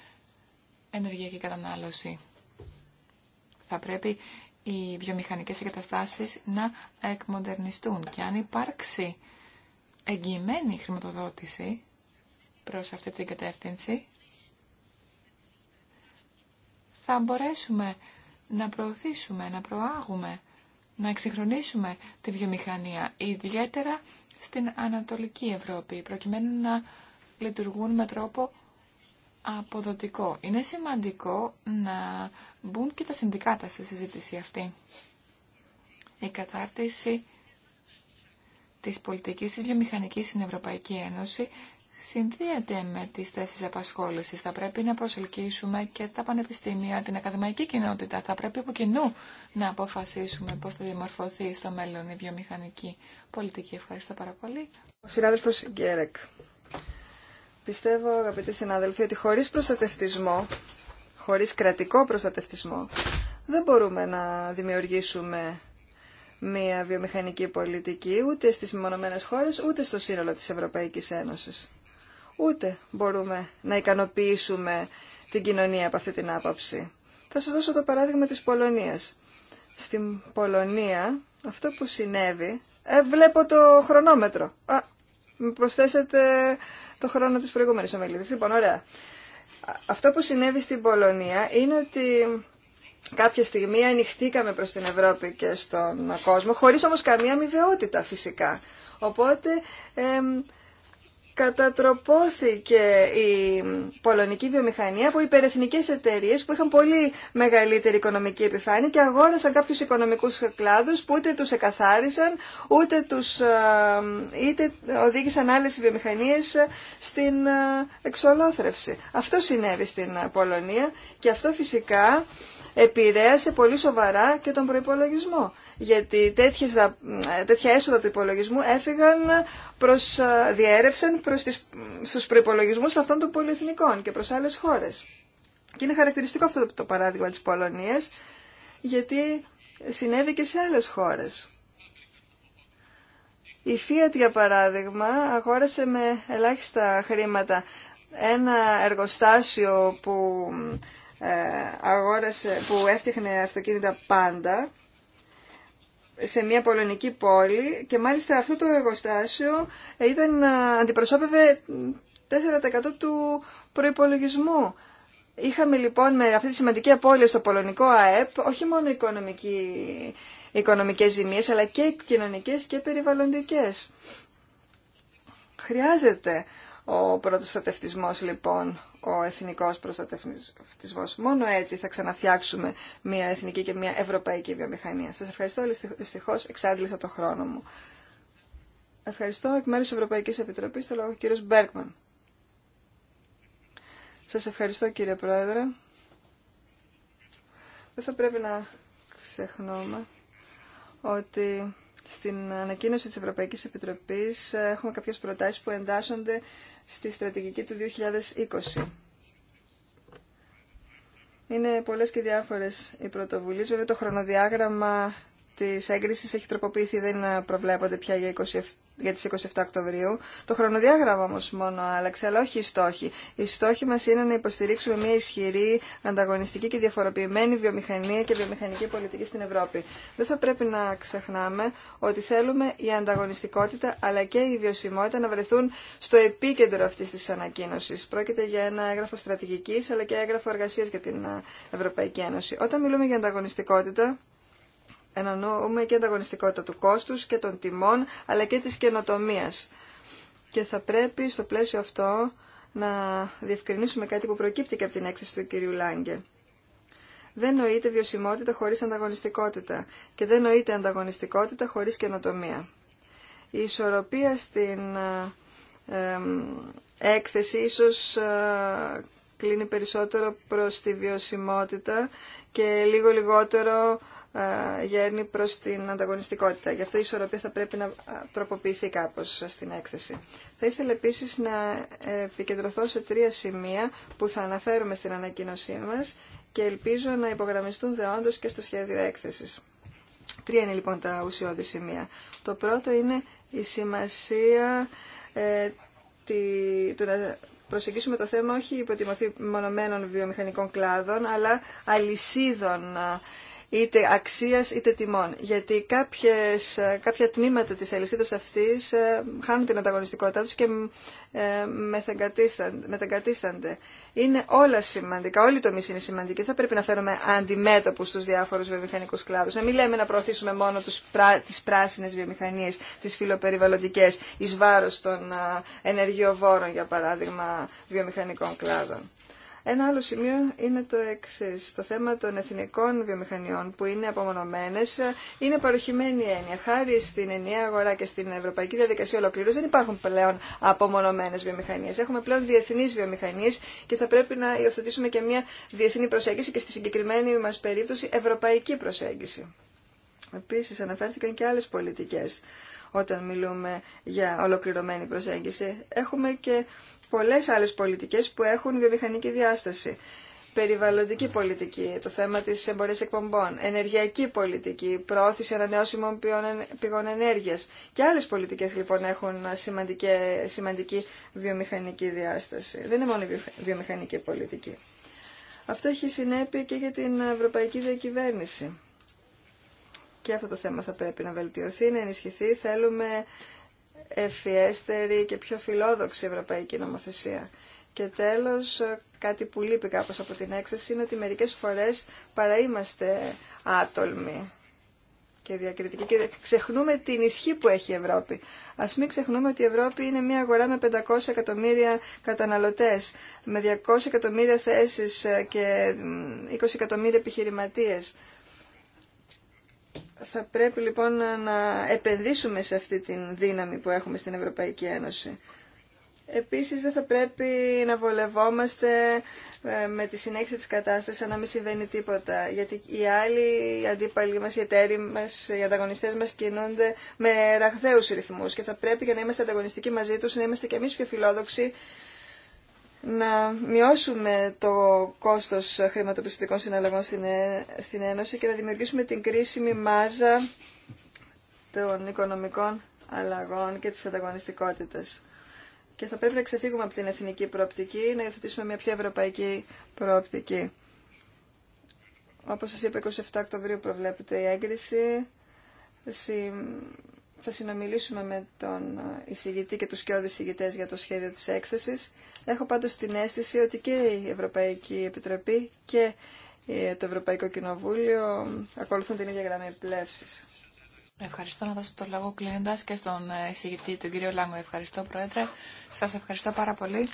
ενεργειακή κατανάλωση. Θα πρέπει οι βιομηχανικές εγκαταστάσεις να εκμοντερνιστούν. Και αν υπάρξει εγγυημένη χρηματοδότηση προς αυτή την κατεύθυνση, θα μπορέσουμε να προωθήσουμε, να προάγουμε, να εξυγχρονίσουμε τη βιομηχανία, ιδιαίτερα στην Ανατολική Ευρώπη, προκειμένου να λειτουργούν με τρόπο αποδοτικό. Είναι σημαντικό να μπουν και τα συνδικάτα στη συζήτηση αυτή. Η κατάρτιση της πολιτικής της βιομηχανικής στην Ευρωπαϊκή Ένωση συνδύεται με τις θέσεις απασχόλησης. Θα πρέπει να προσελκύσουμε και τα πανεπιστήμια, την ακαδημαϊκή κοινότητα. Θα πρέπει από κοινού να αποφασίσουμε πώς θα διαμορφωθεί στο μέλλον η βιομηχανική πολιτική. Ευχαριστώ πάρα πολύ. Ο συνάδελφος Γκέρεκ. Πιστεύω, αγαπητοί συνάδελφοι, ότι χωρίς προστατευτισμό, χωρίς κρατικό προστατευτισμό, δεν μπορούμε να δημιουργήσουμε μία βιομηχανική πολιτική ούτε στις μεμονωμένες χώρες, ούτε στο σύνολο της Ευρωπαϊκής Ένωσης. Ούτε μπορούμε να ικανοποιήσουμε την κοινωνία από αυτή την άποψη. Θα σας δώσω το παράδειγμα της Πολωνίας. Στην Πολωνία αυτό που συνέβη... Ε, βλέπω το χρονόμετρο. Α, προσθέσετε το χρόνο της προηγούμενης ομιλητής. Λοιπόν, ωραία. Αυτό που συνέβη στην Πολωνία είναι ότι κάποια στιγμή ανοιχτήκαμε προς την Ευρώπη και στον κόσμο, χωρίς όμως καμία αμοιβαιότητα φυσικά. Οπότε κατατροπώθηκε η πολωνική βιομηχανία από υπερεθνικές εταιρείες που είχαν πολύ μεγαλύτερη οικονομική επιφάνεια και αγόρασαν κάποιους οικονομικούς κλάδους που ούτε τους εκαθάρισαν, ούτε τους ε, είτε οδήγησαν άλλες βιομηχανίες στην ε, εξολόθρευση. Αυτό συνέβη στην Πολωνία και αυτό φυσικά επηρέασε πολύ σοβαρά και τον προϋπολογισμό. Γιατί τέτοια έσοδα του υπολογισμού έφυγαν προς, διέρευσαν προς τις, στους προϋπολογισμούς αυτών των πολυεθνικών και προς άλλες χώρες. Και είναι χαρακτηριστικό αυτό το παράδειγμα της Πολωνίας, γιατί συνέβη και σε άλλες χώρες. Η Fiat, για παράδειγμα, αγόρασε με ελάχιστα χρήματα ένα εργοστάσιο που ε, αγόρασε, που έφτιαχνε αυτοκίνητα πάντα σε μια πολωνική πόλη και μάλιστα αυτό το εργοστάσιο ήταν, ε, αντιπροσώπευε 4% του προϋπολογισμού. Είχαμε λοιπόν με αυτή τη σημαντική απώλεια στο πολωνικό ΑΕΠ όχι μόνο οικονομική, οικονομικές ζημίες αλλά και κοινωνικές και περιβαλλοντικές. Χρειάζεται ο προστατευτισμός λοιπόν, ο εθνικός προστατευτισμός. Μόνο έτσι θα ξαναφτιάξουμε μια εθνική και μια ευρωπαϊκή βιομηχανία. Σας ευχαριστώ, δυστυχώ εξάντλησα το χρόνο μου. Ευχαριστώ εκ μέρους της Ευρωπαϊκής Επιτροπής, το λόγο κύριος Μπέρκμαν. Σας ευχαριστώ κύριε Πρόεδρε. Δεν θα πρέπει να ξεχνούμε ότι στην ανακοίνωση της Ευρωπαϊκής Επιτροπής ε, έχουμε κάποιες προτάσεις που εντάσσονται στη στρατηγική του 2020. Είναι πολλές και διάφορες οι πρωτοβουλίες. Βέβαια το χρονοδιάγραμμα της έγκρισης έχει τροποποιηθεί, δεν προβλέπονται πια για για τις 27 Οκτωβρίου. Το χρονοδιάγραμμα όμως μόνο άλλαξε, αλλά όχι οι στόχοι. Οι στόχοι μας είναι να υποστηρίξουμε μια ισχυρή, ανταγωνιστική και διαφοροποιημένη βιομηχανία και βιομηχανική πολιτική στην Ευρώπη. Δεν θα πρέπει να ξεχνάμε ότι θέλουμε η ανταγωνιστικότητα αλλά και η βιωσιμότητα να βρεθούν στο επίκεντρο αυτής της ανακοίνωσης. Πρόκειται για ένα έγγραφο στρατηγικής αλλά και έγγραφο εργασίας για την Ευρωπαϊκή Ένωση. Όταν μιλούμε για ανταγωνιστικότητα, εννοούμε και ανταγωνιστικότητα του κόστους και των τιμών, αλλά και της καινοτομία. Και θα πρέπει στο πλαίσιο αυτό να διευκρινίσουμε κάτι που προκύπτει και από την έκθεση του κυρίου Λάγκε. Δεν νοείται βιωσιμότητα χωρίς ανταγωνιστικότητα και δεν νοείται ανταγωνιστικότητα χωρίς καινοτομία. Η ισορροπία στην ε, έκθεση ίσως ε, κλείνει περισσότερο προς τη βιωσιμότητα και λίγο λιγότερο ε, γέρνει προς την ανταγωνιστικότητα. Γι' αυτό η ισορροπία θα πρέπει να τροποποιηθεί κάπως στην έκθεση. Θα ήθελα επίσης να επικεντρωθώ σε τρία σημεία που θα αναφέρουμε στην ανακοίνωσή μας και ελπίζω να υπογραμμιστούν δεόντως και στο σχέδιο έκθεσης. Τρία είναι λοιπόν τα ουσιώδη σημεία. Το πρώτο είναι η σημασία ε, τη, του να προσεγγίσουμε το θέμα όχι υπό τη μορφή μονομένων βιομηχανικών κλάδων, αλλά αλυσίδων ε, είτε αξίας είτε τιμών. Γιατί κάποιες, κάποια τμήματα της αλυσίδας αυτής ε, χάνουν την ανταγωνιστικότητά τους και ε, μεθεγκατίστανται. Είναι όλα σημαντικά, όλοι οι τομείς είναι σημαντικοί. Θα πρέπει να φέρουμε αντιμέτωπου στους διάφορους βιομηχανικούς κλάδους. Να μην λέμε να προωθήσουμε μόνο τους, τις πράσινες βιομηχανίες, τις φιλοπεριβαλλοντικές, εις βάρος των ε, ενεργειοβόρων, για παράδειγμα, βιομηχανικών κλάδων. Ένα άλλο σημείο είναι το εξή. Το θέμα των εθνικών βιομηχανιών που είναι απομονωμένε είναι παροχημένη έννοια. Χάρη στην ενιαία αγορά και στην ευρωπαϊκή διαδικασία ολοκλήρωση δεν υπάρχουν πλέον απομονωμένε βιομηχανίε. Έχουμε πλέον διεθνεί βιομηχανίε και θα πρέπει να υιοθετήσουμε και μια διεθνή προσέγγιση και στη συγκεκριμένη μα περίπτωση ευρωπαϊκή προσέγγιση. Επίση αναφέρθηκαν και άλλε πολιτικέ όταν μιλούμε για ολοκληρωμένη προσέγγιση. Έχουμε και πολλές άλλες πολιτικές που έχουν βιομηχανική διάσταση. Περιβαλλοντική πολιτική, το θέμα της εμπορίας εκπομπών, ενεργειακή πολιτική, προώθηση ανανεώσιμων πηγών ενέργειας και άλλες πολιτικές λοιπόν έχουν σημαντική βιομηχανική διάσταση. Δεν είναι μόνο η βιομηχανική πολιτική. Αυτό έχει συνέπεια και για την ευρωπαϊκή διακυβέρνηση. Και αυτό το θέμα θα πρέπει να βελτιωθεί, να ενισχυθεί. Θέλουμε ευφιέστερη και πιο φιλόδοξη ευρωπαϊκή νομοθεσία. Και τέλος, κάτι που λείπει κάπως από την έκθεση είναι ότι μερικές φορές παρά είμαστε άτολμοι και διακριτικοί και ξεχνούμε την ισχύ που έχει η Ευρώπη. Ας μην ξεχνούμε ότι η Ευρώπη είναι μια αγορά με 500 εκατομμύρια καταναλωτές, με 200 εκατομμύρια θέσεις και 20 εκατομμύρια επιχειρηματίες. Θα πρέπει λοιπόν να επενδύσουμε σε αυτή τη δύναμη που έχουμε στην Ευρωπαϊκή Ένωση. Επίσης δεν θα πρέπει να βολευόμαστε ε, με τη συνέχιση της κατάστασης να μην συμβαίνει τίποτα. Γιατί οι άλλοι οι αντίπαλοι μας, οι εταίροι μας, οι ανταγωνιστές μας κινούνται με ραχθέους ρυθμούς και θα πρέπει για να είμαστε ανταγωνιστικοί μαζί τους να είμαστε και εμείς πιο φιλόδοξοι να μειώσουμε το κόστος χρηματοπιστωτικών συναλλαγών ε- στην Ένωση και να δημιουργήσουμε την κρίσιμη μάζα των οικονομικών αλλαγών και της ανταγωνιστικότητας. Και θα πρέπει να ξεφύγουμε από την εθνική προοπτική, να υιοθετήσουμε μια πιο ευρωπαϊκή προοπτική. Όπως σας είπα, 27 Οκτωβρίου προβλέπεται η έγκριση θα συνομιλήσουμε με τον εισηγητή και τους κοιόδης εισηγητές για το σχέδιο της έκθεσης. Έχω πάντως την αίσθηση ότι και η Ευρωπαϊκή Επιτροπή και ε, το Ευρωπαϊκό Κοινοβούλιο ακολουθούν την ίδια γραμμή πλεύσης. Ευχαριστώ να δώσω το λόγο κλείνοντα και στον ε, εισηγητή, τον κύριο Λάγκο. Ευχαριστώ, Πρόεδρε. Σα ευχαριστώ πάρα πολύ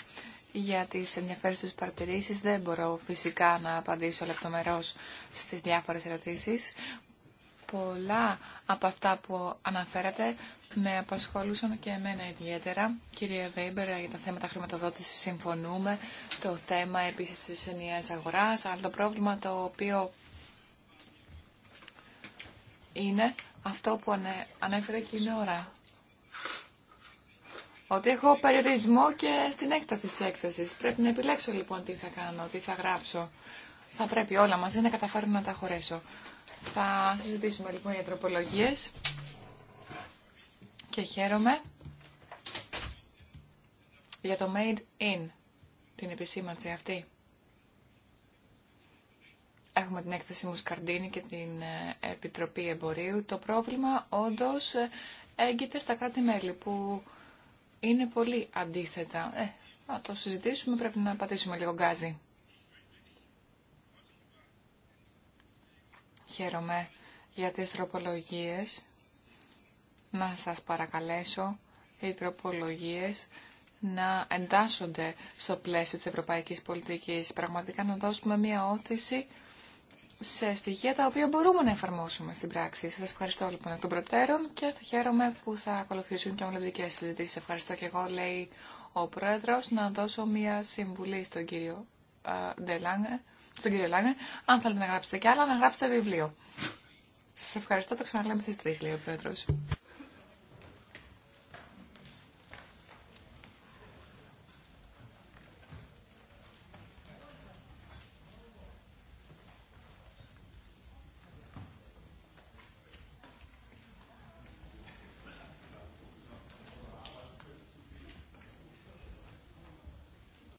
για τι ενδιαφέρουσε παρατηρήσει. Δεν μπορώ φυσικά να απαντήσω λεπτομερώ στι διάφορε ερωτήσει πολλά από αυτά που αναφέρατε με απασχολούσαν και εμένα ιδιαίτερα. Κύριε Βέιμπερ, για τα θέματα χρηματοδότησης συμφωνούμε. Το θέμα επίσης της ενιαίας αγοράς, αλλά το πρόβλημα το οποίο είναι αυτό που ανέφερε και η ώρα. Ότι έχω περιορισμό και στην έκταση της έκθεσης. Πρέπει να επιλέξω λοιπόν τι θα κάνω, τι θα γράψω. Θα πρέπει όλα μαζί να καταφέρουμε να τα χωρέσω. Θα συζητήσουμε λοιπόν για τροπολογίες και χαίρομαι για το made in, την επισήμανση αυτή. Έχουμε την έκθεση Μουσκαρντίνη και την ε, Επιτροπή Εμπορίου. Το πρόβλημα όντως ε, έγκυται στα κράτη-μέλη που είναι πολύ αντίθετα. Ε, να το συζητήσουμε, πρέπει να πατήσουμε λίγο γκάζι. Χαίρομαι για τις τροπολογίες. Να σας παρακαλέσω οι τροπολογίες να εντάσσονται στο πλαίσιο της ευρωπαϊκής πολιτικής. Πραγματικά να δώσουμε μία όθηση σε στοιχεία τα οποία μπορούμε να εφαρμόσουμε στην πράξη. Σας ευχαριστώ λοιπόν εκ των προτέρων και θα χαίρομαι που θα ακολουθήσουν και δικές συζητήσεις. Ευχαριστώ και εγώ, λέει ο Πρόεδρος, να δώσω μία συμβουλή στον κύριο Ντελάνε στον κύριο Αν θέλετε να γράψετε κι άλλα, να γράψετε βιβλίο. Σας ευχαριστώ, το ξαναλέμε στι 3, λέει ο Πρόεδρο.